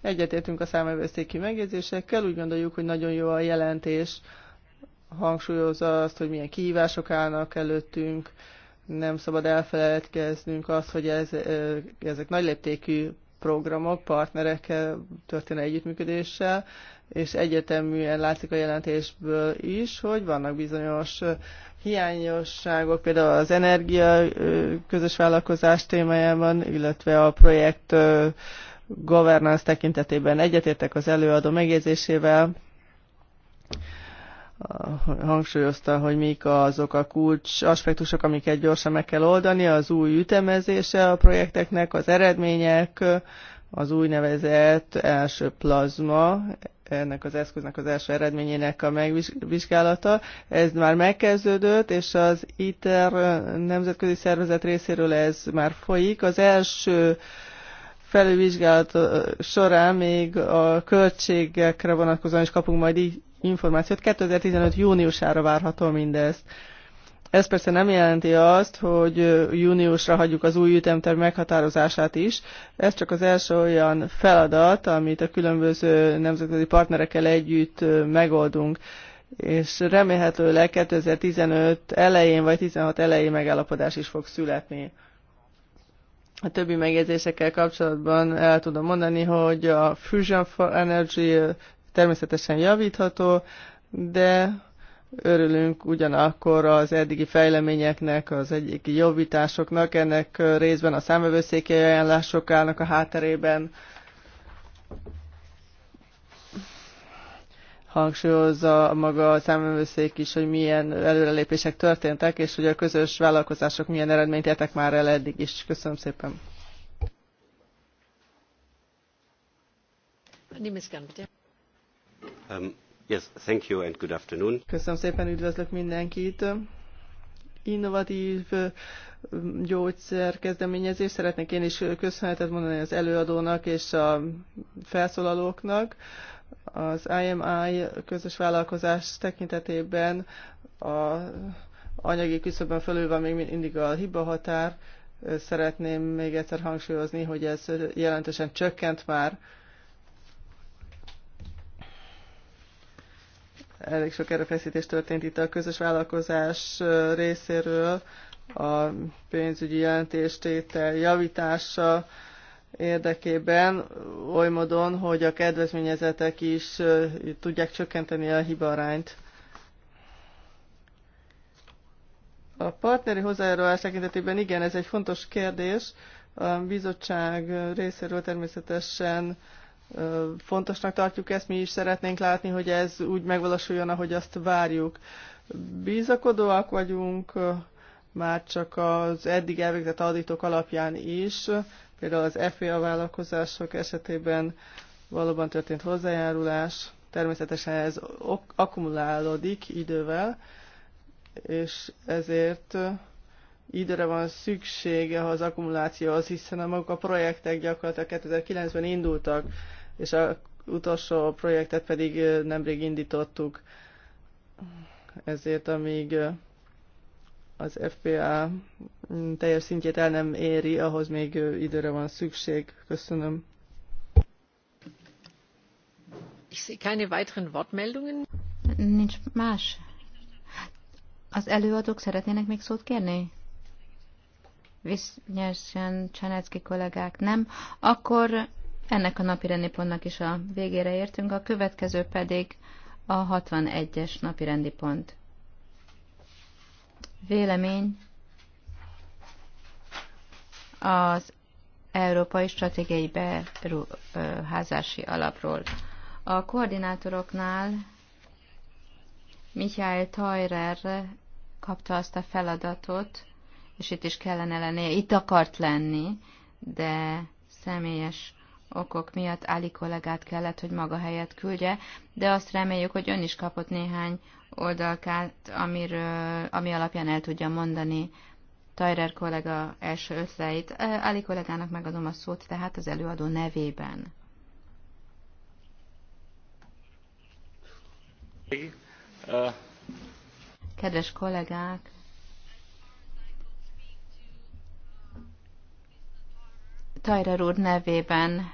Egyetértünk a számövőszéki megjegyzésekkel, úgy gondoljuk, hogy nagyon jó a jelentés, hangsúlyozza azt, hogy milyen kihívások állnak előttünk, nem szabad elfeledkeznünk azt, hogy ez, eh, ezek nagyléptékű programok, partnerekkel történő együttműködéssel, és egyeteműen látszik a jelentésből is, hogy vannak bizonyos hiányosságok, például az energia közös vállalkozás témájában, illetve a projekt governance tekintetében egyetértek az előadó megjegyzésével, hangsúlyozta, hogy mik azok a kulcs aspektusok, amiket gyorsan meg kell oldani, az új ütemezése a projekteknek, az eredmények, az úgynevezett első plazma, ennek az eszköznek az első eredményének a megvizsgálata. Ez már megkezdődött, és az ITER nemzetközi szervezet részéről ez már folyik. Az első felülvizsgálat során még a költségekre vonatkozóan is kapunk majd információt. 2015. júniusára várható mindezt. Ez persze nem jelenti azt, hogy júniusra hagyjuk az új ütemterv meghatározását is. Ez csak az első olyan feladat, amit a különböző nemzetközi partnerekkel együtt megoldunk és remélhetőleg 2015 elején vagy 16 elején megállapodás is fog születni. A többi megjegyzésekkel kapcsolatban el tudom mondani, hogy a Fusion for Energy természetesen javítható, de örülünk ugyanakkor az eddigi fejleményeknek, az egyik javításoknak, ennek részben a számövőszéki ajánlások állnak a hátterében. Hangsúlyozza maga a számövőszék is, hogy milyen előrelépések történtek, és hogy a közös vállalkozások milyen eredményt értek már el eddig is. Köszönöm szépen. Nimmeskan, bitte. Um, yes, thank you and good afternoon. Köszönöm szépen, üdvözlök mindenkit. Innovatív um, gyógyszer kezdeményezés. Szeretnék én is köszönetet mondani az előadónak és a felszólalóknak. Az IMI közös vállalkozás tekintetében a anyagi küszöbben fölül van még mindig a hiba határ. Szeretném még egyszer hangsúlyozni, hogy ez jelentősen csökkent már elég sok erőfeszítés történt itt a közös vállalkozás részéről, a pénzügyi jelentéstétel javítása érdekében, oly módon, hogy a kedvezményezetek is tudják csökkenteni a hibarányt. A partneri hozzájárulás tekintetében igen, ez egy fontos kérdés. A bizottság részéről természetesen fontosnak tartjuk ezt, mi is szeretnénk látni, hogy ez úgy megvalósuljon, ahogy azt várjuk. Bízakodóak vagyunk, már csak az eddig elvégzett auditok alapján is, például az e FIA e vállalkozások esetében valóban történt hozzájárulás, természetesen ez akkumulálódik idővel, és ezért időre van szüksége az akkumulációhoz, hiszen a maguk a projektek gyakorlatilag 2009-ben indultak, és a utolsó projektet pedig nemrég indítottuk. Ezért amíg az FPA teljes szintjét el nem éri, ahhoz még időre van szükség. Köszönöm. Ich sehe keine weiteren Wortmeldungen. Nincs más. Az előadók szeretnének még szót kérni? Visznyersen Csanecki kollégák nem, akkor ennek a napirendi pontnak is a végére értünk, a következő pedig a 61-es napirendi pont. Vélemény az Európai Stratégiai Beruházási Alapról. A koordinátoroknál Mihály Tajrer kapta azt a feladatot, és itt is kellene lennie, itt akart lenni, de személyes okok miatt Ali kollégát kellett, hogy maga helyet küldje, de azt reméljük, hogy ön is kapott néhány oldalkát, amiről, ami alapján el tudja mondani Tajrer kollega első ötleit. Eh, Ali kollégának megadom a szót, tehát az előadó nevében. Eh. Kedves kollégák, Tajrer úr nevében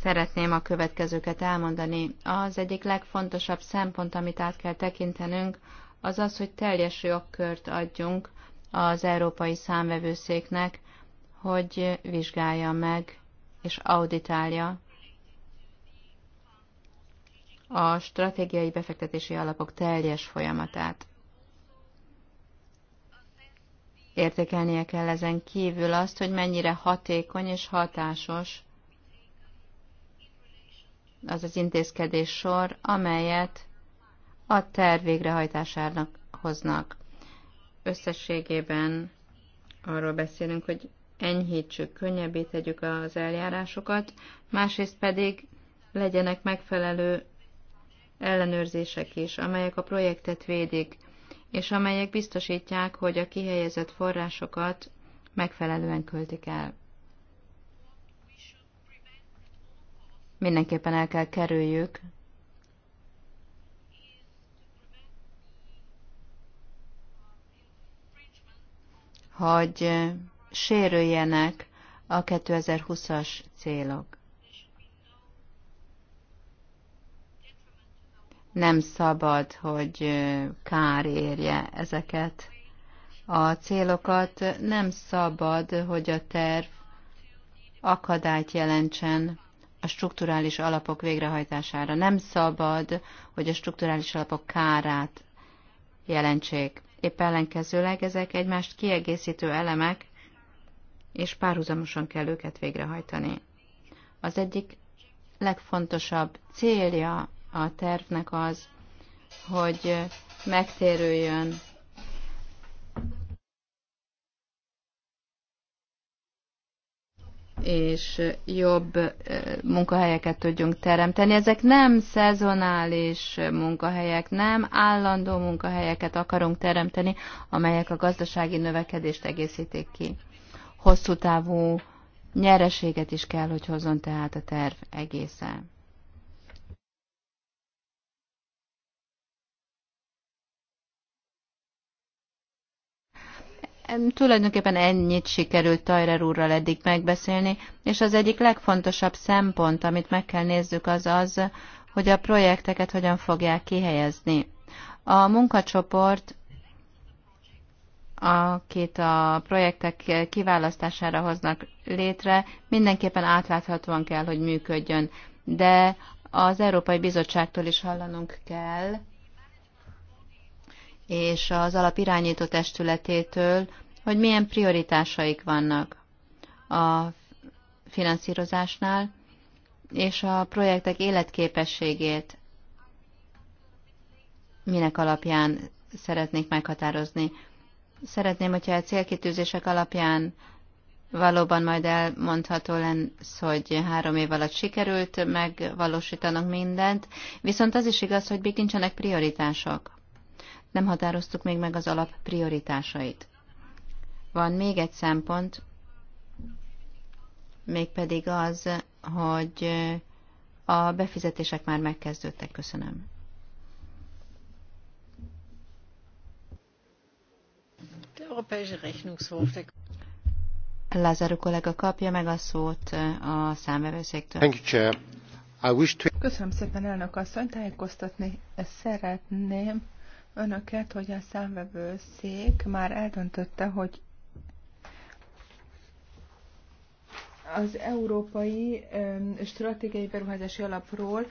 szeretném a következőket elmondani. Az egyik legfontosabb szempont, amit át kell tekintenünk, az az, hogy teljes jogkört adjunk az Európai Számvevőszéknek, hogy vizsgálja meg és auditálja a stratégiai befektetési alapok teljes folyamatát. Értékelnie kell ezen kívül azt, hogy mennyire hatékony és hatásos az az intézkedés sor, amelyet a terv végrehajtásának hoznak. Összességében arról beszélünk, hogy enyhítsük, könnyebbé tegyük az eljárásokat, másrészt pedig legyenek megfelelő ellenőrzések is, amelyek a projektet védik, és amelyek biztosítják, hogy a kihelyezett forrásokat megfelelően költik el. Mindenképpen el kell kerüljük, hogy sérüljenek a 2020-as célok. nem szabad, hogy kár érje ezeket. A célokat nem szabad, hogy a terv akadályt jelentsen a strukturális alapok végrehajtására. Nem szabad, hogy a strukturális alapok kárát jelentsék. Épp ellenkezőleg ezek egymást kiegészítő elemek, és párhuzamosan kell őket végrehajtani. Az egyik legfontosabb célja a tervnek az, hogy megtérüljön és jobb eh, munkahelyeket tudjunk teremteni. Ezek nem szezonális munkahelyek, nem állandó munkahelyeket akarunk teremteni, amelyek a gazdasági növekedést egészítik ki. Hosszú távú nyereséget is kell, hogy hozzon tehát a terv egészen. Tulajdonképpen ennyit sikerült Tajrer úrral eddig megbeszélni, és az egyik legfontosabb szempont, amit meg kell nézzük, az az, hogy a projekteket hogyan fogják kihelyezni. A munkacsoport, akit a projektek kiválasztására hoznak létre, mindenképpen átláthatóan kell, hogy működjön. De az Európai Bizottságtól is hallanunk kell, és az alapirányító testületétől, hogy milyen prioritásaik vannak a finanszírozásnál, és a projektek életképességét minek alapján szeretnék meghatározni. Szeretném, hogyha a célkitűzések alapján valóban majd elmondható lesz, hogy három év alatt sikerült megvalósítanak mindent, viszont az is igaz, hogy még nincsenek prioritások nem határoztuk még meg az alap prioritásait. Van még egy szempont, mégpedig az, hogy a befizetések már megkezdődtek. Köszönöm. Lázaro kollega kapja meg a szót a számvevőszéktől. Köszönöm szépen, elnök asszony, tájékoztatni szeretném önöket, hogy a szék már eldöntötte, hogy az Európai Stratégiai Beruházási Alapról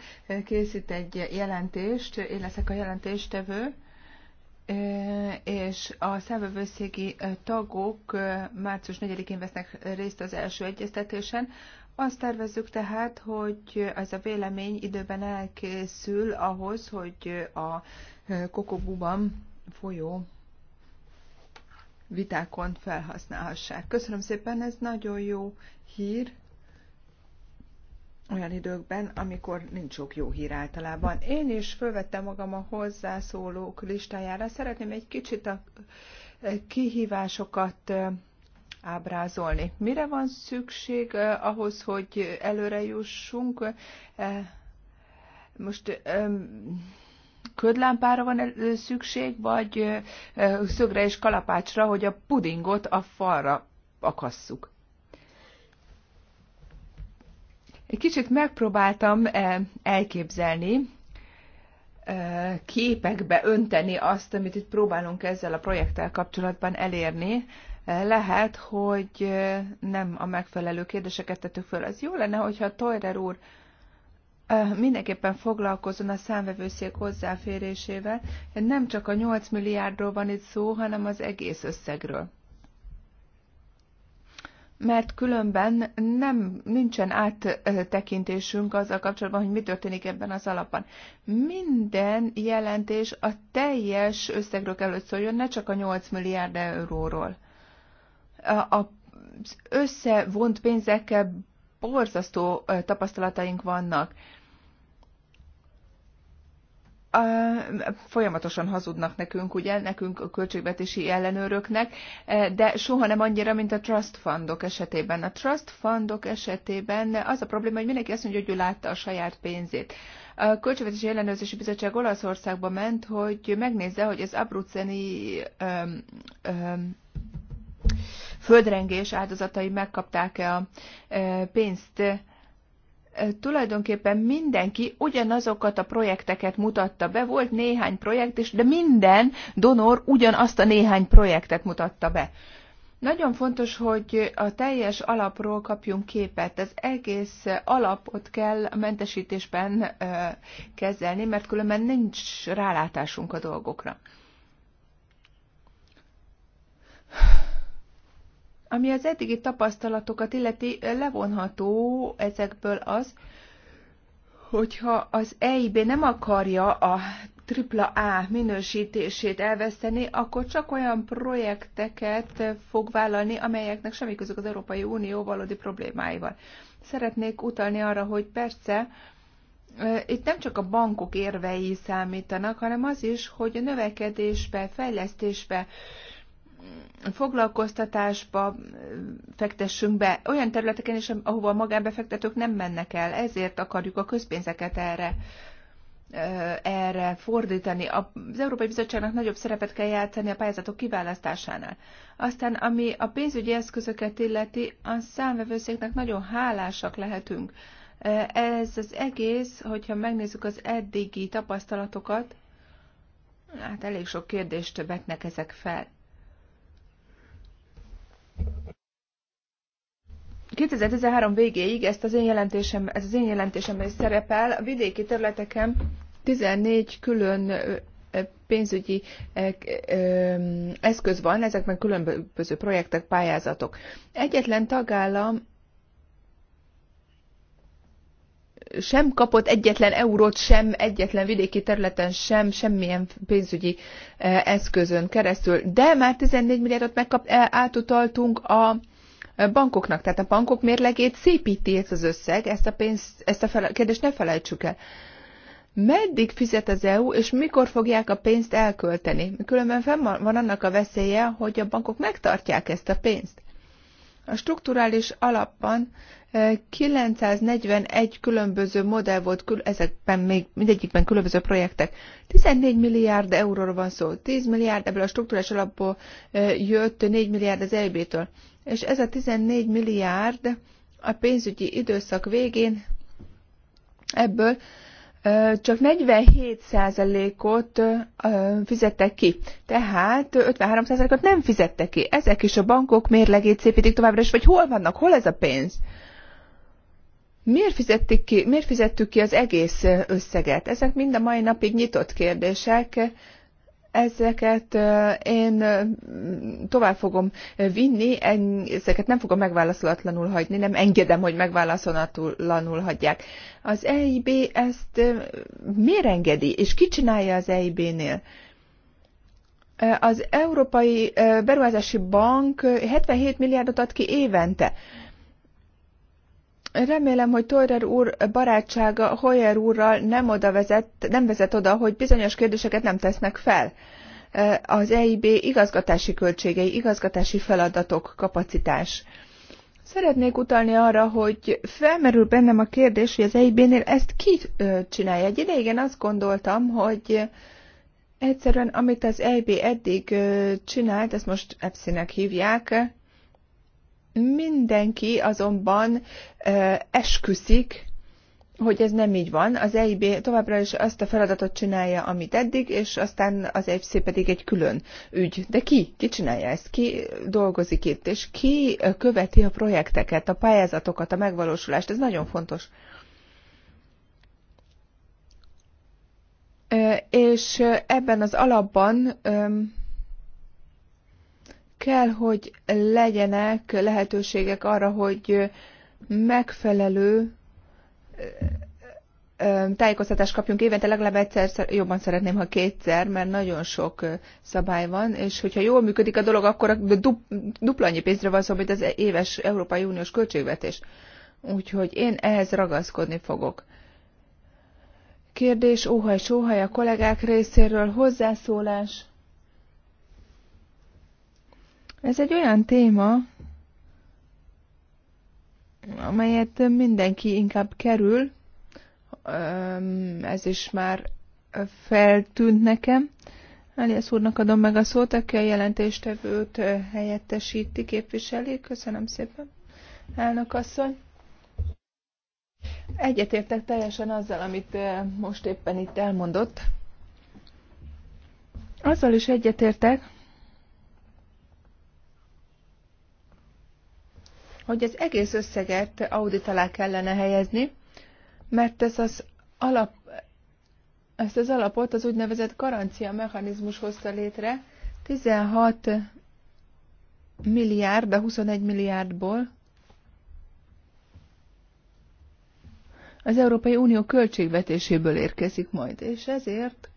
készít egy jelentést, én leszek a jelentéstevő, és a számvevőszégi tagok március 4-én vesznek részt az első egyeztetésen. Azt tervezzük tehát, hogy ez a vélemény időben elkészül ahhoz, hogy a Kokobuban folyó vitákon felhasználhassák. Köszönöm szépen, ez nagyon jó hír olyan időkben, amikor nincs sok jó hír általában. Én is fölvettem magam a hozzászólók listájára. Szeretném egy kicsit a kihívásokat ábrázolni. Mire van szükség ahhoz, hogy előre jussunk? Most ködlámpára van szükség, vagy szögre és kalapácsra, hogy a pudingot a falra akasszuk. Egy kicsit megpróbáltam elképzelni, képekbe önteni azt, amit itt próbálunk ezzel a projekttel kapcsolatban elérni. Lehet, hogy nem a megfelelő kérdéseket tettük föl. Az jó lenne, hogyha Toyrer úr mindenképpen foglalkozzon a számvevőszék hozzáférésével. Nem csak a 8 milliárdról van itt szó, hanem az egész összegről. Mert különben nem, nincsen áttekintésünk azzal kapcsolatban, hogy mi történik ebben az alapban. Minden jelentés a teljes összegről kell, hogy szóljon, ne csak a 8 milliárd euróról. Az összevont pénzekkel borzasztó tapasztalataink vannak folyamatosan hazudnak nekünk, ugye, nekünk a költségvetési ellenőröknek, e, de soha nem annyira, mint a trust fundok esetében. A trust fundok esetében az a probléma, hogy mindenki azt mondja, hogy ő látta a saját pénzét. A Költségvetési Ellenőrzési Bizottság Olaszországba ment, hogy megnézze, hogy az abruceni um, um, földrengés áldozatai megkapták-e a e, pénzt tulajdonképpen mindenki ugyanazokat a projekteket mutatta be, volt néhány projekt is, de minden donor ugyanazt a néhány projektet mutatta be. Nagyon fontos, hogy a teljes alapról kapjunk képet. Az egész alapot kell a mentesítésben kezelni, mert különben nincs rálátásunk a dolgokra. Ami az eddigi tapasztalatokat illeti, levonható ezekből az, hogyha az EIB nem akarja a AAA minősítését elveszteni, akkor csak olyan projekteket fog vállalni, amelyeknek semmi közük az Európai Unió valódi problémáival. Szeretnék utalni arra, hogy persze, itt nem csak a bankok érvei számítanak, hanem az is, hogy a növekedésbe, fejlesztésbe, foglalkoztatásba fektessünk be olyan területeken is, ahova a magánbefektetők nem mennek el. Ezért akarjuk a közpénzeket erre erre fordítani. Az Európai Bizottságnak nagyobb szerepet kell játszani a pályázatok kiválasztásánál. Aztán, ami a pénzügyi eszközöket illeti, a számvevőszéknek nagyon hálásak lehetünk. Ez az egész, hogyha megnézzük az eddigi tapasztalatokat, hát elég sok kérdést vetnek ezek fel. 2013 végéig ezt az én jelentésem, ez az én jelentésemben is szerepel, a vidéki területeken 14 külön pénzügyi eszköz van, ezekben különböző projektek, pályázatok. Egyetlen tagállam sem kapott egyetlen eurót, sem egyetlen vidéki területen, sem semmilyen pénzügyi eszközön keresztül, de már 14 milliárdot megkap, e, átutaltunk a bankoknak. Tehát a bankok mérlegét szépíti ez az összeg, ezt a, pénz, ezt a fele, kérdést ne felejtsük el. Meddig fizet az EU, és mikor fogják a pénzt elkölteni? Különben fenn van annak a veszélye, hogy a bankok megtartják ezt a pénzt. A strukturális alapban 941 e, különböző modell volt, ezekben még mindegyikben különböző projektek. 14 milliárd euróról van szó, 10 milliárd ebből a strukturális alapból e, jött, 4 milliárd az EIB-től és ez a 14 milliárd a pénzügyi időszak végén ebből csak 47%-ot fizettek ki. Tehát 53%-ot nem fizettek ki. Ezek is a bankok mérlegét szépítik továbbra is, vagy hol vannak, hol ez a pénz? Miért, ki, miért fizettük ki az egész összeget? Ezek mind a mai napig nyitott kérdések, ezeket én tovább fogom vinni, ezeket nem fogom megválaszolatlanul hagyni, nem engedem, hogy megválaszolatlanul hagyják. Az EIB ezt miért engedi, és ki csinálja az EIB-nél? Az Európai Beruházási Bank 77 milliárdot ad ki évente. Remélem, hogy Toyer úr barátsága Hoyer úrral nem, oda vezet, nem vezet oda, hogy bizonyos kérdéseket nem tesznek fel. Az EIB igazgatási költségei, igazgatási feladatok, kapacitás. Szeretnék utalni arra, hogy felmerül bennem a kérdés, hogy az EIB-nél ezt ki csinálja. Egy ideig én azt gondoltam, hogy egyszerűen amit az EIB eddig csinált, ezt most epsi nek hívják, Mindenki azonban esküszik, hogy ez nem így van. Az EIB továbbra is azt a feladatot csinálja, amit eddig, és aztán az EFC pedig egy külön ügy. De ki? Ki csinálja ezt? Ki dolgozik itt? És ki követi a projekteket, a pályázatokat, a megvalósulást? Ez nagyon fontos. És ebben az alapban kell, hogy legyenek lehetőségek arra, hogy megfelelő tájékoztatást kapjunk évente, legalább egyszer, jobban szeretném, ha kétszer, mert nagyon sok szabály van, és hogyha jól működik a dolog, akkor a dupla annyi pénzre van szó, mint az éves Európai Uniós költségvetés. Úgyhogy én ehhez ragaszkodni fogok. Kérdés, óhaj, sóhaj a kollégák részéről, hozzászólás. Ez egy olyan téma, amelyet mindenki inkább kerül, ez is már feltűnt nekem. Elias úrnak adom meg a szót, aki a jelentéstevőt helyettesíti, képviseli. Köszönöm szépen, elnök asszony. Egyetértek teljesen azzal, amit most éppen itt elmondott. Azzal is egyetértek, hogy az egész összeget audit alá kellene helyezni, mert ez az alap, ezt az alapot az úgynevezett garancia mechanizmus hozta létre 16 milliárd, a 21 milliárdból. Az Európai Unió költségvetéséből érkezik majd, és ezért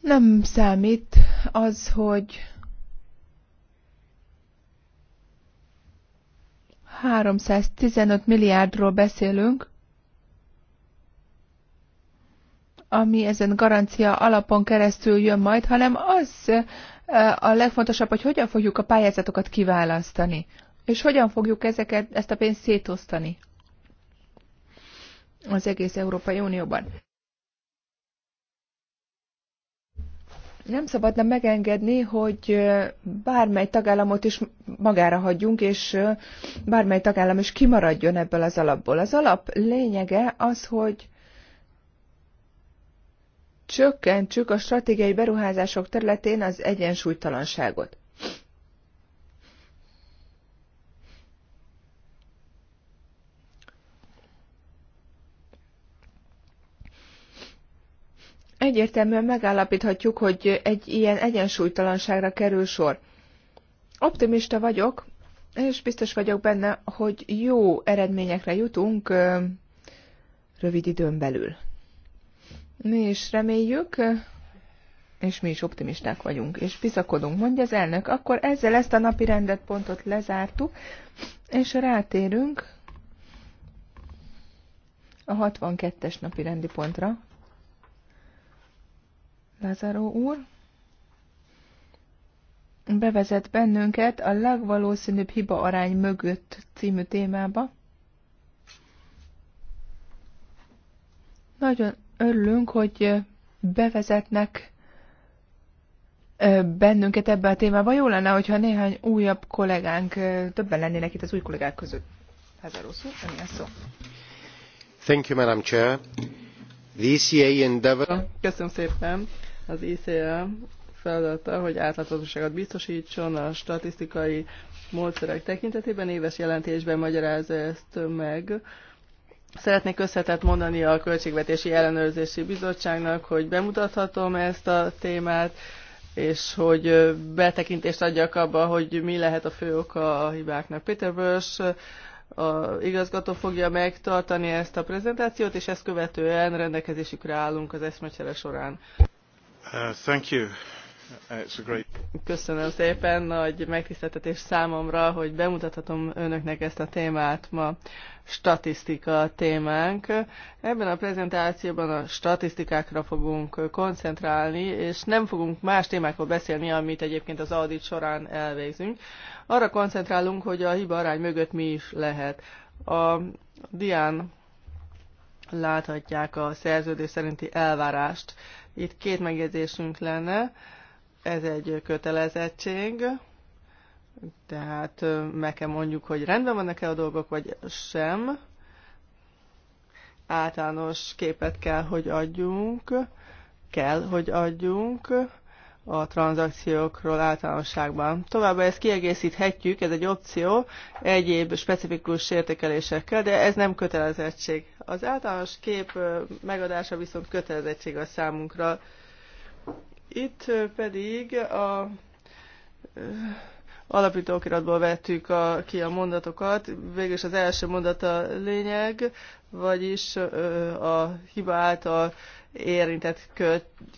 nem számít az, hogy 315 milliárdról beszélünk, ami ezen garancia alapon keresztül jön majd, hanem az eh, a legfontosabb, hogy hogyan fogjuk a pályázatokat kiválasztani, és hogyan fogjuk ezeket, ezt a pénzt szétosztani az egész Európai Unióban. nem szabadna megengedni, hogy bármely tagállamot is magára hagyjunk, és bármely tagállam is kimaradjon ebből az alapból. Az alap lényege az, hogy csökkentsük a stratégiai beruházások területén az egyensúlytalanságot. Egyértelműen megállapíthatjuk, hogy egy ilyen egyensúlytalanságra kerül sor. Optimista vagyok, és biztos vagyok benne, hogy jó eredményekre jutunk rövid időn belül. Mi is reméljük, és mi is optimisták vagyunk, és bizakodunk, mondja az elnök. Akkor ezzel ezt a napi rendet pontot lezártuk, és rátérünk a 62-es napi rendi pontra. Lázáró úr bevezet bennünket a legvalószínűbb hiba arány mögött című témába. Nagyon örülünk, hogy bevezetnek bennünket ebbe a témába. Jó lenne, hogyha néhány újabb kollégánk, többen lennének itt az új kollégák között. Lázáró szó, ami a szó. Thank you, Madam Chair. The ECA endeavor... Köszönöm szépen. Az ICM feladata, hogy átláthatóságot biztosítson a statisztikai módszerek tekintetében, éves jelentésben magyarázza ezt meg. Szeretnék összetett mondani a Költségvetési Ellenőrzési Bizottságnak, hogy bemutathatom ezt a témát, és hogy betekintést adjak abba, hogy mi lehet a fő oka a hibáknak. Peter Börs a igazgató fogja megtartani ezt a prezentációt, és ezt követően rendelkezésükre állunk az eszmecsere során. Uh, uh, Köszönöm szépen, nagy megtiszteltetés számomra, hogy bemutathatom önöknek ezt a témát ma. Statisztika témánk. Ebben a prezentációban a statisztikákra fogunk koncentrálni, és nem fogunk más témákról beszélni, amit egyébként az audit során elvégzünk. Arra koncentrálunk, hogy a hiba arány mögött mi is lehet. A dián láthatják a szerződés szerinti elvárást. Itt két megjegyzésünk lenne. Ez egy kötelezettség, tehát meg kell mondjuk, hogy rendben vannak-e a dolgok, vagy sem. Általános képet kell, hogy adjunk, kell, hogy adjunk a tranzakciókról általánosságban. Továbbá ezt kiegészíthetjük, ez egy opció, egyéb specifikus értékelésekkel, de ez nem kötelezettség. Az általános kép megadása viszont kötelezettség a számunkra. Itt pedig a alapítókiratból vettük a, ki a mondatokat. Végül az első mondat a lényeg, vagyis a hiba által érintett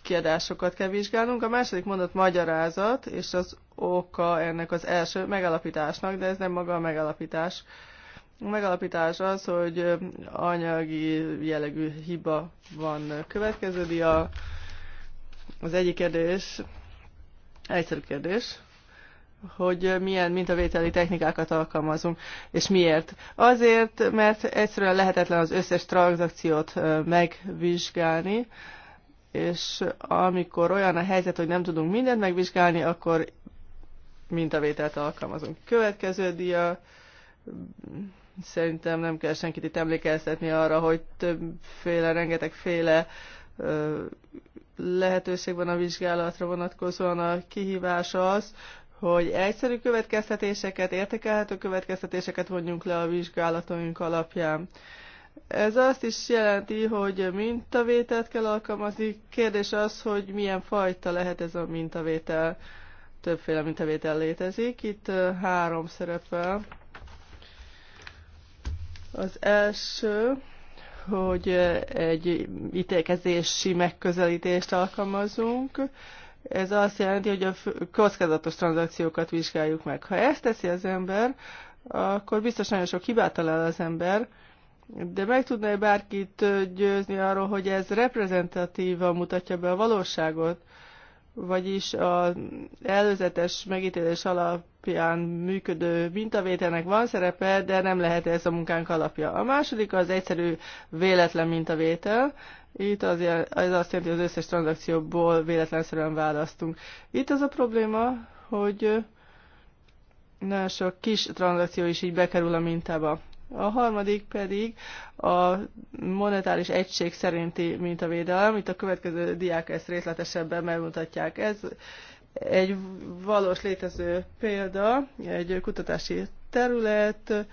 kiadásokat kell vizsgálnunk. A második mondat magyarázat, és az oka ennek az első megalapításnak, de ez nem maga a megalapítás. A megalapítás az, hogy anyagi jellegű hiba van következődi A, az egyik kérdés, egyszerű kérdés, hogy milyen mintavételi technikákat alkalmazunk, és miért. Azért, mert egyszerűen lehetetlen az összes tranzakciót megvizsgálni, és amikor olyan a helyzet, hogy nem tudunk mindent megvizsgálni, akkor mintavételt alkalmazunk. Következő dia, szerintem nem kell senkit itt emlékeztetni arra, hogy többféle, rengetegféle lehetőség van a vizsgálatra vonatkozóan. A kihívás az, hogy egyszerű következtetéseket, értékelhető következtetéseket vonjunk le a vizsgálataink alapján. Ez azt is jelenti, hogy mintavételt kell alkalmazni. Kérdés az, hogy milyen fajta lehet ez a mintavétel. Többféle mintavétel létezik. Itt három szerepel. Az első, hogy egy ítélkezési megközelítést alkalmazunk ez azt jelenti, hogy a kockázatos tranzakciókat vizsgáljuk meg. Ha ezt teszi az ember, akkor biztos nagyon sok hibát talál az ember, de meg tudná -e bárkit győzni arról, hogy ez reprezentatívan mutatja be a valóságot, vagyis az előzetes megítélés alapján működő mintavételnek van szerepe, de nem lehet ez a munkánk alapja. A második az egyszerű véletlen mintavétel. Itt az, ez azt jelenti, hogy az összes tranzakcióból véletlenszerűen választunk. Itt az a probléma, hogy nagyon sok kis tranzakció is így bekerül a mintába. A harmadik pedig a monetáris egység szerinti mintavédelem. Itt a következő diák ezt részletesebben megmutatják. Ez egy valós létező példa, egy kutatási terület,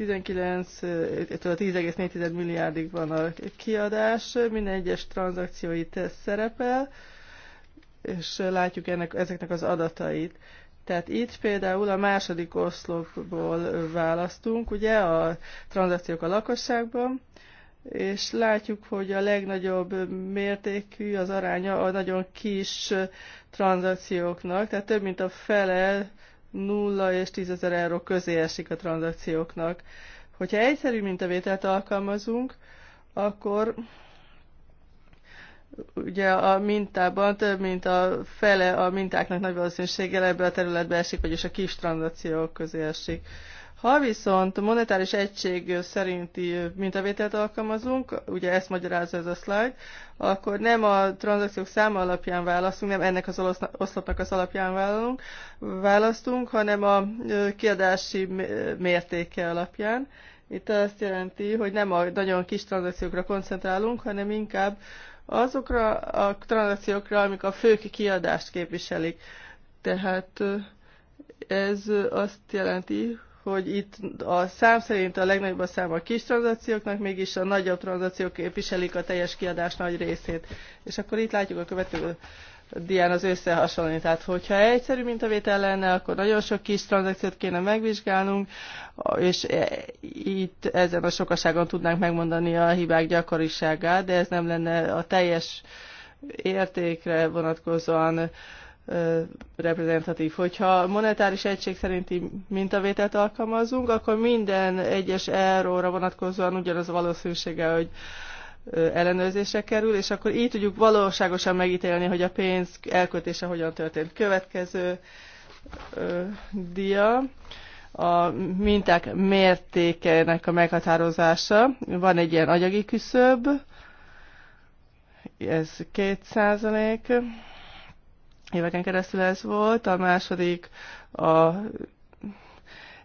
19-től 10,4 milliárdig van a kiadás, minden egyes tranzakció tesz szerepel, és látjuk ennek, ezeknek az adatait. Tehát itt például a második oszlopból választunk, ugye, a tranzakciók a lakosságban, és látjuk, hogy a legnagyobb mértékű az aránya a nagyon kis tranzakcióknak, tehát több mint a fele 0 és 10 ezer euró közé esik a tranzakcióknak. Hogyha egyszerű mintavételt alkalmazunk, akkor ugye a mintában több mint a fele a mintáknak nagy valószínűséggel ebbe a területbe esik, vagyis a kis tranzakciók közé esik. Ha viszont monetáris egység szerinti mintavételt alkalmazunk, ugye ezt magyarázza ez a slide, akkor nem a tranzakciók száma alapján választunk, nem ennek az oszlopnak az alapján választunk, hanem a kiadási mértéke alapján. Itt azt jelenti, hogy nem a nagyon kis tranzakciókra koncentrálunk, hanem inkább azokra a tranzakciókra, amik a fő kiadást képviselik. Tehát ez azt jelenti, hogy itt a szám szerint a legnagyobb a szám a kis tranzakcióknak, mégis a nagyobb tranzakciók képviselik a teljes kiadás nagy részét. És akkor itt látjuk a következő dián az tehát Hogyha egyszerű mintavétel lenne, akkor nagyon sok kis tranzakciót kéne megvizsgálnunk, és e, itt ezen a sokaságon tudnánk megmondani a hibák gyakoriságát, de ez nem lenne a teljes értékre vonatkozóan reprezentatív. Hogyha monetáris egység szerinti mintavételt alkalmazunk, akkor minden egyes erróra vonatkozóan ugyanaz a valószínűsége, hogy ellenőrzésre kerül, és akkor így tudjuk valóságosan megítélni, hogy a pénz elköltése hogyan történt. Következő ö, dia a minták mértékenek a meghatározása. Van egy ilyen anyagi küszöb, ez 2 százalék éveken keresztül ez volt, a második a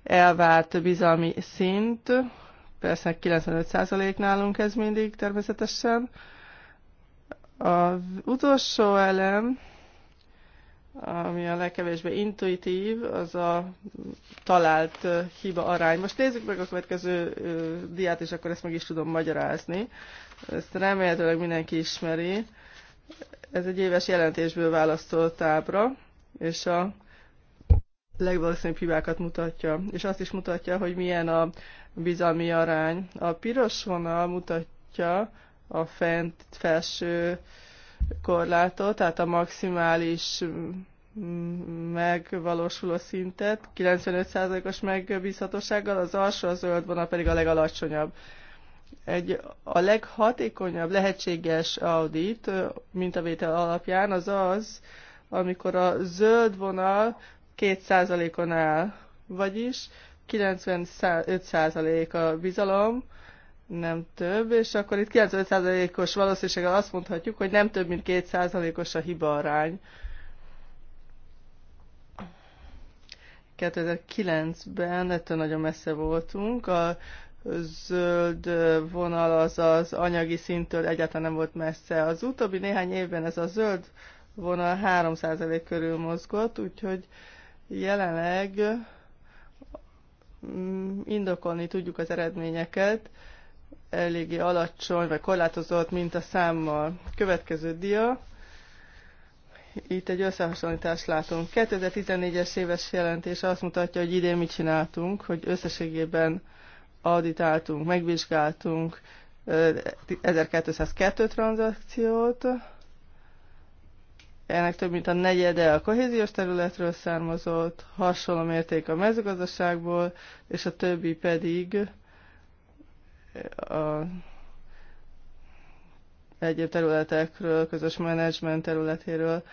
elvárt bizalmi szint, persze 95% nálunk ez mindig természetesen. A utolsó elem, ami a legkevésbé intuitív, az a talált hiba arány. Most nézzük meg a következő diát, és akkor ezt meg is tudom magyarázni. Ezt remélhetőleg mindenki ismeri. Ez egy éves jelentésből választott ábra, és a legvalószínűbb hibákat mutatja, és azt is mutatja, hogy milyen a bizalmi arány. A piros vonal mutatja a fent felső korlátot, tehát a maximális mm, megvalósuló szintet, 95%-os megbízhatósággal, az alsó a zöld vonal pedig a legalacsonyabb. Egy a leghatékonyabb lehetséges audit mintavétel alapján az az, amikor a zöld vonal 2%-on áll, vagyis 95% a bizalom, nem több, és akkor itt 95%-os valószínűséggel azt mondhatjuk, hogy nem több, mint 2%-os a hiba arány. 2009-ben ettől nagyon messze voltunk. A zöld vonal az az anyagi szinttől egyáltalán nem volt messze. Az utóbbi néhány évben ez a zöld vonal 3% körül mozgott, úgyhogy jelenleg mm, indokolni tudjuk az eredményeket eléggé alacsony, vagy korlátozott számmal. Következő dia. Itt egy összehasonlítást látunk. 2014-es éves jelentés azt mutatja, hogy idén mit csináltunk, hogy összességében auditáltunk, megvizsgáltunk 1202 tranzakciót, ennek több mint a negyede a kohéziós területről származott, hasonló mérték a mezőgazdaságból, és a többi pedig a egyéb területekről, közös menedzsment területéről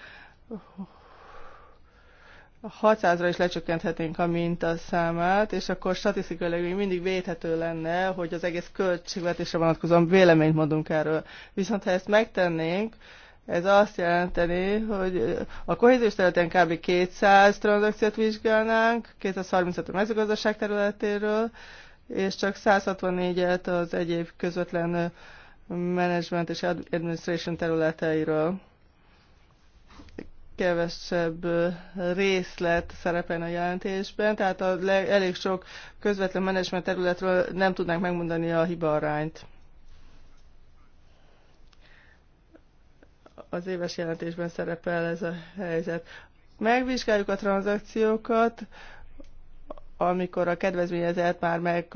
600-ra is lecsökkenthetnénk a mintaszámát, és akkor statisztikailag mindig védhető lenne, hogy az egész költségvetésre vonatkozóan véleményt mondunk erről. Viszont ha ezt megtennénk, ez azt jelenteni, hogy a kohéziós területen kb. 200 tranzakciót vizsgálnánk, 235 a mezőgazdaság területéről, és csak 164-et az egyéb közvetlen management és administration területeiről kevesebb részlet szerepel a jelentésben, tehát a le, elég sok közvetlen menedzsment területről nem tudnánk megmondani a hiba arányt. Az éves jelentésben szerepel ez a helyzet. Megvizsgáljuk a tranzakciókat, amikor a kedvezményezett már meg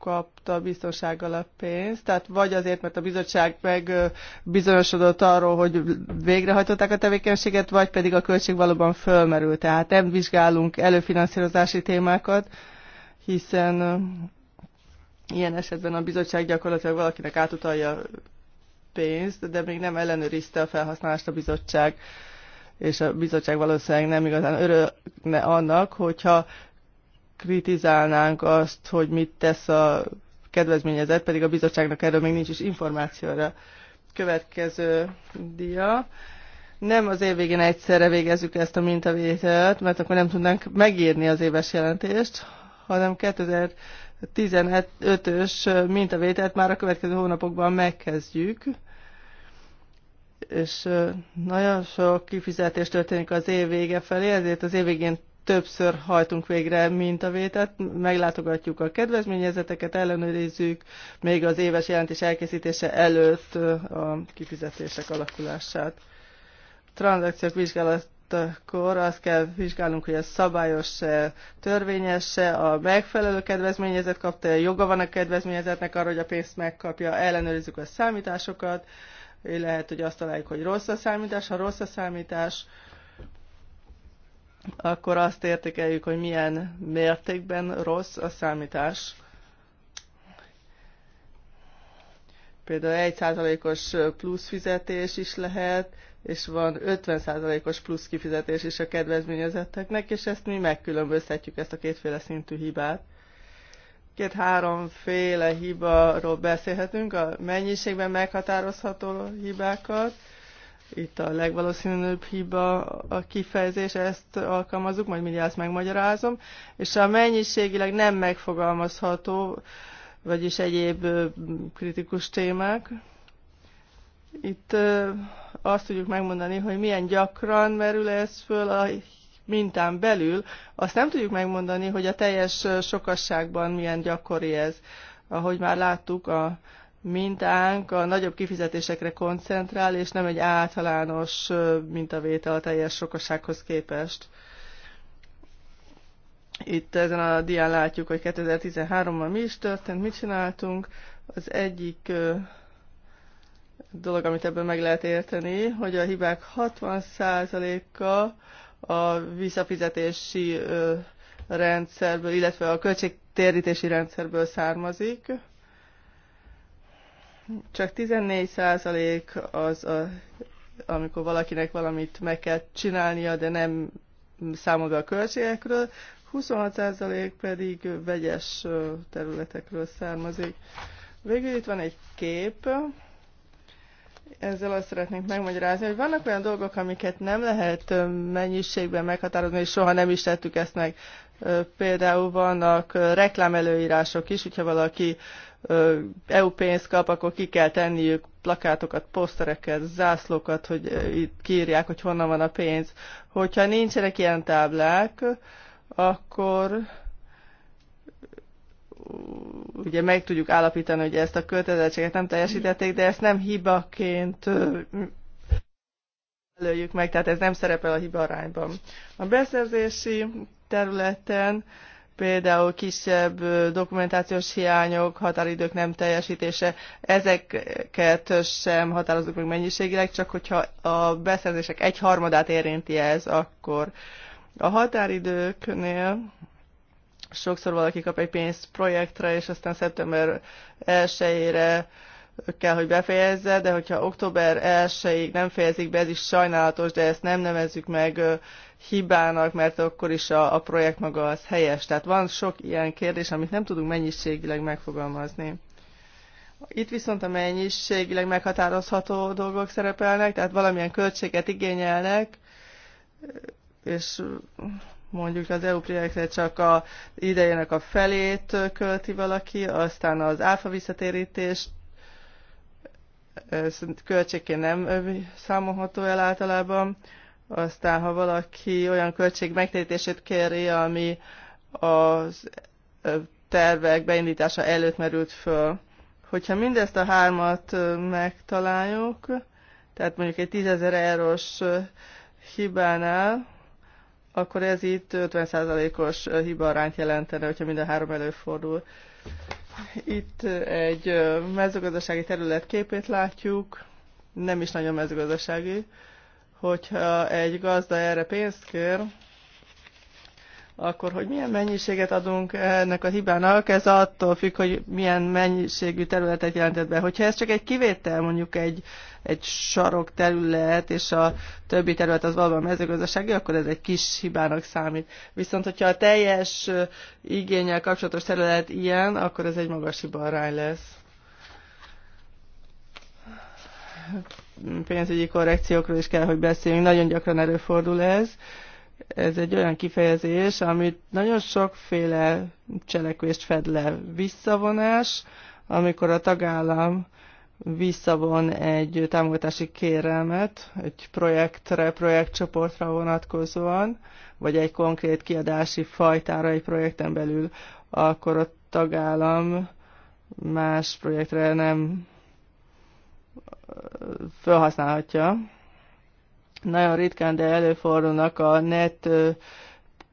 kapta biztonság pénzt, tehát vagy azért, mert a bizottság meg bizonyosodott arról, hogy végrehajtották a tevékenységet, vagy pedig a költség valóban fölmerült. Tehát nem vizsgálunk előfinanszírozási témákat, hiszen ilyen esetben a bizottság gyakorlatilag valakinek átutalja pénzt, de még nem ellenőrizte a felhasználást a bizottság, és a bizottság valószínűleg nem igazán örülne annak, hogyha kritizálnánk azt, hogy mit tesz a kedvezményezett, pedig a bizottságnak erről még nincs is információra. Következő dia. Nem az év végén egyszerre végezzük ezt a mintavételt, mert akkor nem tudnánk megírni az éves jelentést, hanem 2015-ös mintavételt már a következő hónapokban megkezdjük és nagyon sok kifizetés történik az év vége felé, ezért az év végén többször hajtunk végre mintavételt, meglátogatjuk a kedvezményezeteket, ellenőrizzük még az éves jelentés elkészítése előtt a kifizetések alakulását. Transzakciók vizsgálatakor azt kell vizsgálnunk, hogy ez szabályos -e, törvényes -e, a megfelelő kedvezményezet kapta, -e, joga van a kedvezményezetnek arra, hogy a pénzt megkapja, ellenőrizzük a számításokat, lehet, hogy azt találjuk, hogy rossz a számítás, ha rossz a számítás, akkor azt értékeljük, hogy milyen mértékben rossz a számítás. Például 1%-os plusz fizetés is lehet, és van 50%-os plusz kifizetés is a kedvezményezetteknek, és ezt mi megkülönböztetjük, ezt a kétféle szintű hibát. Két-háromféle hibáról beszélhetünk, a mennyiségben meghatározható hibákat, itt a legvalószínűbb hiba a kifejezés, ezt alkalmazunk, majd mindjárt ezt megmagyarázom. És a mennyiségileg nem megfogalmazható, vagyis egyéb kritikus témák. Itt azt tudjuk megmondani, hogy milyen gyakran merül ez föl a mintán belül, azt nem tudjuk megmondani, hogy a teljes sokasságban milyen gyakori ez. Ahogy már láttuk, a mintánk a nagyobb kifizetésekre koncentrál, és nem egy általános mintavétel a teljes sokasághoz képest. Itt ezen a dián látjuk, hogy 2013-ban mi is történt, mit csináltunk. Az egyik dolog, amit ebben meg lehet érteni, hogy a hibák 60%-a a visszafizetési rendszerből, illetve a költségtérítési rendszerből származik. Csak 14 százalék az, a, amikor valakinek valamit meg kell csinálnia, de nem számol be a költségekről, 26 százalék pedig vegyes területekről származik. Végül itt van egy kép, ezzel azt szeretnénk megmagyarázni, hogy vannak olyan dolgok, amiket nem lehet mennyiségben meghatározni, és soha nem is tettük ezt meg. Például vannak reklámelőírások is, hogyha valaki EU pénzt kap, akkor ki kell tenniük plakátokat, posztereket, zászlókat, hogy itt kiírják, hogy honnan van a pénz. Hogyha nincsenek ilyen táblák, akkor ugye meg tudjuk állapítani, hogy ezt a kötelezettséget nem teljesítették, de ezt nem hibaként előjük meg, tehát ez nem szerepel a hiba arányban. A beszerzési területen például kisebb dokumentációs hiányok, határidők nem teljesítése, ezeket sem határozunk meg mennyiségileg, csak hogyha a beszerzések egy harmadát érinti ez, akkor a határidőknél sokszor valaki kap egy pénzt projektre, és aztán szeptember 1 kell, hogy befejezze, de hogyha október 1-ig nem fejezik be, ez is sajnálatos, de ezt nem nevezzük meg hibának, mert akkor is a, a projekt maga az helyes. Tehát van sok ilyen kérdés, amit nem tudunk mennyiségileg megfogalmazni. Itt viszont a mennyiségileg meghatározható dolgok szerepelnek, tehát valamilyen költséget igényelnek, és mondjuk az EU projektre csak a idejének a felét költi valaki, aztán az áfa visszatérítést ez költségként nem számolható el általában. Aztán, ha valaki olyan költség megtérítését kéri, ami az tervek beindítása előtt merült föl. Hogyha mindezt a hármat megtaláljuk, tehát mondjuk egy 10.000 eurós hibánál, akkor ez itt 50%-os hibarányt jelentene, hogyha mind a három előfordul. Itt egy mezőgazdasági terület képét látjuk, nem is nagyon mezőgazdasági, hogyha egy gazda erre pénzt kér, akkor hogy milyen mennyiséget adunk ennek a hibának, ez attól függ, hogy milyen mennyiségű területet jelentett be. Hogyha ez csak egy kivétel, mondjuk egy egy sarok terület, és a többi terület az valóban mezőgazdasági, akkor ez egy kis hibának számít. Viszont, hogyha a teljes igényel kapcsolatos terület ilyen, akkor ez egy magas hiba arány lesz. Pénzügyi korrekciókról is kell, hogy beszéljünk. Nagyon gyakran előfordul ez ez egy olyan kifejezés, amit nagyon sokféle cselekvést fed le. Visszavonás, amikor a tagállam visszavon egy támogatási kérelmet egy projektre, projektcsoportra vonatkozóan, vagy egy konkrét kiadási fajtára egy projekten belül, akkor a tagállam más projektre nem felhasználhatja. Nagyon ritkán, de előfordulnak a net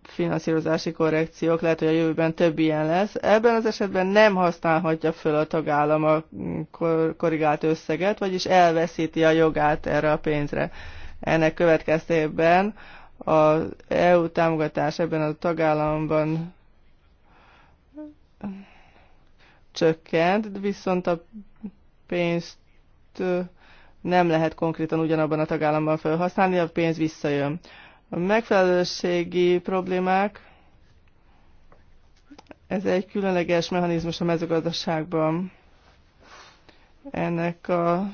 finanszírozási korrekciók, lehet, hogy a jövőben több ilyen lesz. Ebben az esetben nem használhatja föl a tagállam a korrigált összeget, vagyis elveszíti a jogát erre a pénzre. Ennek következtében az EU támogatás ebben a tagállamban csökkent, viszont a pénzt nem lehet konkrétan ugyanabban a tagállamban felhasználni, a pénz visszajön. A megfelelőségi problémák, ez egy különleges mechanizmus a mezőgazdaságban. Ennek a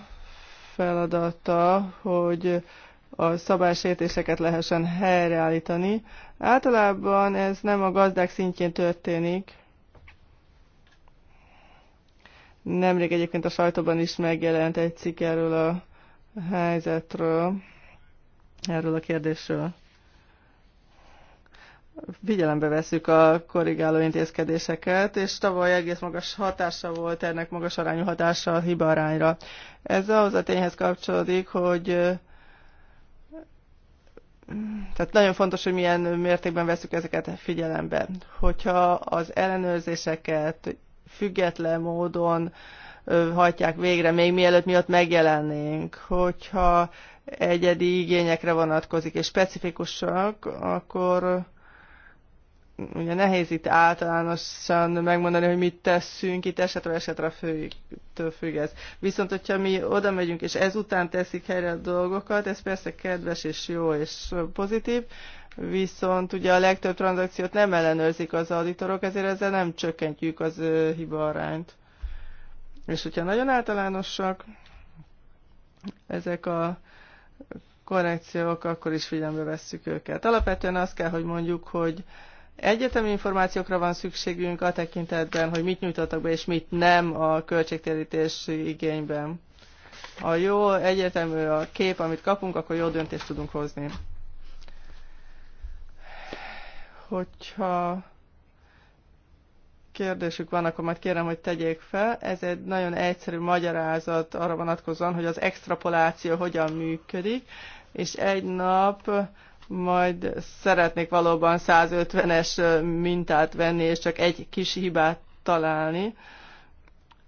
feladata, hogy a szabálysértéseket lehessen helyreállítani. Általában ez nem a gazdák szintjén történik. Nemrég egyébként a sajtóban is megjelent egy cikk erről a helyzetről, erről a kérdésről figyelembe veszük a korrigáló intézkedéseket, és tavaly egész magas hatása volt ennek magas arányú hatása a hiba arányra. Ez ahhoz a tényhez kapcsolódik, hogy tehát nagyon fontos, hogy milyen mértékben veszük ezeket figyelembe. Hogyha az ellenőrzéseket független módon hajtják végre, még mielőtt miatt megjelennénk, hogyha egyedi igényekre vonatkozik és specifikusak, akkor ugye nehéz itt általánosan megmondani, hogy mit teszünk, itt esetre esetre főtől függ ez. Viszont, hogyha mi oda megyünk, és ezután teszik helyre a dolgokat, ez persze kedves és jó és pozitív, viszont ugye a legtöbb tranzakciót nem ellenőrzik az auditorok, ezért ezzel nem csökkentjük az hiba arányt. És hogyha nagyon általánosak ezek a korrekciók, akkor is figyelembe vesszük őket. Alapvetően azt kell, hogy mondjuk, hogy Egyetemi információkra van szükségünk a tekintetben, hogy mit nyújtottak be és mit nem a költségtérítés igényben. Ha jó egyetemű a kép, amit kapunk, akkor jó döntést tudunk hozni. Hogyha kérdésük van, akkor majd kérem, hogy tegyék fel. Ez egy nagyon egyszerű magyarázat arra vonatkozóan, hogy az extrapoláció hogyan működik, és egy nap majd szeretnék valóban 150-es mintát venni, és csak egy kis hibát találni.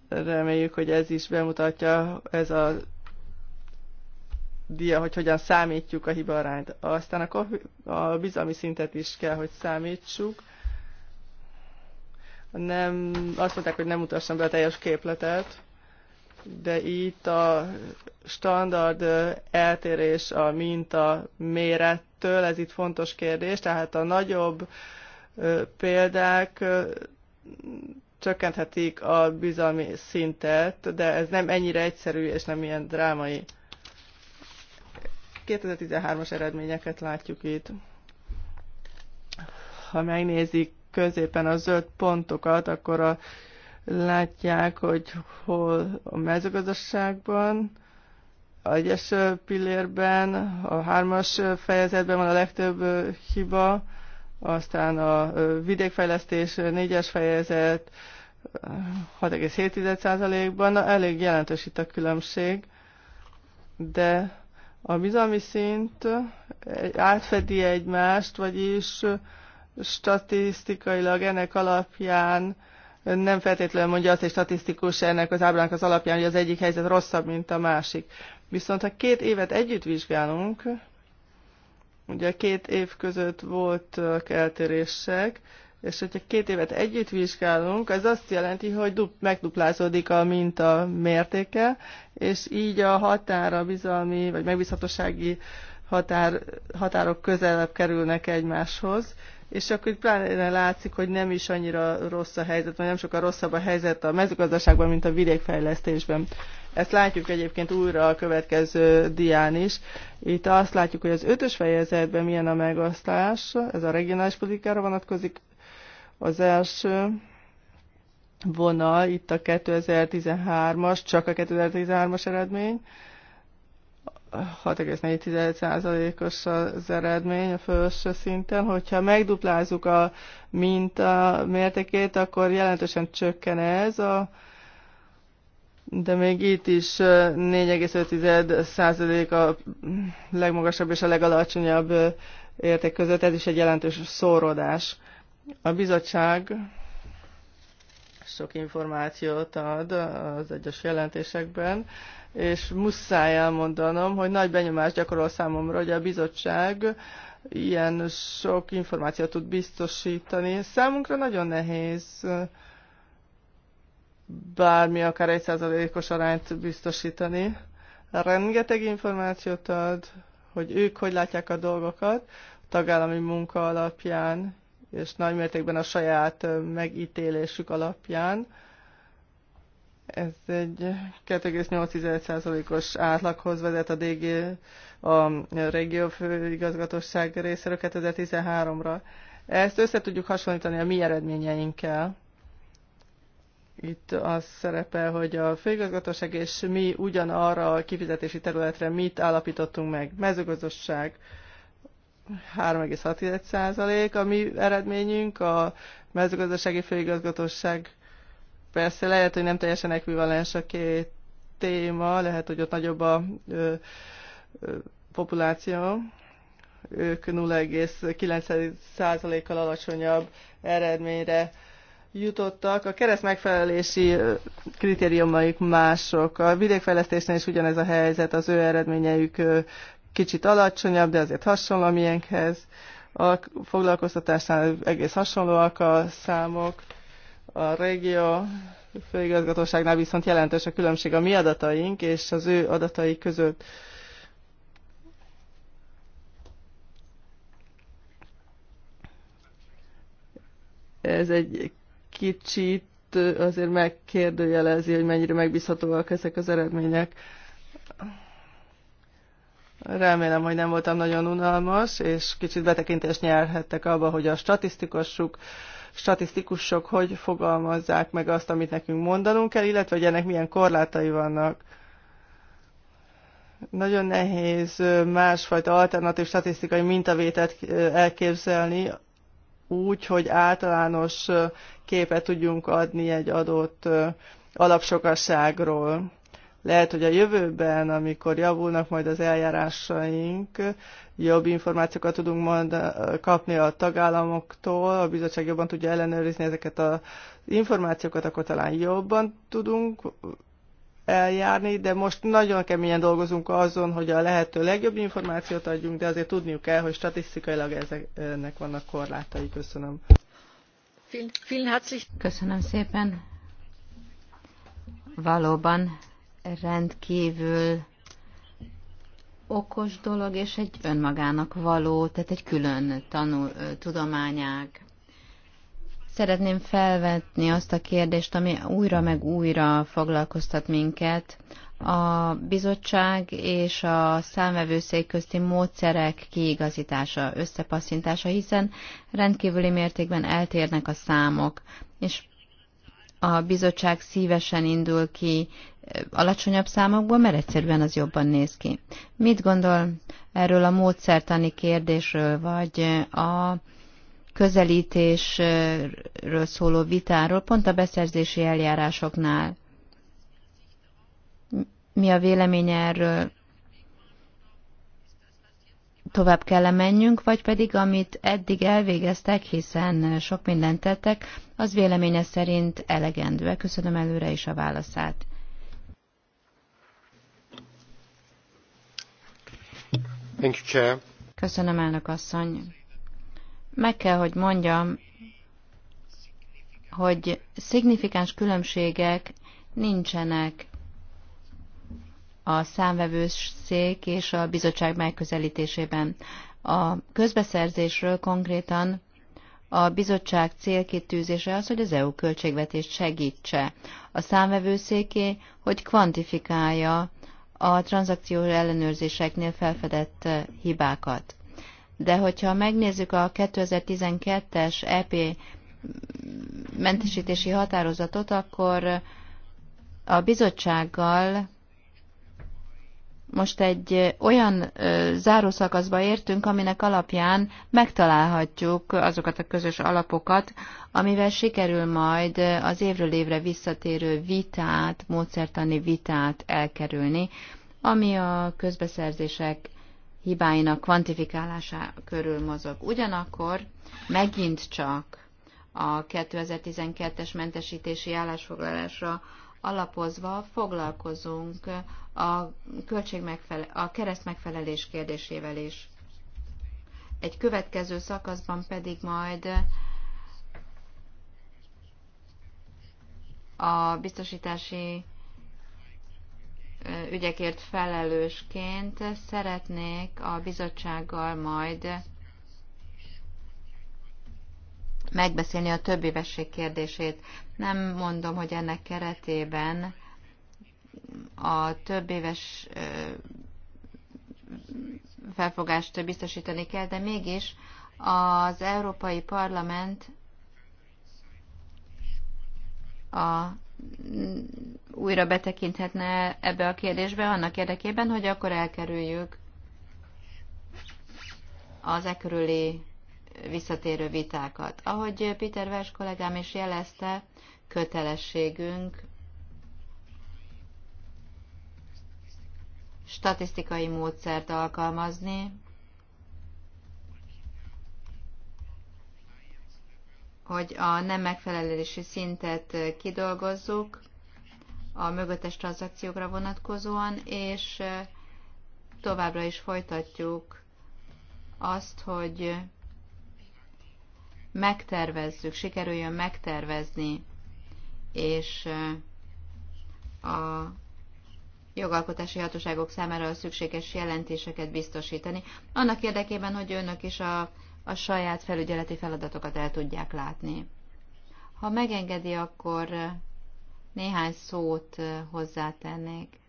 Reméljük, hogy ez is bemutatja ez a dia, hogy hogyan számítjuk a hibarányt. Aztán a, a bizalmi szintet is kell, hogy számítsuk. Nem, azt mondták, hogy nem mutassam be a teljes képletet de itt a standard eltérés a minta mérettől, ez itt fontos kérdés, tehát a nagyobb példák csökkenthetik a bizalmi szintet, de ez nem ennyire egyszerű és nem ilyen drámai. 2013-as eredményeket látjuk itt. Ha megnézik középen a zöld pontokat, akkor a látják, hogy hol a mezőgazdaságban, a egyes pillérben, a hármas fejezetben van a legtöbb hiba, aztán a vidékfejlesztés négyes fejezet 6,7%-ban, elég jelentős itt a különbség, de a bizalmi szint átfedi egymást, vagyis statisztikailag ennek alapján nem feltétlenül mondja azt egy statisztikus ennek az ábrának az alapján, hogy az egyik helyzet rosszabb, mint a másik. Viszont ha két évet együtt vizsgálunk, ugye két év között voltak eltérések, és hogyha két évet együtt vizsgálunk, ez azt jelenti, hogy megduplázódik a minta mértéke, és így a határa bizalmi vagy megbízhatósági határ, határok közelebb kerülnek egymáshoz, és akkor itt pláne látszik, hogy nem is annyira rossz a helyzet, vagy nem sokkal rosszabb a helyzet a mezőgazdaságban, mint a vidékfejlesztésben. Ezt látjuk egyébként újra a következő dián is. Itt azt látjuk, hogy az ötös fejezetben milyen a megosztás, ez a regionális politikára vonatkozik. Az első vonal, itt a 2013-as, csak a 2013-as eredmény, 6,4%-os az eredmény a felső szinten. Hogyha megduplázzuk a minta mértékét, akkor jelentősen csökken ez, a, de még itt is 4,5% a legmagasabb és a legalacsonyabb érték között, ez is egy jelentős szórodás. A bizottság sok információt ad az egyes jelentésekben, és muszáj elmondanom, hogy nagy benyomást gyakorol számomra, hogy a bizottság ilyen sok információt tud biztosítani. Számunkra nagyon nehéz bármi, akár egy százalékos arányt biztosítani. Rengeteg információt ad, hogy ők hogy látják a dolgokat, tagállami munka alapján és nagymértékben a saját megítélésük alapján. Ez egy 2,8%-os átlaghoz vezet a DG a régió főigazgatóság részéről 2013-ra. Ezt össze tudjuk hasonlítani a mi eredményeinkkel. Itt az szerepel, hogy a főigazgatóság és mi ugyanarra a kifizetési területre mit állapítottunk meg. Mezőgazdaság, 3,6%. A mi eredményünk a mezőgazdasági főigazgatóság persze lehet, hogy nem teljesen ekvivalens a két téma, lehet, hogy ott nagyobb a ö, ö, populáció, ők 0,9%-kal alacsonyabb eredményre jutottak. A kereszt megfelelési kritériumaik mások. A vidékfejlesztésnél is ugyanez a helyzet, az ő eredményeik kicsit alacsonyabb, de azért hasonló a miénkhez. A foglalkoztatásnál egész hasonlóak a számok. A régió főigazgatóságnál viszont jelentős a különbség a mi adataink és az ő adatai között. Ez egy kicsit azért megkérdőjelezi, hogy mennyire megbízhatóak ezek az eredmények. Remélem, hogy nem voltam nagyon unalmas, és kicsit betekintést nyerhettek abba, hogy a statisztikusok, statisztikusok hogy fogalmazzák meg azt, amit nekünk mondanunk kell, illetve hogy ennek milyen korlátai vannak. Nagyon nehéz másfajta alternatív statisztikai mintavételt elképzelni, úgy, hogy általános képet tudjunk adni egy adott alapsokasságról lehet, hogy a jövőben, amikor javulnak majd az eljárásaink, jobb információkat tudunk majd kapni a tagállamoktól, a bizottság jobban tudja ellenőrizni ezeket az információkat, akkor talán jobban tudunk eljárni, de most nagyon keményen dolgozunk azon, hogy a lehető legjobb információt adjunk, de azért tudniuk kell, hogy statisztikailag ezeknek vannak korlátai. Köszönöm. Köszönöm szépen. Valóban rendkívül okos dolog, és egy önmagának való, tehát egy külön tanul, tudományág. Szeretném felvetni azt a kérdést, ami újra meg újra foglalkoztat minket. A bizottság és a számvevőszék közti módszerek kiigazítása, összepasszintása, hiszen rendkívüli mértékben eltérnek a számok, és a bizottság szívesen indul ki alacsonyabb számokból, mert egyszerűen az jobban néz ki. Mit gondol erről a módszertani kérdésről, vagy a közelítésről szóló vitáról, pont a beszerzési eljárásoknál? Mi a véleménye erről? Tovább kell -e mennünk, vagy pedig amit eddig elvégeztek, hiszen sok mindent tettek, az véleménye szerint elegendő. Köszönöm előre is a válaszát. Köszönöm, elnök asszony. Meg kell, hogy mondjam, hogy szignifikáns különbségek nincsenek a számvevőszék és a bizottság megközelítésében. A közbeszerzésről konkrétan a bizottság célkitűzése az, hogy az EU költségvetést segítse. A számvevőszéké, hogy kvantifikálja a tranzakció ellenőrzéseknél felfedett eh, hibákat. De hogyha megnézzük a 2012-es EP mentesítési határozatot, akkor a bizottsággal most egy olyan ö, zárószakaszba értünk, aminek alapján megtalálhatjuk azokat a közös alapokat, amivel sikerül majd az évről évre visszatérő vitát, módszertani vitát elkerülni, ami a közbeszerzések hibáinak kvantifikálása körül mozog. Ugyanakkor megint csak a 2012-es mentesítési állásfoglalásra alapozva foglalkozunk a, költség megfele- a kereszt megfelelés kérdésével is. Egy következő szakaszban pedig majd a biztosítási ügyekért felelősként szeretnék a bizottsággal majd megbeszélni a többi vesség kérdését. Nem mondom, hogy ennek keretében a több éves felfogást biztosítani kell, de mégis az Európai Parlament a, újra betekinthetne ebbe a kérdésbe annak érdekében, hogy akkor elkerüljük az e körüli visszatérő vitákat. Ahogy Peter Vers kollégám is jelezte, kötelességünk statisztikai módszert alkalmazni, hogy a nem megfelelési szintet kidolgozzuk a mögöttes tranzakciókra vonatkozóan, és továbbra is folytatjuk azt, hogy megtervezzük, sikerüljön megtervezni, és a jogalkotási hatóságok számára a szükséges jelentéseket biztosítani, annak érdekében, hogy önök is a, a saját felügyeleti feladatokat el tudják látni. Ha megengedi, akkor eh, néhány szót eh, hozzátennék.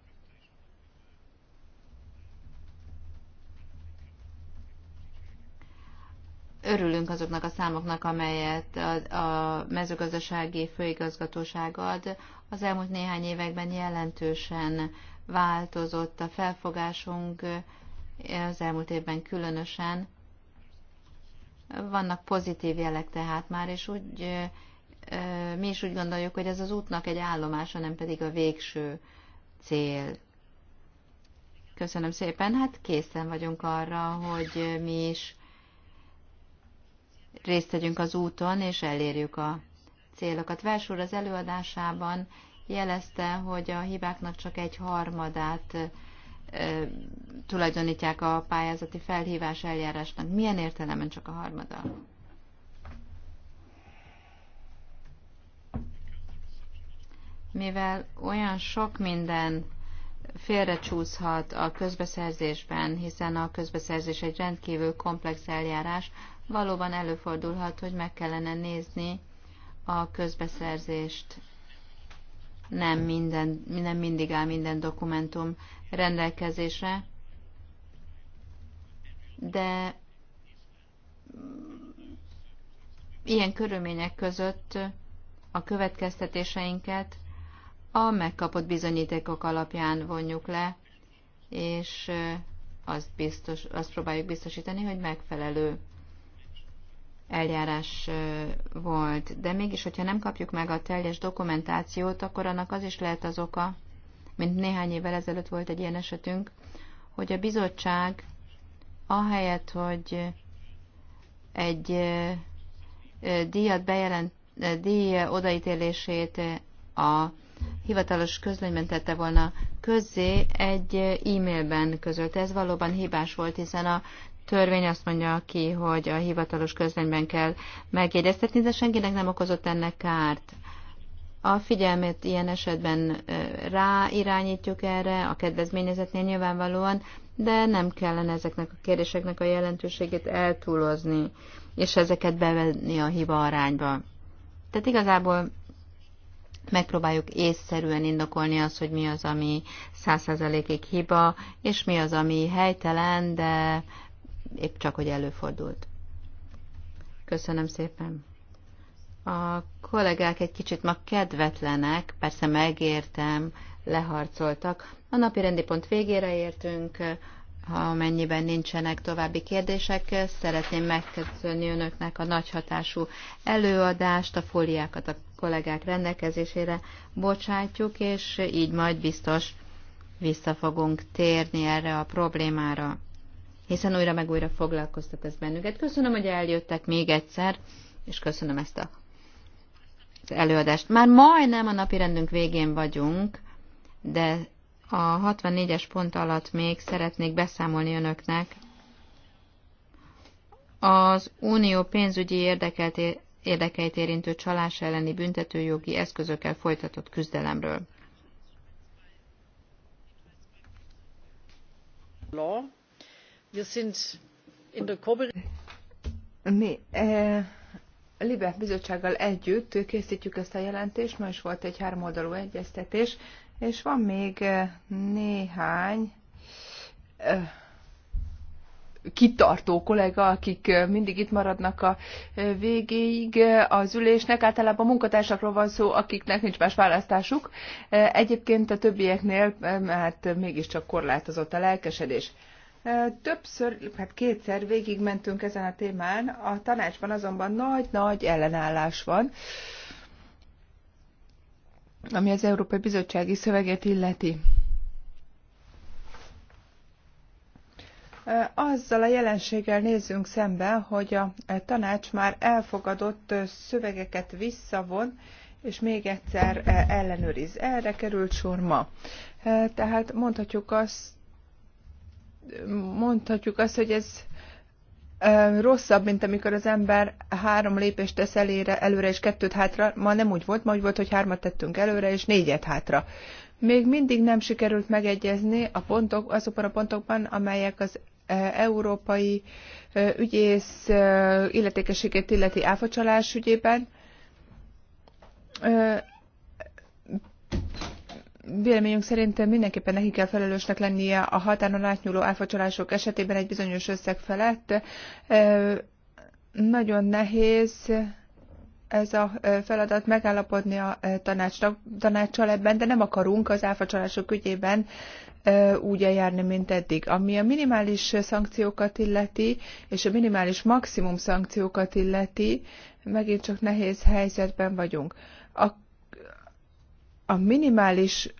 örülünk azoknak a számoknak, amelyet a, a mezőgazdasági főigazgatóság ad. Az elmúlt néhány években jelentősen változott a felfogásunk az elmúlt évben különösen. Vannak pozitív jelek tehát már, és úgy mi is úgy gondoljuk, hogy ez az útnak egy állomása, nem pedig a végső cél. Köszönöm szépen, hát készen vagyunk arra, hogy mi is részt vegyünk az úton, és elérjük a célokat. Vers az előadásában jelezte, hogy a hibáknak csak egy harmadát tulajdonítják a pályázati felhívás eljárásnak. Milyen értelemben csak a harmada? Mivel olyan sok minden félrecsúszhat a közbeszerzésben, hiszen a közbeszerzés egy rendkívül komplex eljárás, valóban előfordulhat, hogy meg kellene nézni a közbeszerzést nem, minden, nem mindig áll minden dokumentum rendelkezésre, de ilyen körülmények között a következtetéseinket a megkapott bizonyítékok alapján vonjuk le, és azt, biztos, azt próbáljuk biztosítani, hogy megfelelő eljárás volt. De mégis, hogyha nem kapjuk meg a teljes dokumentációt, akkor annak az is lehet az oka, mint néhány évvel ezelőtt volt egy ilyen esetünk, hogy a bizottság ahelyett, hogy egy díjat bejelent, díj odaítélését a hivatalos közlönyben tette volna közzé, egy e-mailben közölte. Ez valóban hibás volt, hiszen a törvény azt mondja ki, hogy a hivatalos közlönyben kell megjegyeztetni, de senkinek nem okozott ennek kárt. A figyelmet ilyen esetben ráirányítjuk erre, a kedvezményezetnél nyilvánvalóan, de nem kellene ezeknek a kérdéseknek a jelentőségét eltúlozni, és ezeket bevenni a hiba arányba. Tehát igazából megpróbáljuk észszerűen indokolni azt, hogy mi az, ami százszerzelékig hiba, és mi az, ami helytelen, de épp csak, hogy előfordult. Köszönöm szépen. A kollégák egy kicsit ma kedvetlenek, persze megértem, leharcoltak. A napi rendi pont végére értünk, ha mennyiben nincsenek további kérdések, szeretném megköszönni önöknek a nagy hatású előadást, a fóliákat a kollégák rendelkezésére bocsátjuk, és így majd biztos vissza fogunk térni erre a problémára hiszen újra meg újra foglalkoztat ez bennünket. Köszönöm, hogy eljöttek még egyszer, és köszönöm ezt a az előadást. Már majdnem a napi rendünk végén vagyunk, de a 64-es pont alatt még szeretnék beszámolni önöknek az unió pénzügyi érdekelt, érdekeit érintő csalás elleni büntetőjogi eszközökkel folytatott küzdelemről. Law mi e, Libe bizottsággal együtt készítjük ezt a jelentést, ma is volt egy háromoldalú egyeztetés, és van még e, néhány e, kitartó kollega, akik mindig itt maradnak a végéig az ülésnek. Általában munkatársakról van szó, akiknek nincs más választásuk. Egyébként a többieknél hát mégiscsak korlátozott a lelkesedés. Többször, hát kétszer végigmentünk ezen a témán, a tanácsban azonban nagy-nagy ellenállás van, ami az Európai Bizottsági Szöveget illeti. Azzal a jelenséggel nézzünk szembe, hogy a tanács már elfogadott szövegeket visszavon, és még egyszer ellenőriz. Erre került sor ma. Tehát mondhatjuk azt, mondhatjuk azt, hogy ez rosszabb, mint amikor az ember három lépést tesz elére, előre és kettőt hátra. Ma nem úgy volt, ma úgy volt, hogy hármat tettünk előre és négyet hátra. Még mindig nem sikerült megegyezni a pontok, azokban a pontokban, amelyek az európai ügyész illetékességét illeti áfacsalás ügyében véleményünk szerint mindenképpen neki kell felelősnek lennie a határon átnyúló áfacsalások esetében egy bizonyos összeg felett. Nagyon nehéz ez a feladat megállapodni a tanácssal ebben, de nem akarunk az áfacsalások ügyében úgy eljárni, mint eddig. Ami a minimális szankciókat illeti, és a minimális maximum szankciókat illeti, megint csak nehéz helyzetben vagyunk. A a minimális,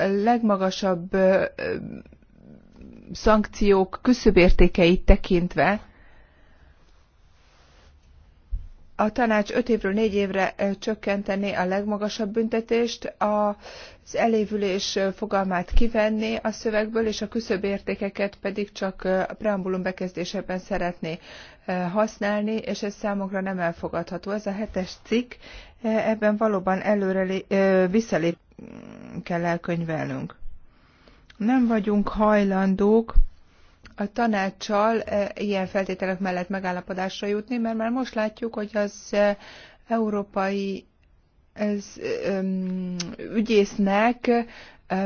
legmagasabb szankciók küszöbértékeit tekintve a tanács 5 évről 4 évre csökkenteni a legmagasabb büntetést, az elévülés fogalmát kivenni a szövegből, és a küszöbértékeket pedig csak a preambulum bekezdésében szeretné használni, és ez számokra nem elfogadható. Ez a hetes cikk, ebben valóban előre visszalép kell elkönyvelnünk. Nem vagyunk hajlandók a tanácssal ilyen feltételek mellett megállapodásra jutni, mert már most látjuk, hogy az európai ez, ügyésznek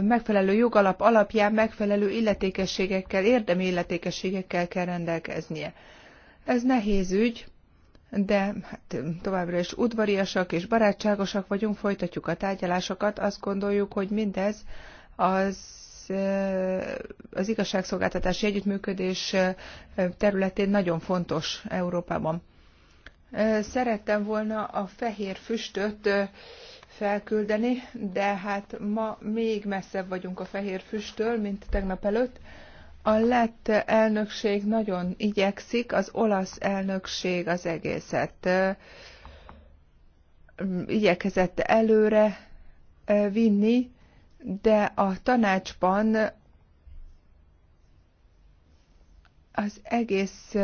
megfelelő jogalap alapján megfelelő illetékességekkel, érdemi illetékességekkel kell rendelkeznie. Ez nehéz ügy, de hát, továbbra is udvariasak és barátságosak vagyunk, folytatjuk a tárgyalásokat. Azt gondoljuk, hogy mindez az az igazságszolgáltatási együttműködés területén nagyon fontos Európában. Szerettem volna a fehér füstöt felküldeni, de hát ma még messzebb vagyunk a fehér füsttől, mint tegnap előtt. A lett elnökség nagyon igyekszik, az olasz elnökség az egészet igyekezett előre vinni, de a tanácsban az egész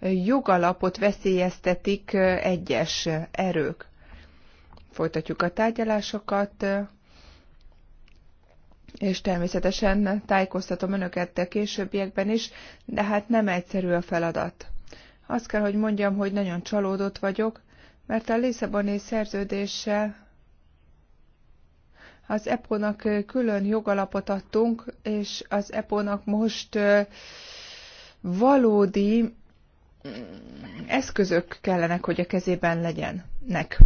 jogalapot veszélyeztetik egyes erők. Folytatjuk a tárgyalásokat és természetesen tájékoztatom önöket a későbbiekben is, de hát nem egyszerű a feladat. Azt kell, hogy mondjam, hogy nagyon csalódott vagyok, mert a Lisszaboni szerződéssel az EPO-nak külön jogalapot adtunk, és az EPO-nak most valódi mm, eszközök kellenek, hogy a kezében legyenek.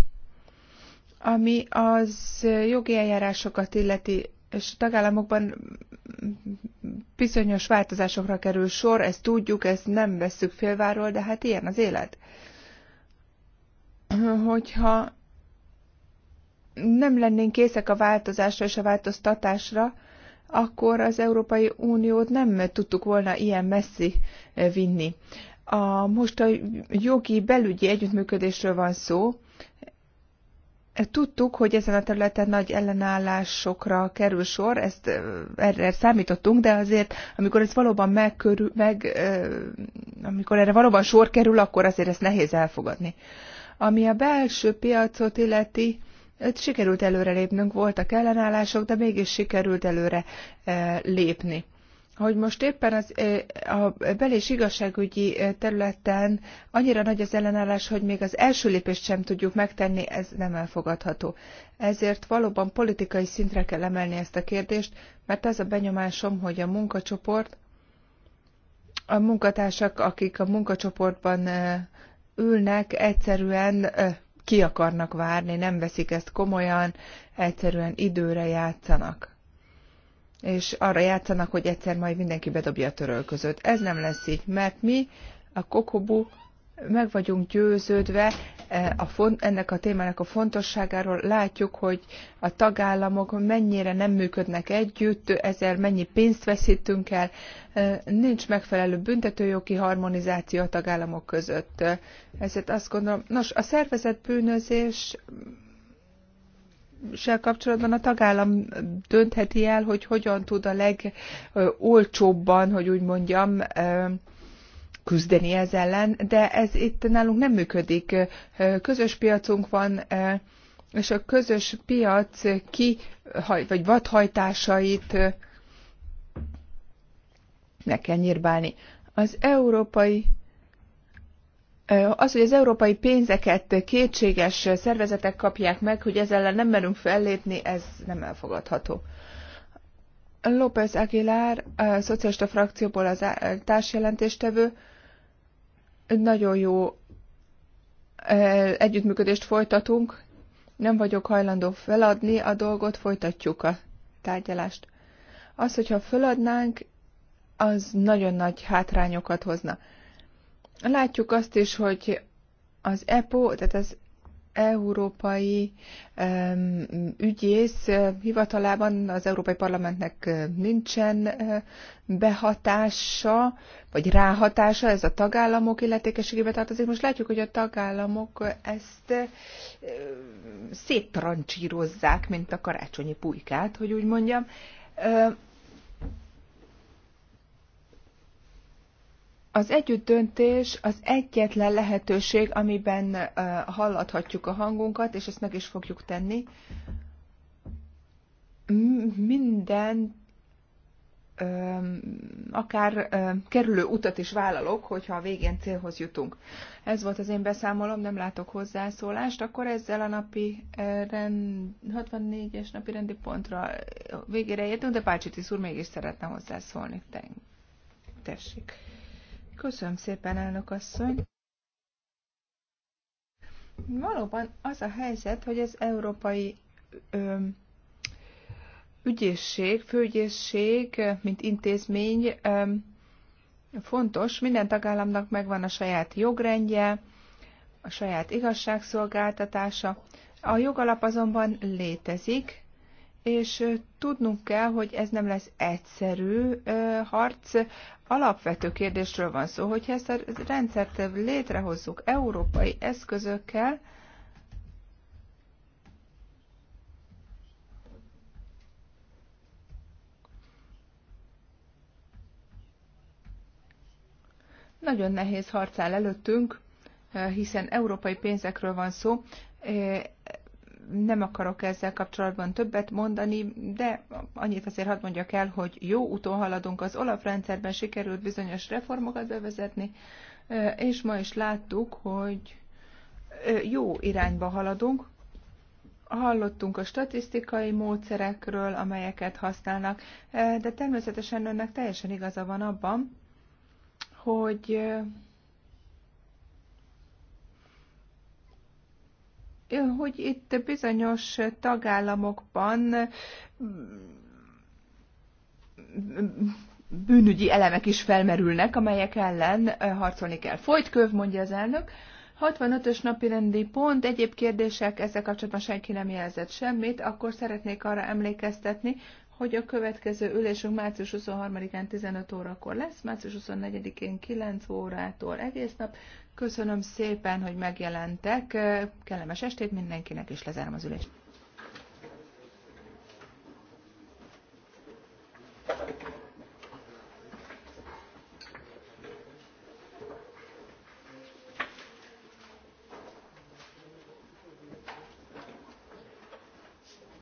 Ami az jogi eljárásokat illeti, és a tagállamokban bizonyos változásokra kerül sor, ezt tudjuk, ezt nem vesszük félváról, de hát ilyen az élet. Hogyha nem lennénk készek a változásra és a változtatásra, akkor az Európai Uniót nem tudtuk volna ilyen messzi vinni. A, most a jogi belügyi együttműködésről van szó, Tudtuk, hogy ezen a területen nagy ellenállásokra kerül sor, ezt erre számítottunk, de azért, amikor ez valóban megkörül, meg, amikor erre valóban sor kerül, akkor azért ezt nehéz elfogadni. Ami a belső piacot illeti, sikerült előrelépnünk, voltak ellenállások, de mégis sikerült előre lépni hogy most éppen az, a bel- és igazságügyi területen annyira nagy az ellenállás, hogy még az első lépést sem tudjuk megtenni, ez nem elfogadható. Ezért valóban politikai szintre kell emelni ezt a kérdést, mert az a benyomásom, hogy a munkacsoport, a munkatársak, akik a munkacsoportban ülnek, egyszerűen ki akarnak várni, nem veszik ezt komolyan, egyszerűen időre játszanak és arra játszanak, hogy egyszer majd mindenki bedobja a törölközőt. Ez nem lesz így, mert mi a kokobu meg vagyunk győződve e, a font, ennek a témának a fontosságáról, látjuk, hogy a tagállamok mennyire nem működnek együtt, ezért mennyi pénzt veszítünk el, e, nincs megfelelő büntetőjogi harmonizáció a tagállamok között. E, ezért azt gondolom, nos, a szervezett bűnözés kérdéssel kapcsolatban a tagállam döntheti el, hogy hogyan tud a legolcsóbban, hogy úgy mondjam, küzdeni ez ellen, de ez itt nálunk nem működik. Közös piacunk van, és a közös piac ki, vagy vadhajtásait meg kell nyírbálni. Az európai az, hogy az európai pénzeket kétséges szervezetek kapják meg, hogy ezzel ellen nem merünk fellépni, ez nem elfogadható. López Aguilar, a szocialista frakcióból az társjelentéstevő, nagyon jó együttműködést folytatunk, nem vagyok hajlandó feladni a dolgot, folytatjuk a tárgyalást. Az, hogyha feladnánk, az nagyon nagy hátrányokat hozna. Látjuk azt is, hogy az EPO, tehát az európai um, ügyész eh, hivatalában az Európai Parlamentnek eh, nincsen eh, behatása, vagy ráhatása, ez a tagállamok illetékességébe tartozik. Most látjuk, hogy a tagállamok ezt széttrancsírozzák, mint a karácsonyi pulykát, hogy úgy mondjam. Az együtt döntés, az egyetlen lehetőség, amiben hallathatjuk a hangunkat, és ezt meg is fogjuk tenni. Minden akár kerülő utat is vállalok, hogyha a végén célhoz jutunk. Ez volt az én beszámolom, nem látok hozzászólást, akkor ezzel a napi rend, 64-es napi rendi pontra végére értünk, de Pácsi Tiszúr mégis szeretne hozzászólni. Tessék. Köszönöm szépen, elnök asszony. Valóban az a helyzet, hogy az európai ö, ügyészség, főügyészség, mint intézmény ö, fontos, minden tagállamnak megvan a saját jogrendje, a saját igazságszolgáltatása. A jogalap azonban létezik, és tudnunk kell, hogy ez nem lesz egyszerű harc. Alapvető kérdésről van szó, hogyha ezt a rendszert létrehozzuk európai eszközökkel, nagyon nehéz harc áll előttünk, hiszen európai pénzekről van szó, nem akarok ezzel kapcsolatban többet mondani, de annyit azért hadd mondjak el, hogy jó úton haladunk. Az Olaf rendszerben sikerült bizonyos reformokat bevezetni, és ma is láttuk, hogy jó irányba haladunk. Hallottunk a statisztikai módszerekről, amelyeket használnak, de természetesen önnek teljesen igaza van abban, hogy hogy itt bizonyos tagállamokban bűnügyi elemek is felmerülnek, amelyek ellen harcolni kell. Folyt köv, mondja az elnök. 65-ös napi rendi pont, egyéb kérdések, ezzel kapcsolatban senki nem jelzett semmit, akkor szeretnék arra emlékeztetni, hogy a következő ülésünk március 23-án 15 órakor lesz, március 24-én 9 órától egész nap, Köszönöm szépen, hogy megjelentek. Kellemes estét mindenkinek, és lezárom az ülést.